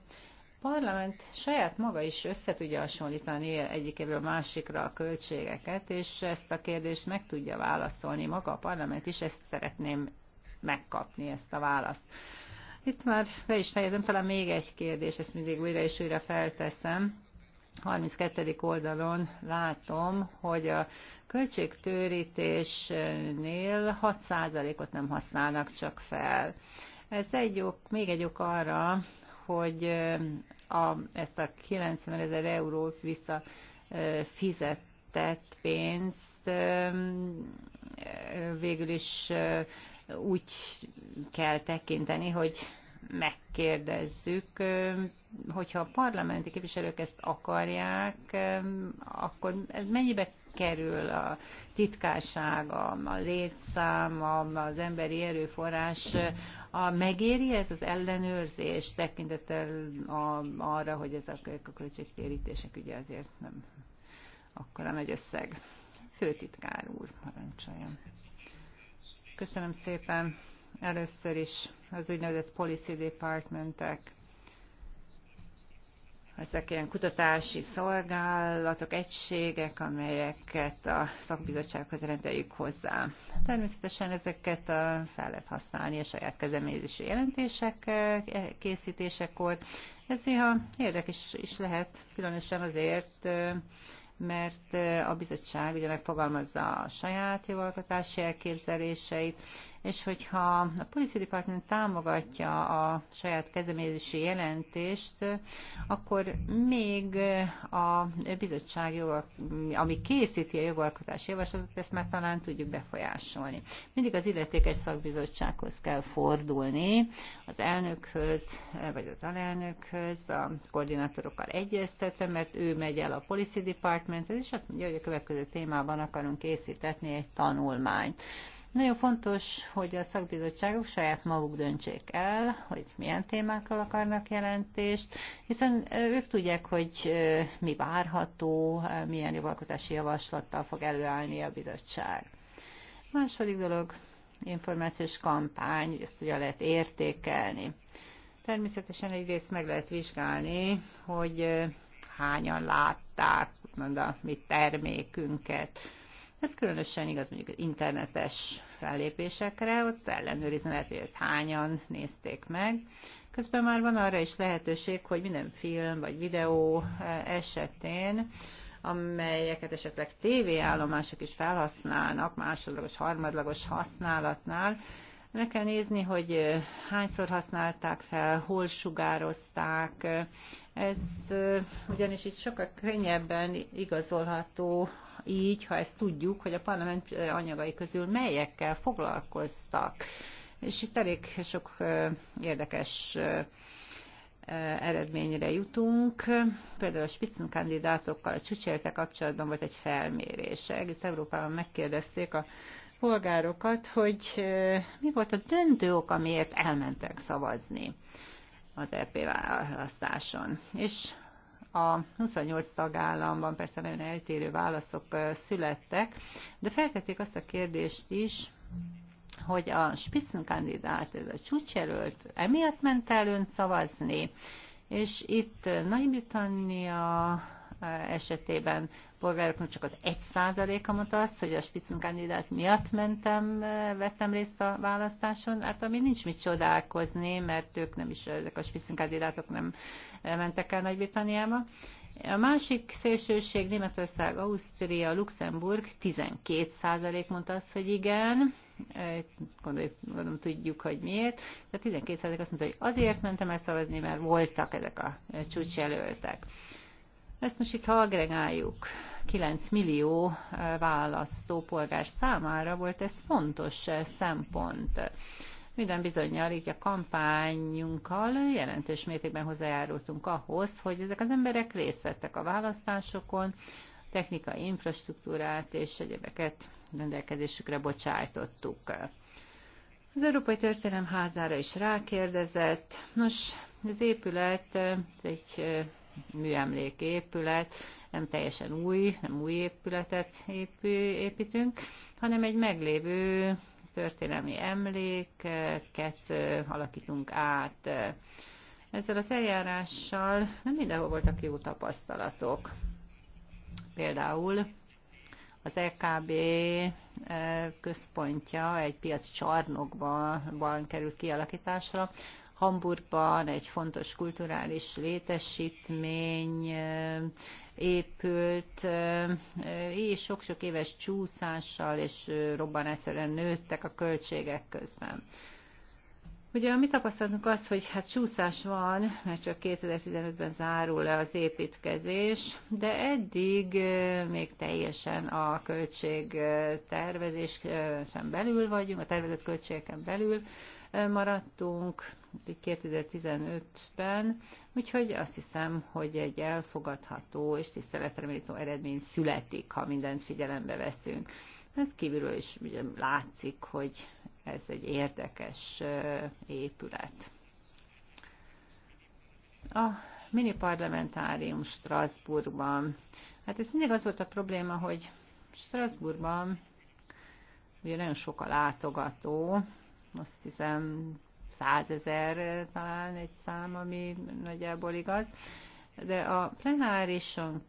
parlament saját maga is össze tudja hasonlítani egyikéről másikra a költségeket, és ezt a kérdést meg tudja válaszolni maga a parlament is, ezt szeretném megkapni, ezt a választ. Itt már be is fejezem, talán még egy kérdés, ezt mindig újra és újra felteszem. 32. oldalon látom, hogy a költségtörítésnél 6%-ot nem használnak csak fel. Ez egy ok, még egy ok arra, hogy a, ezt a 90 ezer eurót visszafizettet pénzt végül is úgy kell tekinteni, hogy megkérdezzük, hogyha a parlamenti képviselők ezt akarják, akkor ez mennyibe kerül a titkárság, a, létszám, a, az emberi erőforrás, a, megéri ez az ellenőrzés tekintettel a, arra, hogy ez a, a költségtérítések ugye azért nem akkora nagy összeg. Főtitkár úr, parancsoljon. Köszönöm szépen először is az úgynevezett policy departmentek. Ezek ilyen kutatási szolgálatok, egységek, amelyeket a szakbizottsághoz rendeljük hozzá. Természetesen ezeket fel lehet használni a saját kezdeményezési jelentések e, készítésekor. Ez néha érdekes is lehet, különösen azért, mert eh, a bizottság ugye megfogalmazza a saját jogalkotási elképzeléseit, és hogyha a Policy Department támogatja a saját kezdeményezési jelentést, akkor még a bizottság, ami készíti a jogalkotási javaslatot, ezt már talán tudjuk befolyásolni. Mindig az illetékes szakbizottsághoz kell fordulni, az elnökhöz, vagy az alelnökhöz, a koordinátorokkal egyeztetve, mert ő megy el a Policy Departmenthez, és azt mondja, hogy a következő témában akarunk készítetni egy tanulmányt. Nagyon fontos, hogy a szakbizottságok saját maguk döntsék el, hogy milyen témákról akarnak jelentést, hiszen ők tudják, hogy mi várható, milyen jogalkotási javaslattal fog előállni a bizottság. Második dolog, információs kampány, ezt ugye lehet értékelni. Természetesen egyrészt meg lehet vizsgálni, hogy hányan látták, úgymond mi termékünket, ez különösen igaz mondjuk internetes fellépésekre, ott ellenőrizni lehet, hogy hányan nézték meg. Közben már van arra is lehetőség, hogy minden film vagy videó e, esetén amelyeket esetleg tévéállomások is felhasználnak, másodlagos, harmadlagos használatnál, meg kell nézni, hogy e, hányszor használták fel, hol sugározták. Ez e, ugyanis itt sokkal könnyebben igazolható így, ha ezt tudjuk, hogy a parlament anyagai közül melyekkel foglalkoztak. És itt elég sok érdekes eredményre jutunk. Például a Spitzen kandidátokkal, a csücsérte kapcsolatban volt egy felmérés. Egész Európában megkérdezték a polgárokat, hogy mi volt a döntő ok, amiért elmentek szavazni az EP választáson. És a 28 tagállamban persze nagyon eltérő válaszok születtek, de feltették azt a kérdést is, hogy a spitzenkandidát, ez a csúcsjelölt, emiatt ment el ön szavazni, és itt Nagy-Britannia esetében polgároknak csak az 1%-a mondta azt, hogy a spitzumkandidát miatt mentem, eh, vettem részt a választáson, hát ami nincs mit csodálkozni, mert ők nem is, ezek a spitzumkandidátok nem eh, mentek el Nagy-Britanniába. A másik szélsőség Németország, Ausztria, Luxemburg 12% mondta azt, hogy igen, eh, gondoljuk, gondolom tudjuk, hogy miért. Tehát 12% azt mondta, hogy azért mentem el szavazni, mert voltak ezek a csúcsjelöltek. Ezt most itt, ha agregáljuk, 9 millió eh, választópolgár számára volt ez fontos eh, szempont. Minden bizonyal így a kampányunkkal jelentős mértékben hozzájárultunk ahhoz, hogy ezek az emberek részt vettek a választásokon, technikai infrastruktúrát és egyebeket rendelkezésükre bocsájtottuk. Az Európai Történelem házára is rákérdezett. Nos, az épület eh, egy műemléképület, nem teljesen új, nem új épületet építünk, hanem egy meglévő történelmi emléket alakítunk át. Ezzel az eljárással nem mindenhol voltak jó tapasztalatok. Például az EKB központja egy piac csarnokban került kialakításra, Hamburgban egy fontos kulturális létesítmény épült, és sok-sok éves csúszással és robbanásszerűen nőttek a költségek közben. Ugye mi tapasztalatunk az, hogy hát csúszás van, mert csak 2015-ben zárul le az építkezés, de eddig még teljesen a költség tervezésen belül vagyunk, a tervezett költségeken belül, maradtunk 2015-ben, úgyhogy azt hiszem, hogy egy elfogadható és tiszteletre méltó eredmény születik, ha mindent figyelembe veszünk. Ez kívülről is ugye, látszik, hogy ez egy érdekes épület. A mini parlamentárium Strasbourgban. Hát ez mindig az volt a probléma, hogy Strasbourgban ugye nagyon sok a látogató, azt hiszem százezer talán egy szám, ami nagyjából igaz. De a plenárison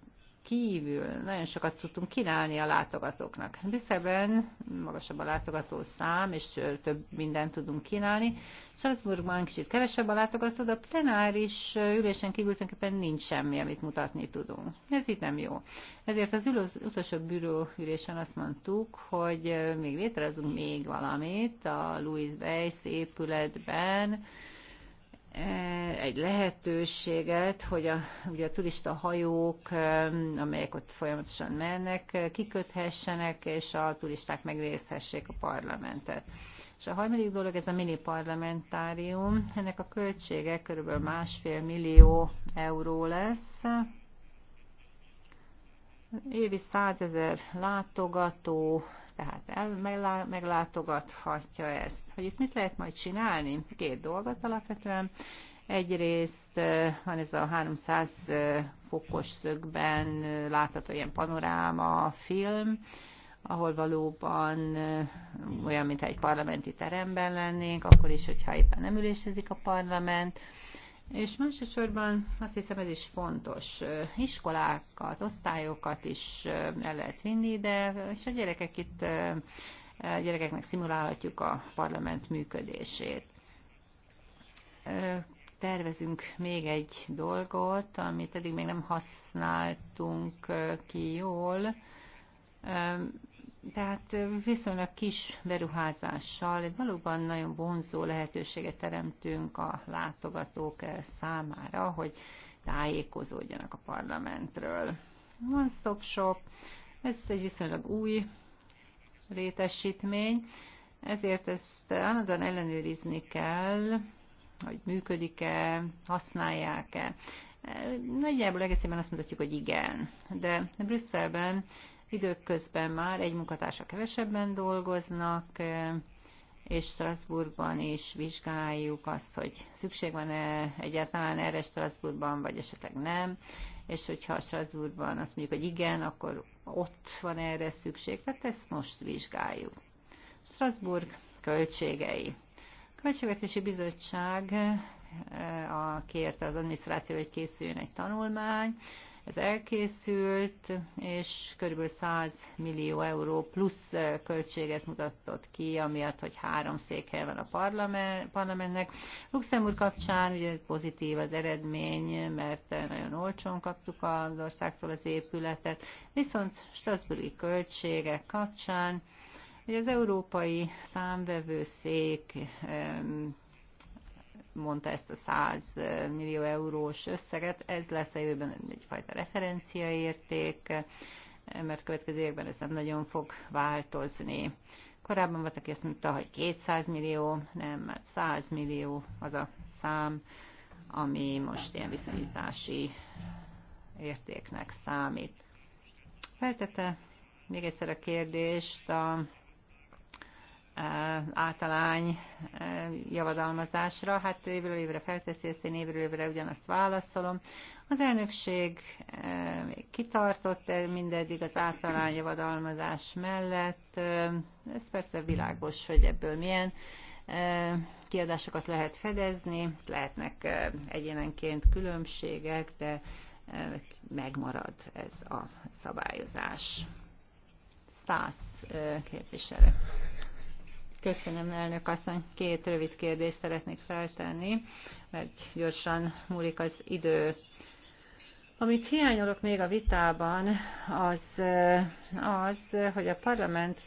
kívül nagyon sokat tudtunk kínálni a látogatóknak. Brüsszelben magasabb a látogató szám, és több mindent tudunk kínálni. Salzburgban kicsit kevesebb a látogató, de a plenáris ülésen kívül tulajdonképpen nincs semmi, amit mutatni tudunk. Ez itt nem jó. Ezért az utolsó bűró ülésen azt mondtuk, hogy még létrehozunk még valamit a Louis Weiss épületben, egy lehetőséget, hogy a, ugye a turista hajók, amelyek ott folyamatosan mennek, kiköthessenek, és a turisták megrészhessék a parlamentet. És a harmadik dolog, ez a mini parlamentárium, ennek a költsége körülbelül másfél millió euró lesz. Évi százezer látogató, tehát el, meglá, meglátogathatja ezt. Hogy itt mit lehet majd csinálni? Két dolgot alapvetően. Egyrészt eh, van ez a 300 eh, fokos szögben eh, látható ilyen panoráma film, ahol valóban olyan, mint egy parlamenti teremben lennénk, akkor is, hogyha éppen nem ülésezik a parlament, és másodszorban azt hiszem ez is fontos. Iskolákat, osztályokat is el lehet vinni, de és a gyerekek itt a gyerekeknek szimulálhatjuk a parlament működését. Tervezünk még egy dolgot, amit eddig még nem használtunk ki jól. Tehát viszonylag kis beruházással valóban nagyon vonzó lehetőséget teremtünk a látogatók számára, hogy tájékozódjanak a parlamentről. Van stop shop, ez egy viszonylag új létesítmény, ezért ezt állandóan ellenőrizni kell, hogy működik-e, használják-e. Nagyjából egészében azt mondhatjuk, hogy igen, de Brüsszelben Időközben már egy munkatársa kevesebben dolgoznak, és Strasbourgban is vizsgáljuk azt, hogy szükség van-e egyáltalán erre Strasbourgban, vagy esetleg nem, és hogyha Strasbourgban azt mondjuk, hogy igen, akkor ott van erre szükség, tehát ezt most vizsgáljuk. Strasbourg költségei. A Költségvetési Bizottság a, kérte az adminisztráció, hogy készüljön egy tanulmány, ez elkészült, és kb. 100 millió euró plusz költséget mutatott ki, amiatt, hogy három székhely van a parlament, parlamentnek. Luxemburg kapcsán ugye pozitív az eredmény, mert nagyon olcsón kaptuk az országtól az épületet, viszont Strasburgi költségek kapcsán hogy az Európai Számvevőszék mondta ezt a 100 millió eurós összeget, ez lesz a jövőben egyfajta referenciaérték, mert következő években ez nem nagyon fog változni. Korábban volt, aki azt mondta, hogy 200 millió, nem, mert hát 100 millió az a szám, ami most ilyen viszonyítási értéknek számít. Feltette még egyszer a kérdést a általány javadalmazásra. Hát évről évre felteszi, ezt én évről évre ugyanazt válaszolom. Az elnökség kitartott mindeddig az általány javadalmazás mellett. Ez persze világos, hogy ebből milyen kiadásokat lehet fedezni, lehetnek egyénenként különbségek, de megmarad ez a szabályozás. Száz képviselő. Köszönöm, elnök asszony. Két rövid kérdést szeretnék feltenni, mert gyorsan múlik az idő. Amit hiányolok még a vitában, az, az hogy a parlament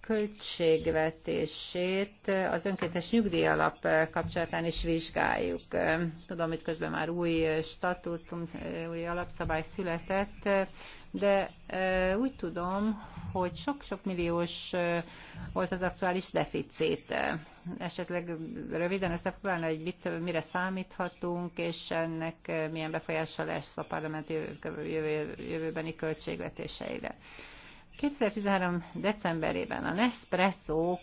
költségvetését az önkéntes nyugdíjalap kapcsolatán is vizsgáljuk. Tudom, hogy közben már új statútum, új alapszabály született, de úgy tudom, hogy sok-sok milliós volt az aktuális deficit. Esetleg röviden összefoglalni, hogy mit, mire számíthatunk, és ennek milyen befolyása lesz a parlament jövő, jövő, jövőbeni költségvetéseire. 2013. decemberében a Nespresso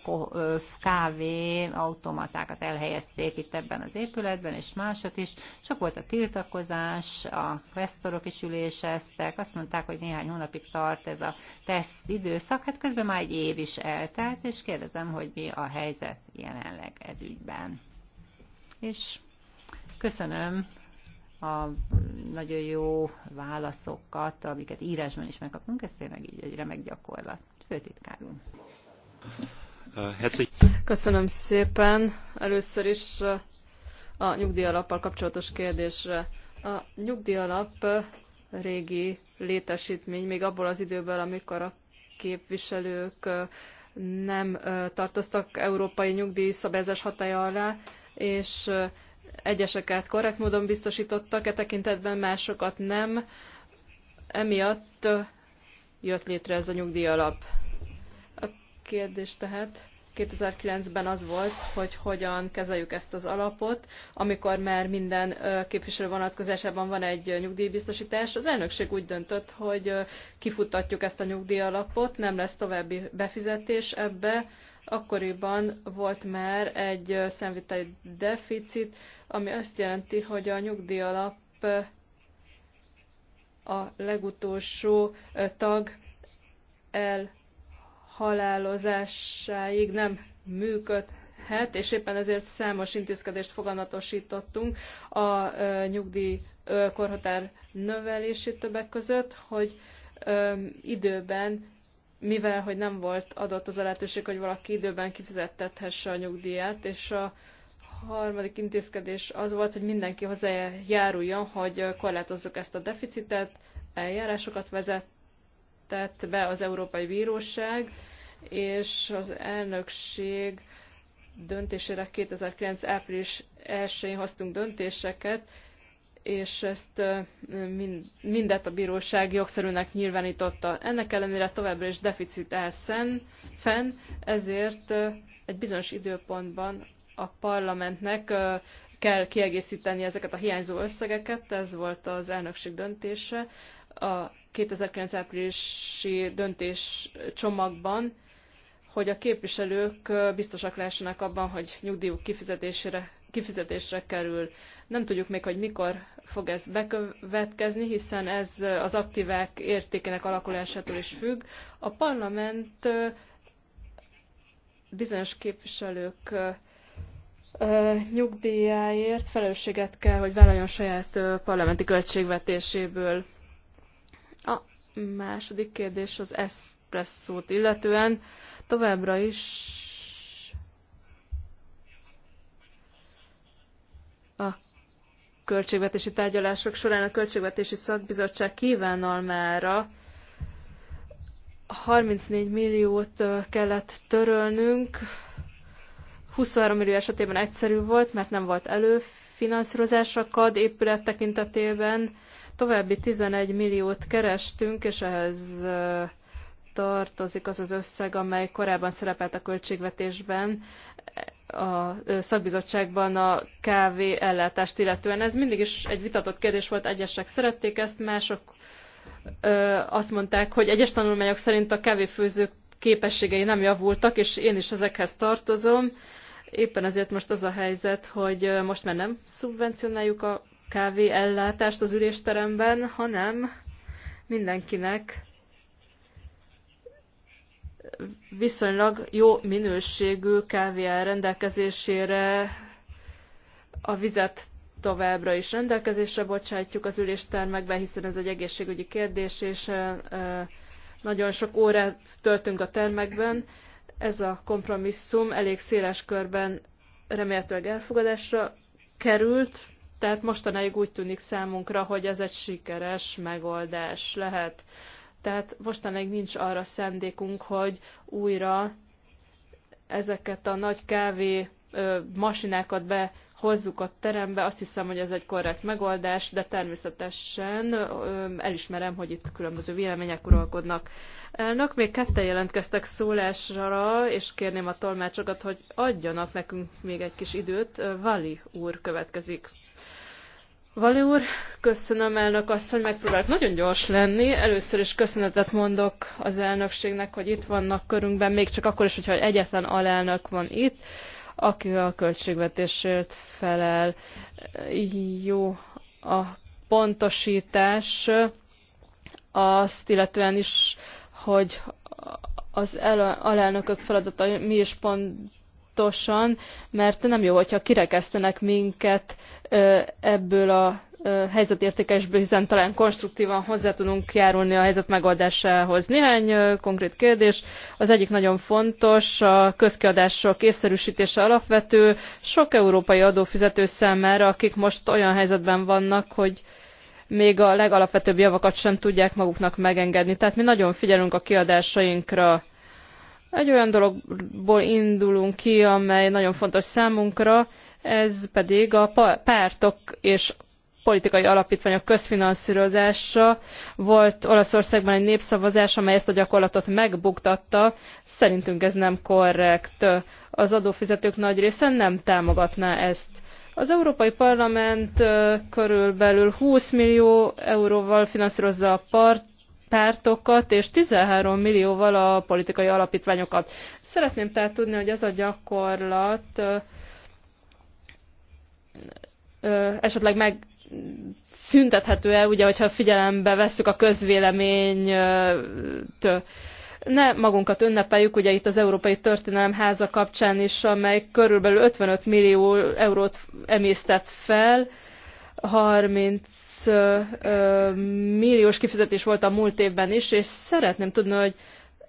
kávé automatákat elhelyezték itt ebben az épületben, és másot is. Sok volt a tiltakozás, a kvesztorok is üléseztek, azt mondták, hogy néhány hónapig tart ez a teszt időszak, hát közben már egy év is eltelt, és kérdezem, hogy mi a helyzet jelenleg ez ügyben. És köszönöm a nagyon jó válaszokat, amiket írásban is megkapunk, ez tényleg így egy remek gyakorlat. Főtitkár Köszönöm szépen. Először is uh, a nyugdíjalappal kapcsolatos kérdésre. A nyugdíjalap uh, régi létesítmény, még abból az időből, amikor a képviselők uh, nem tartoztak európai nyugdíjszabályozás hatája alá, és Egyeseket korrekt módon biztosítottak, e tekintetben másokat nem. Emiatt jött létre ez a nyugdíjalap. A kérdés tehát 2009-ben az volt, hogy hogyan kezeljük ezt az alapot, amikor már minden képviselő vonatkozásában van egy nyugdíjbiztosítás. Az elnökség úgy döntött, hogy kifutatjuk ezt a nyugdíjalapot, nem lesz további befizetés ebbe, Akkoriban volt már egy szemvitai deficit, ami azt jelenti, hogy a nyugdíjalap a legutolsó tag elhalálozásáig nem működhet, és éppen ezért számos intézkedést foganatosítottunk a nyugdíj korhatár növelését többek között, hogy időben mivel hogy nem volt adott az a lehetőség, hogy valaki időben kifizettethesse a nyugdíját, és a harmadik intézkedés az volt, hogy mindenki hozzájáruljon, hogy korlátozzuk ezt a deficitet, eljárásokat vezetett be az Európai Bíróság, és az elnökség döntésére 2009. április 1-én hoztunk döntéseket, és ezt mindet a bíróság jogszerűnek nyilvánította. Ennek ellenére továbbra is deficit áll fenn, ezért egy bizonyos időpontban a parlamentnek kell kiegészíteni ezeket a hiányzó összegeket, ez volt az elnökség döntése. A 2009 áprilisi döntés csomagban, hogy a képviselők biztosak lehessenek abban, hogy nyugdíjuk kifizetésére kifizetésre kerül. Nem tudjuk még, hogy mikor fog ez bekövetkezni, hiszen ez az aktívák értékének alakulásától is függ. A parlament bizonyos képviselők nyugdíjáért felelősséget kell, hogy vállaljon saját parlamenti költségvetéséből. A második kérdés az eszpresszót illetően továbbra is a költségvetési tárgyalások során a Költségvetési Szakbizottság kívánalmára 34 milliót kellett törölnünk. 23 millió esetében egyszerű volt, mert nem volt a kad épület tekintetében. További 11 milliót kerestünk, és ehhez tartozik az az összeg, amely korábban szerepelt a költségvetésben, a szakbizottságban a kávé ellátást illetően. Ez mindig is egy vitatott kérdés volt, egyesek szerették ezt, mások ö, azt mondták, hogy egyes tanulmányok szerint a kávéfőzők képességei nem javultak, és én is ezekhez tartozom. Éppen ezért most az a helyzet, hogy most már nem szubvencionáljuk a kávé ellátást az ülésteremben, hanem mindenkinek viszonylag jó minőségű kávé rendelkezésére, a vizet továbbra is rendelkezésre bocsátjuk az üléstermekben, hiszen ez egy egészségügyi kérdés, és nagyon sok órát töltünk a termekben. Ez a kompromisszum elég széles körben remélhetőleg elfogadásra került, tehát mostanáig úgy tűnik számunkra, hogy ez egy sikeres megoldás lehet. Tehát mostanáig nincs arra szendékunk, hogy újra ezeket a nagy kávé masinákat behozzuk a terembe. Azt hiszem, hogy ez egy korrekt megoldás, de természetesen elismerem, hogy itt különböző vélemények uralkodnak. Elnök, még ketten jelentkeztek szólásra, és kérném a tolmácsokat, hogy adjanak nekünk még egy kis időt. Vali úr következik. Vali úr, köszönöm elnök asszony, megpróbált nagyon gyors lenni. Először is köszönetet mondok az elnökségnek, hogy itt vannak körünkben, még csak akkor is, hogyha egyetlen alelnök van itt, aki a költségvetésért felel. Jó, a pontosítás azt illetően is, hogy az alelnökök feladata mi is pont óvatosan, mert nem jó, hogyha kirekesztenek minket ebből a helyzetértékesből, hiszen talán konstruktívan hozzá tudunk járulni a helyzet megoldásához. Néhány konkrét kérdés. Az egyik nagyon fontos, a közkiadások észszerűsítése alapvető. Sok európai adófizető számára, akik most olyan helyzetben vannak, hogy még a legalapvetőbb javakat sem tudják maguknak megengedni. Tehát mi nagyon figyelünk a kiadásainkra egy olyan dologból indulunk ki, amely nagyon fontos számunkra, ez pedig a pártok és politikai alapítványok közfinanszírozása. Volt Olaszországban egy népszavazás, amely ezt a gyakorlatot megbuktatta. Szerintünk ez nem korrekt. Az adófizetők nagy része nem támogatná ezt. Az Európai Parlament körülbelül 20 millió euróval finanszírozza a part, pártokat, és 13 millióval a politikai alapítványokat. Szeretném tehát tudni, hogy ez a gyakorlat esetleg meg szüntethető-e, ugye, hogyha figyelembe vesszük a közvéleményt, ne magunkat ünnepeljük, ugye itt az Európai Történelem Háza kapcsán is, amely körülbelül 55 millió eurót emésztett fel, 30 milliós kifizetés volt a múlt évben is, és szeretném tudni, hogy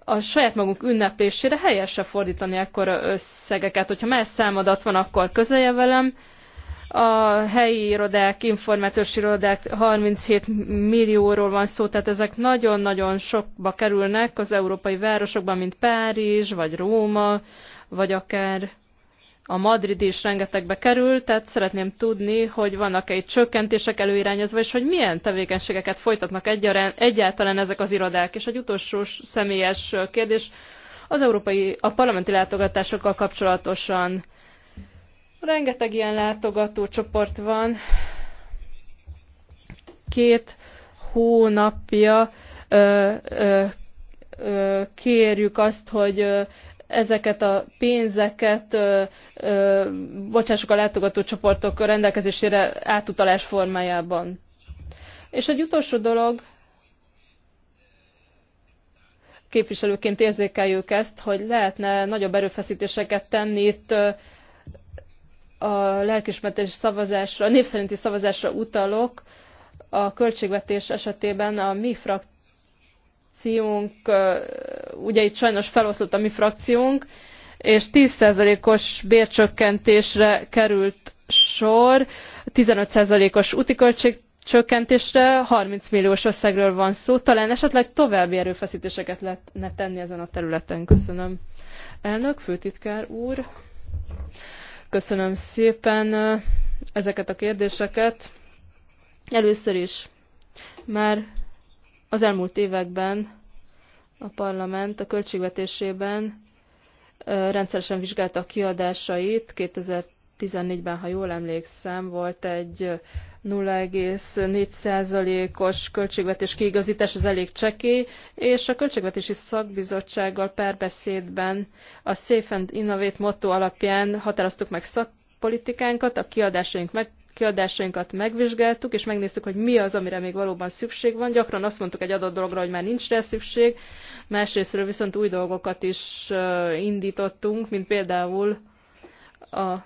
a saját magunk ünneplésére helyese fordítani akkor összegeket. Hogyha más számadat van, akkor közelje velem. A helyi irodák, információs irodák 37 millióról van szó, tehát ezek nagyon-nagyon sokba kerülnek az európai városokban, mint Párizs, vagy Róma, vagy akár a Madrid is rengetegbe kerül, tehát szeretném tudni, hogy vannak-e itt csökkentések előirányozva, és hogy milyen tevékenységeket folytatnak egyarán, egyáltalán ezek az irodák. És egy utolsó személyes kérdés az európai, a parlamenti látogatásokkal kapcsolatosan. Rengeteg ilyen látogatócsoport van. Két hónapja ö, ö, kérjük azt, hogy ezeket a pénzeket bocsássuk a csoportok rendelkezésére átutalás formájában. És egy utolsó dolog, képviselőként érzékeljük ezt, hogy lehetne nagyobb erőfeszítéseket tenni itt a lelkismertes szavazásra, a név szavazásra utalok, a költségvetés esetében a mi frak frakciónk, ugye itt sajnos feloszlott a mi frakciónk, és 10%-os bércsökkentésre került sor, 15%-os útiköltség csökkentésre 30 milliós összegről van szó. Talán esetleg további erőfeszítéseket lehetne tenni ezen a területen. Köszönöm. Elnök, főtitkár úr, köszönöm szépen ezeket a kérdéseket. Először is már az elmúlt években a parlament a költségvetésében rendszeresen vizsgálta a kiadásait. 2014-ben, ha jól emlékszem, volt egy 0,4%-os költségvetés kiigazítás, az elég csekély, és a Költségvetési Szakbizottsággal párbeszédben a Safe and Innovate motto alapján határoztuk meg szakpolitikánkat, a kiadásaink meg kiadásainkat megvizsgáltuk, és megnéztük, hogy mi az, amire még valóban szükség van. Gyakran azt mondtuk egy adott dologra, hogy már nincs rá szükség, másrésztről viszont új dolgokat is indítottunk, mint például a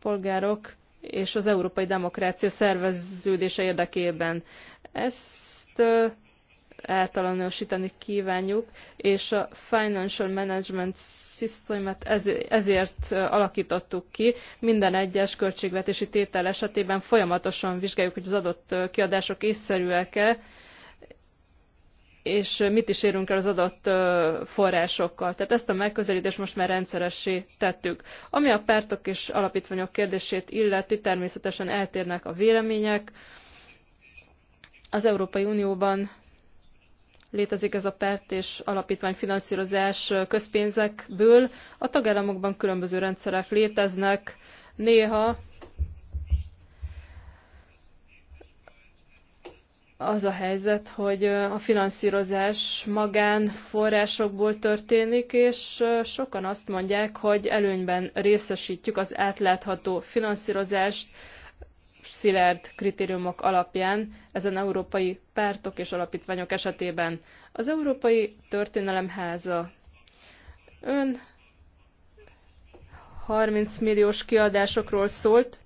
polgárok és az európai demokrácia szerveződése érdekében. Ezt általánosítani kívánjuk, és a Financial Management System-et ezért alakítottuk ki. Minden egyes költségvetési tétel esetében folyamatosan vizsgáljuk, hogy az adott kiadások észszerűek-e, és mit is érünk el az adott forrásokkal. Tehát ezt a megközelítést most már rendszeressé tettük. Ami a pártok és alapítványok kérdését illeti, természetesen eltérnek a vélemények. Az Európai Unióban létezik ez a pert és alapítvány finanszírozás közpénzekből. A tagállamokban különböző rendszerek léteznek, néha az a helyzet, hogy a finanszírozás magánforrásokból történik, és sokan azt mondják, hogy előnyben részesítjük az átlátható finanszírozást, szilárd kritériumok alapján ezen európai pártok és alapítványok esetében. Az Európai Történelem Háza. Ön 30 milliós kiadásokról szólt,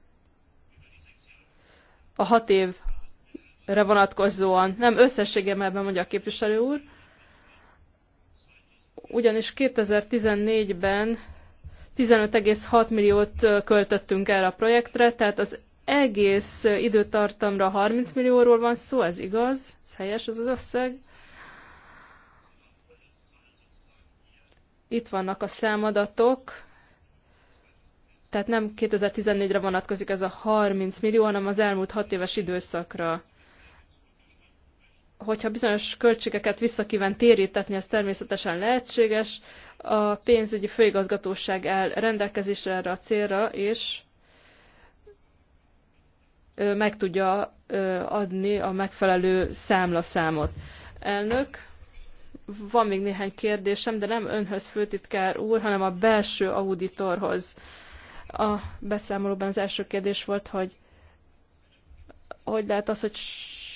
a hat évre vonatkozóan, nem összességében mondja a képviselő úr, ugyanis 2014-ben 15,6 milliót költöttünk el a projektre, tehát az egész időtartamra 30 millióról van szó, ez igaz, ez helyes ez az összeg. Itt vannak a számadatok, tehát nem 2014-re vonatkozik ez a 30 millió, hanem az elmúlt 6 éves időszakra. Hogyha bizonyos költségeket visszakíván térítetni, ez természetesen lehetséges. A pénzügyi főigazgatóság el rendelkezésre erre a célra, és meg tudja adni a megfelelő számlaszámot. Elnök, van még néhány kérdésem, de nem önhöz, főtitkár úr, hanem a belső auditorhoz. A beszámolóban az első kérdés volt, hogy hogy lehet az, hogy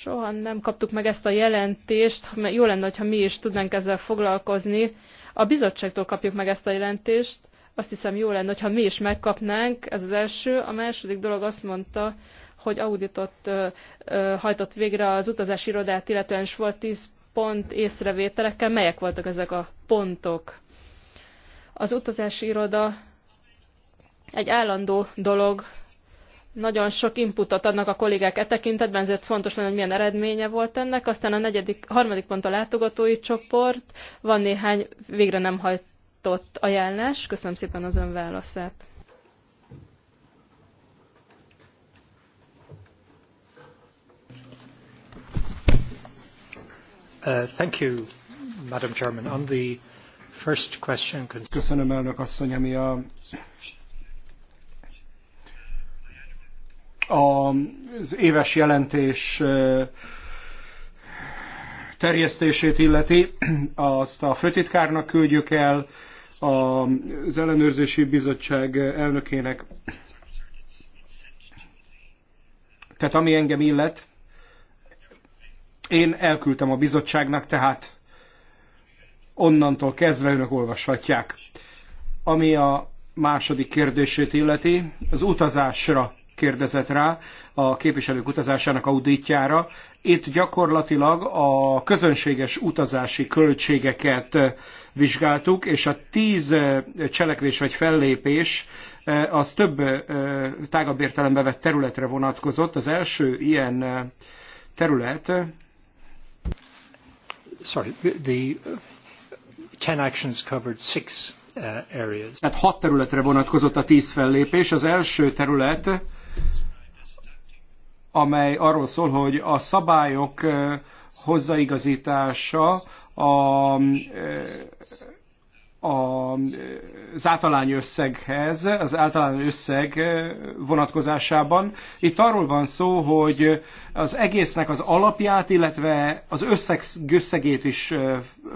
soha nem kaptuk meg ezt a jelentést, mert jó lenne, ha mi is tudnánk ezzel foglalkozni. A bizottságtól kapjuk meg ezt a jelentést, azt hiszem jó lenne, ha mi is megkapnánk, ez az első. A második dolog azt mondta, hogy auditot hajtott végre az utazási irodát, illetően is volt 10 pont észrevételekkel. Melyek voltak ezek a pontok? Az utazási iroda egy állandó dolog, nagyon sok inputot adnak a kollégák e tekintetben, ezért fontos lenne, hogy milyen eredménye volt ennek. Aztán a negyedik, harmadik pont a látogatói csoport, van néhány végre nem hajtott ajánlás. Köszönöm szépen az ön válaszát. Uh, Köszönöm, elnök asszony, ami a az éves jelentés uh, terjesztését illeti, azt a főtitkárnak küldjük el, az ellenőrzési bizottság elnökének. Tehát ami engem illet, én elküldtem a bizottságnak, tehát onnantól kezdve önök olvashatják. Ami a második kérdését illeti, az utazásra kérdezett rá, a képviselők utazásának auditjára. Itt gyakorlatilag a közönséges utazási költségeket vizsgáltuk, és a tíz cselekvés vagy fellépés az több tágabb értelembe vett területre vonatkozott. Az első ilyen terület sorry, the uh, actions covered six uh, areas. Tehát hat területre vonatkozott a tíz fellépés. Az első terület, amely arról szól, hogy a szabályok uh, hozzáigazítása a az általány összeghez, az általány összeg vonatkozásában. Itt arról van szó, hogy az egésznek az alapját, illetve az összeg, összegét is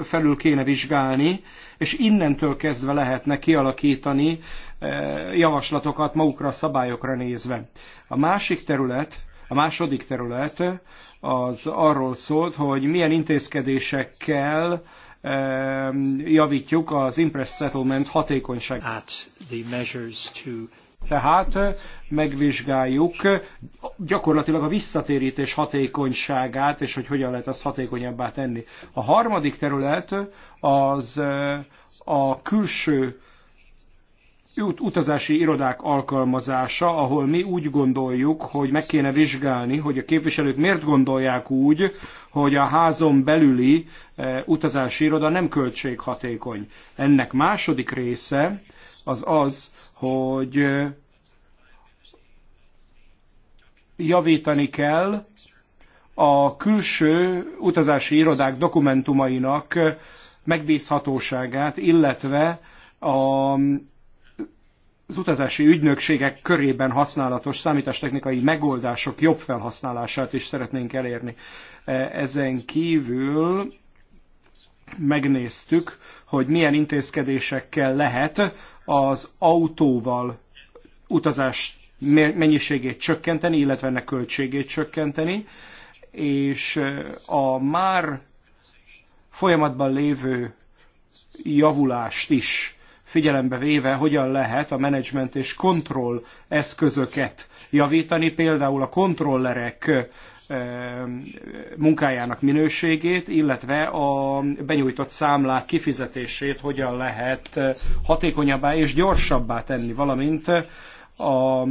felül kéne vizsgálni, és innentől kezdve lehetne kialakítani javaslatokat magukra a szabályokra nézve. A másik terület, a második terület az arról szólt, hogy milyen intézkedésekkel Ehm, javítjuk az impress settlement hatékonyságát. Tehát eh, megvizsgáljuk eh, gyakorlatilag a visszatérítés hatékonyságát, és hogy hogyan lehet ezt hatékonyabbá tenni. A harmadik terület eh, az a külső utazási irodák alkalmazása, ahol mi úgy gondoljuk, hogy meg kéne vizsgálni, hogy a képviselők miért gondolják úgy, hogy a házon belüli e, utazási iroda nem költséghatékony. Ennek második része az az, hogy e, javítani kell a külső utazási irodák dokumentumainak megbízhatóságát, illetve a az utazási ügynökségek körében használatos számítástechnikai megoldások jobb felhasználását is szeretnénk elérni. E, ezen kívül megnéztük, hogy milyen intézkedésekkel lehet az autóval utazás mennyiségét csökkenteni, illetve ennek költségét csökkenteni, és e, a már folyamatban lévő javulást is figyelembe véve hogyan lehet a menedzsment és kontroll eszközöket javítani, például a kontrollerek munkájának minőségét, illetve a benyújtott számlák kifizetését hogyan lehet hatékonyabbá és gyorsabbá tenni, valamint a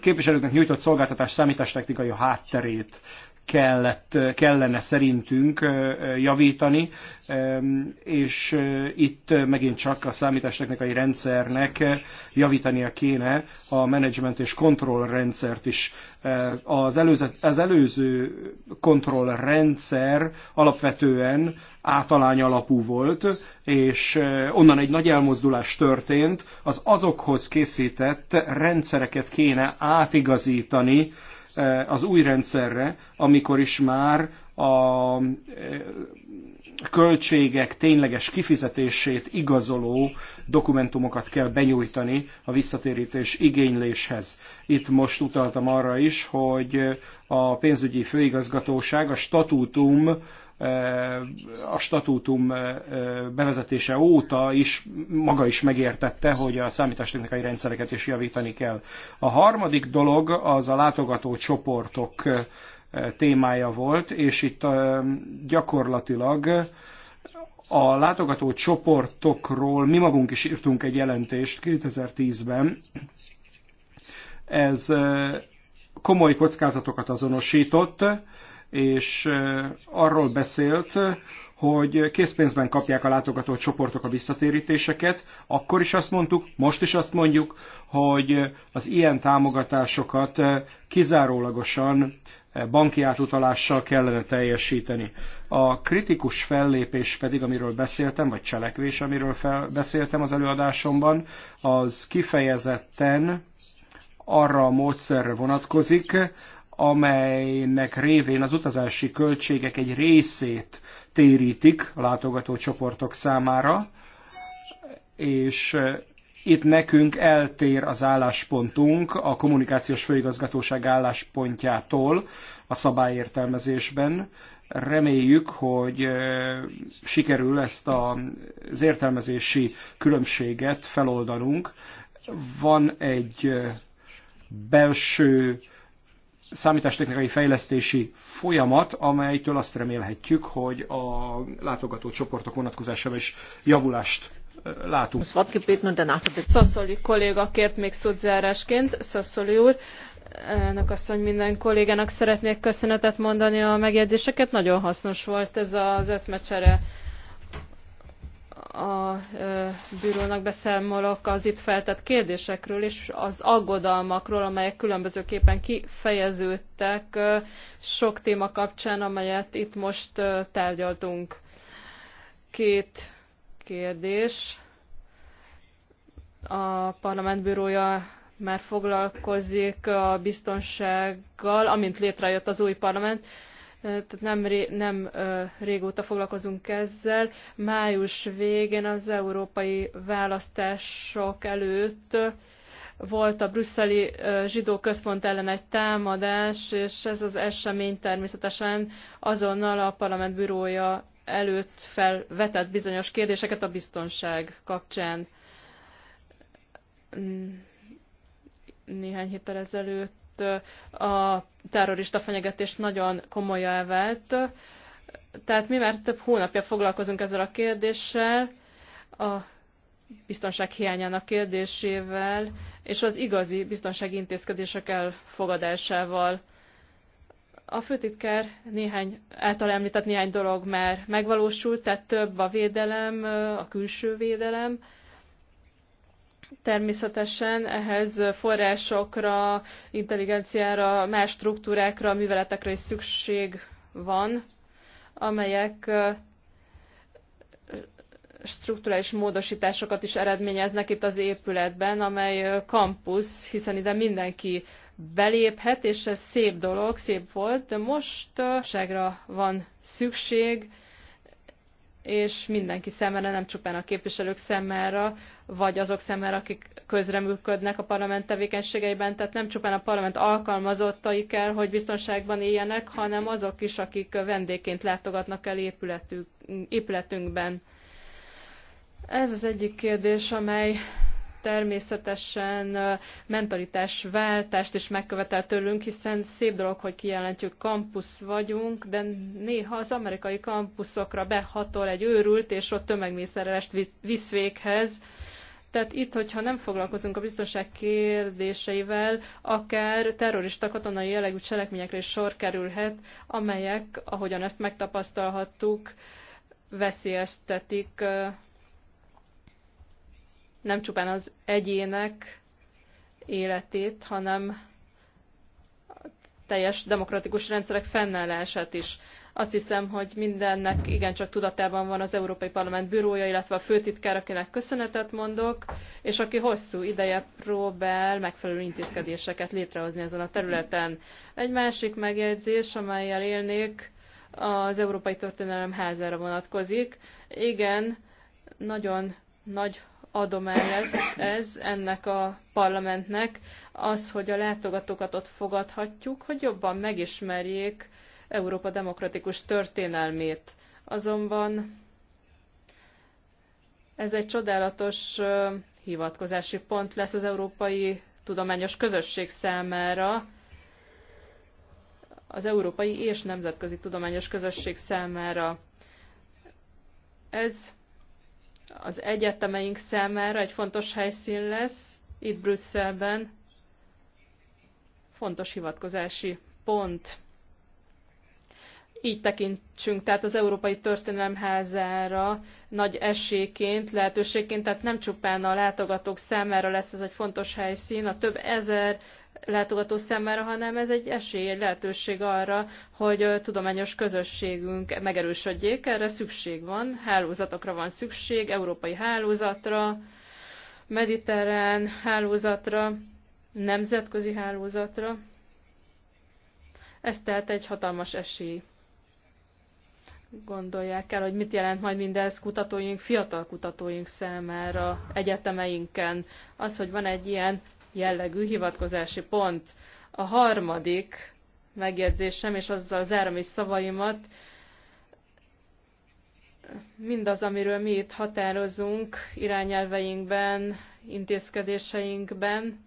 képviselőknek nyújtott szolgáltatás számítástechnikai hátterét kellett, kellene szerintünk javítani, és itt megint csak a számítástechnikai rendszernek javítania kéne a menedzsment és kontrollrendszert is. Az előző, az előző kontrollrendszer alapvetően átalány alapú volt, és onnan egy nagy elmozdulás történt, az azokhoz készített rendszereket kéne átigazítani, Eh, az új rendszerre, amikor is már a eh, költségek tényleges kifizetését igazoló dokumentumokat kell benyújtani a visszatérítés igényléshez. Itt most utaltam arra is, hogy a pénzügyi főigazgatóság a statútum Eh, a statútum eh, eh, bevezetése óta is maga is megértette, hogy a számítástechnikai rendszereket is javítani kell. A harmadik dolog az a látogató csoportok témája volt, és itt gyakorlatilag a látogató csoportokról mi magunk is írtunk egy jelentést 2010-ben. Ez komoly kockázatokat azonosított, és arról beszélt, hogy készpénzben kapják a látogató csoportok a visszatérítéseket. Akkor is azt mondtuk, most is azt mondjuk, hogy az ilyen támogatásokat kizárólagosan banki átutalással kellene teljesíteni. A kritikus fellépés pedig, amiről beszéltem, vagy cselekvés, amiről fel, beszéltem az előadásomban, az kifejezetten arra a módszerre vonatkozik, amelynek révén az utazási költségek egy részét térítik a látogatócsoportok számára, és e, itt nekünk eltér az álláspontunk a kommunikációs főigazgatóság álláspontjától a szabályértelmezésben. Reméljük, hogy e, sikerül ezt az értelmezési különbséget feloldanunk. Van egy e, belső számítástechnikai fejlesztési folyamat, amelytől azt remélhetjük, hogy a látogató csoportok vonatkozásában is javulást látunk. Szaszoli kolléga kért még szódzárásként Szaszoli úr, elnök asszony, minden kollégának szeretnék köszönetet mondani a megjegyzéseket. Nagyon hasznos volt ez az eszmecsere a bürónak beszámolok az itt feltett kérdésekről és az aggodalmakról, amelyek különbözőképpen kifejeződtek sok téma kapcsán, amelyet itt most tárgyaltunk. Két kérdés. A parlament bürója már foglalkozik a biztonsággal, amint létrejött az új parlament tehát nem, ré, nem régóta foglalkozunk ezzel. Május végén az európai választások előtt volt a brüsszeli zsidó központ ellen egy támadás, és ez az esemény természetesen azonnal a parlament bürója előtt felvetett bizonyos kérdéseket a biztonság kapcsán. Néhány héttel ezelőtt a terrorista fenyegetés nagyon komoly elvált. Tehát mi már több hónapja foglalkozunk ezzel a kérdéssel, a biztonság hiányának kérdésével, és az igazi biztonsági intézkedések elfogadásával. A főtitkár néhány, által említett néhány dolog már megvalósult, tehát több a védelem, a külső védelem, Természetesen ehhez forrásokra, intelligenciára, más struktúrákra, műveletekre is szükség van, amelyek strukturális módosításokat is eredményeznek itt az épületben, amely kampusz, hiszen ide mindenki beléphet, és ez szép dolog, szép volt, de most ságra van szükség, és mindenki számára, nem csupán a képviselők számára, vagy azok számára, akik közreműködnek a parlament tevékenységeiben. Tehát nem csupán a parlament alkalmazottai kell, hogy biztonságban éljenek, hanem azok is, akik vendégként látogatnak el épületünkben. Ez az egyik kérdés, amely természetesen mentalitásváltást is megkövetel tőlünk, hiszen szép dolog, hogy kijelentjük, kampusz vagyunk, de néha az amerikai kampuszokra behatol egy őrült, és ott tömegmészerelest visz véghez. Tehát itt, hogyha nem foglalkozunk a biztonság kérdéseivel, akár terrorista katonai jellegű cselekményekre is sor kerülhet, amelyek, ahogyan ezt megtapasztalhattuk, veszélyeztetik nem csupán az egyének életét, hanem teljes demokratikus rendszerek fennállását is. Azt hiszem, hogy mindennek igencsak tudatában van az Európai Parlament bürója, illetve a főtitkár, akinek köszönetet mondok, és aki hosszú ideje próbál megfelelő intézkedéseket létrehozni ezen a területen. Egy másik megjegyzés, amelyel élnék, az Európai Történelem házára vonatkozik. Igen, nagyon nagy adomány lesz ez ennek a parlamentnek, az, hogy a látogatókat ott fogadhatjuk, hogy jobban megismerjék Európa demokratikus történelmét. Azonban ez egy csodálatos hivatkozási pont lesz az európai tudományos közösség számára, az európai és nemzetközi tudományos közösség számára. Ez az egyetemeink számára egy fontos helyszín lesz itt Brüsszelben. Fontos hivatkozási pont. Így tekintsünk tehát az Európai Történelemházára nagy esélyként, lehetőségként, tehát nem csupán a látogatók számára lesz ez egy fontos helyszín, a több ezer látogató szemmel, hanem ez egy esély, egy lehetőség arra, hogy tudományos közösségünk megerősödjék. Erre szükség van, hálózatokra van szükség, európai hálózatra, mediterrán hálózatra, nemzetközi hálózatra. Ez tehát egy hatalmas esély. Gondolják el, hogy mit jelent majd mindez kutatóink, fiatal kutatóink számára, egyetemeinken. Az, hogy van egy ilyen jellegű hivatkozási pont. A harmadik megjegyzésem, és azzal zárom is szavaimat, mindaz, amiről mi itt határozunk irányelveinkben, intézkedéseinkben,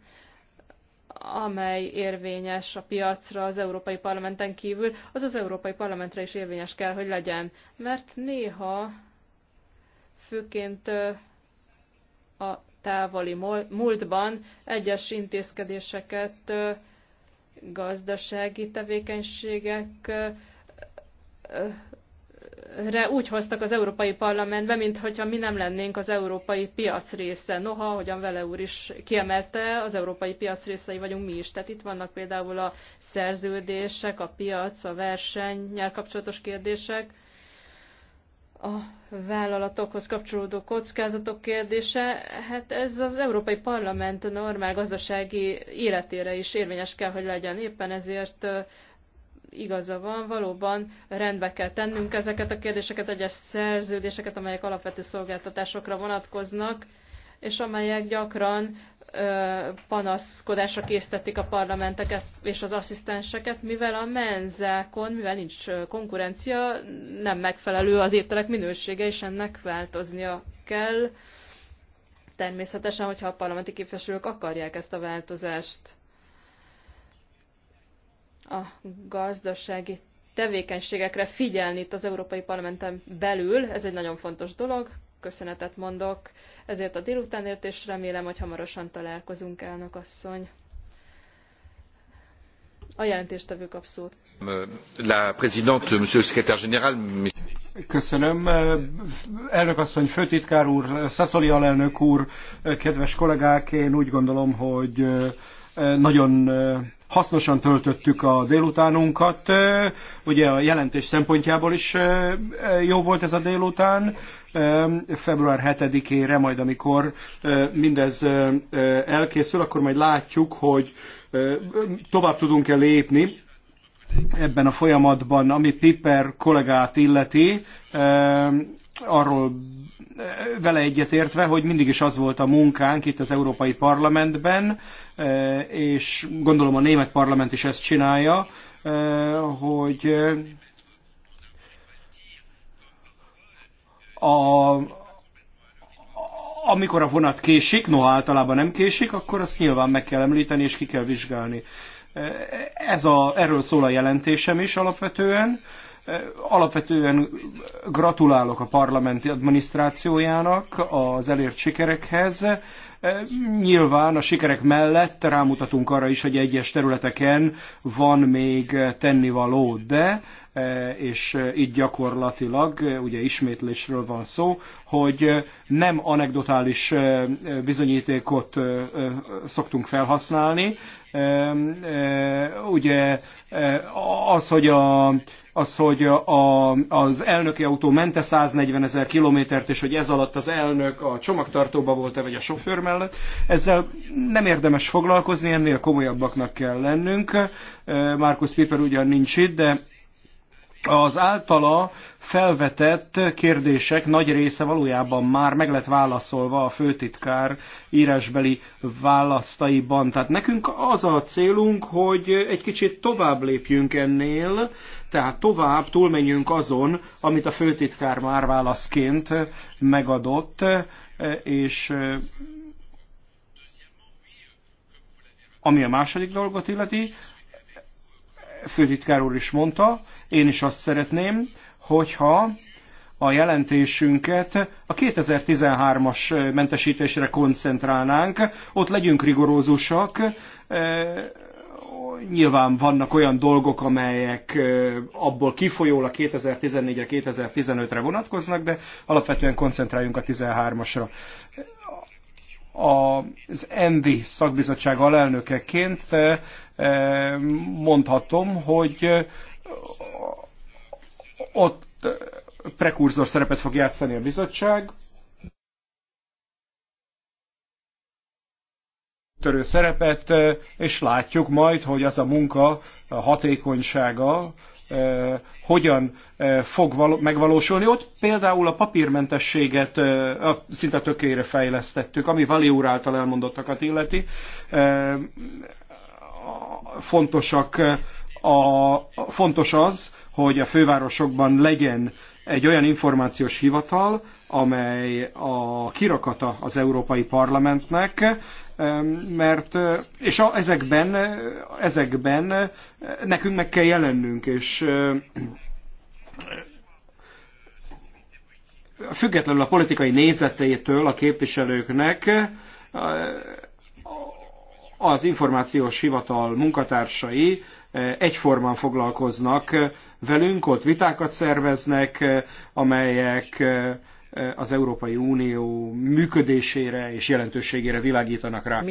amely érvényes a piacra az Európai Parlamenten kívül, az az Európai Parlamentre is érvényes kell, hogy legyen. Mert néha főként a távoli múltban egyes intézkedéseket gazdasági tevékenységek úgy hoztak az Európai Parlamentbe, mintha mi nem lennénk az európai piac része. Noha, ahogyan Vele úr is kiemelte, az európai piac részei vagyunk mi is. Tehát itt vannak például a szerződések, a piac, a versennyel kapcsolatos kérdések, a vállalatokhoz kapcsolódó kockázatok kérdése, hát ez az Európai Parlament normál gazdasági életére is érvényes kell, hogy legyen. Éppen ezért igaza van, valóban rendbe kell tennünk ezeket a kérdéseket, egyes szerződéseket, amelyek alapvető szolgáltatásokra vonatkoznak, és amelyek gyakran panaszkodásra késztették a parlamenteket és az asszisztenseket, mivel a menzákon, mivel nincs konkurencia, nem megfelelő az ételek minősége, és ennek változnia kell. Természetesen, hogyha a parlamenti képviselők akarják ezt a változást. A gazdasági tevékenységekre figyelni itt az Európai Parlamenten belül, ez egy nagyon fontos dolog köszönetet mondok ezért a délutánért, és remélem, hogy hamarosan találkozunk, elnök asszony. A jelentéstevő kap szót. La présidente, monsieur le secrétaire général, Köszönöm. Elnök asszony, főtitkár úr, Szaszoli alelnök úr, kedves kollégák, én úgy gondolom, hogy nagyon hasznosan töltöttük a délutánunkat. Ugye a jelentés szempontjából is jó volt ez a délután. Február 7-ére, majd amikor mindez elkészül, akkor majd látjuk, hogy tovább tudunk-e lépni ebben a folyamatban, ami Piper kollégát illeti, arról vele egyetértve, hogy mindig is az volt a munkánk itt az Európai Parlamentben, e, és gondolom a német parlament is ezt csinálja, e, hogy a, amikor a vonat késik, noha általában nem késik, akkor azt nyilván meg kell említeni és ki kell vizsgálni. E, ez a, erről szól a jelentésem is alapvetően. Alapvetően gratulálok a parlamenti adminisztrációjának az elért sikerekhez. Nyilván a sikerek mellett rámutatunk arra is, hogy egyes területeken van még tennivaló, de E, és így e, gyakorlatilag, e, ugye ismétlésről van szó, hogy nem anekdotális bizonyítékot szoktunk felhasználni. Ugye az, hogy, a, az, hogy a, az elnöki autó mente 140 ezer kilométert, és hogy ez alatt az elnök a csomagtartóba volt-e, vagy a sofőr mellett, ezzel nem érdemes foglalkozni, ennél komolyabbaknak kell lennünk. Markus Piper ugyan nincs itt, de az általa felvetett kérdések nagy része valójában már meg lett válaszolva a főtitkár írásbeli választaiban. Tehát nekünk az a célunk, hogy egy kicsit tovább lépjünk ennél, tehát tovább túlmenjünk azon, amit a főtitkár már válaszként megadott, és ami a második dolgot illeti, főtitkár úr is mondta, én is azt szeretném, hogyha a jelentésünket a 2013-as mentesítésre koncentrálnánk, ott legyünk rigorózusak, nyilván vannak olyan dolgok, amelyek abból kifolyólag 2014-re, 2015-re vonatkoznak, de alapvetően koncentráljunk a 13-asra. Az ENVI szakbizottság alelnökeként mondhatom, hogy ott prekurzor szerepet fog játszani a bizottság, törő szerepet, és látjuk majd, hogy az a munka a hatékonysága hogyan fog megvalósulni. Ott például a papírmentességet szinte tökére fejlesztettük, ami Vali úr által elmondottakat illeti fontosak, a, fontos az, hogy a fővárosokban legyen egy olyan információs hivatal, amely a kirakata az Európai Parlamentnek, mert és a, ezekben, ezekben nekünk meg kell jelennünk, és függetlenül a politikai nézetétől a képviselőknek az információs hivatal munkatársai eh, egyformán foglalkoznak eh, velünk, ott vitákat szerveznek, eh, amelyek az Európai Unió működésére és jelentőségére világítanak rá.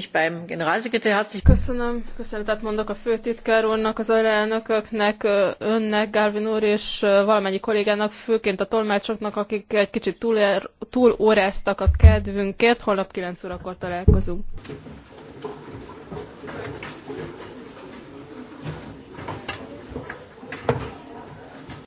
Köszönöm, köszönetet mondok a főtitkár úrnak, az alelnököknek, önnek, Gálvin úr és valamennyi kollégának, főként a tolmácsoknak, akik egy kicsit túl, túl óráztak a kedvünkért. Holnap 9 órakor találkozunk.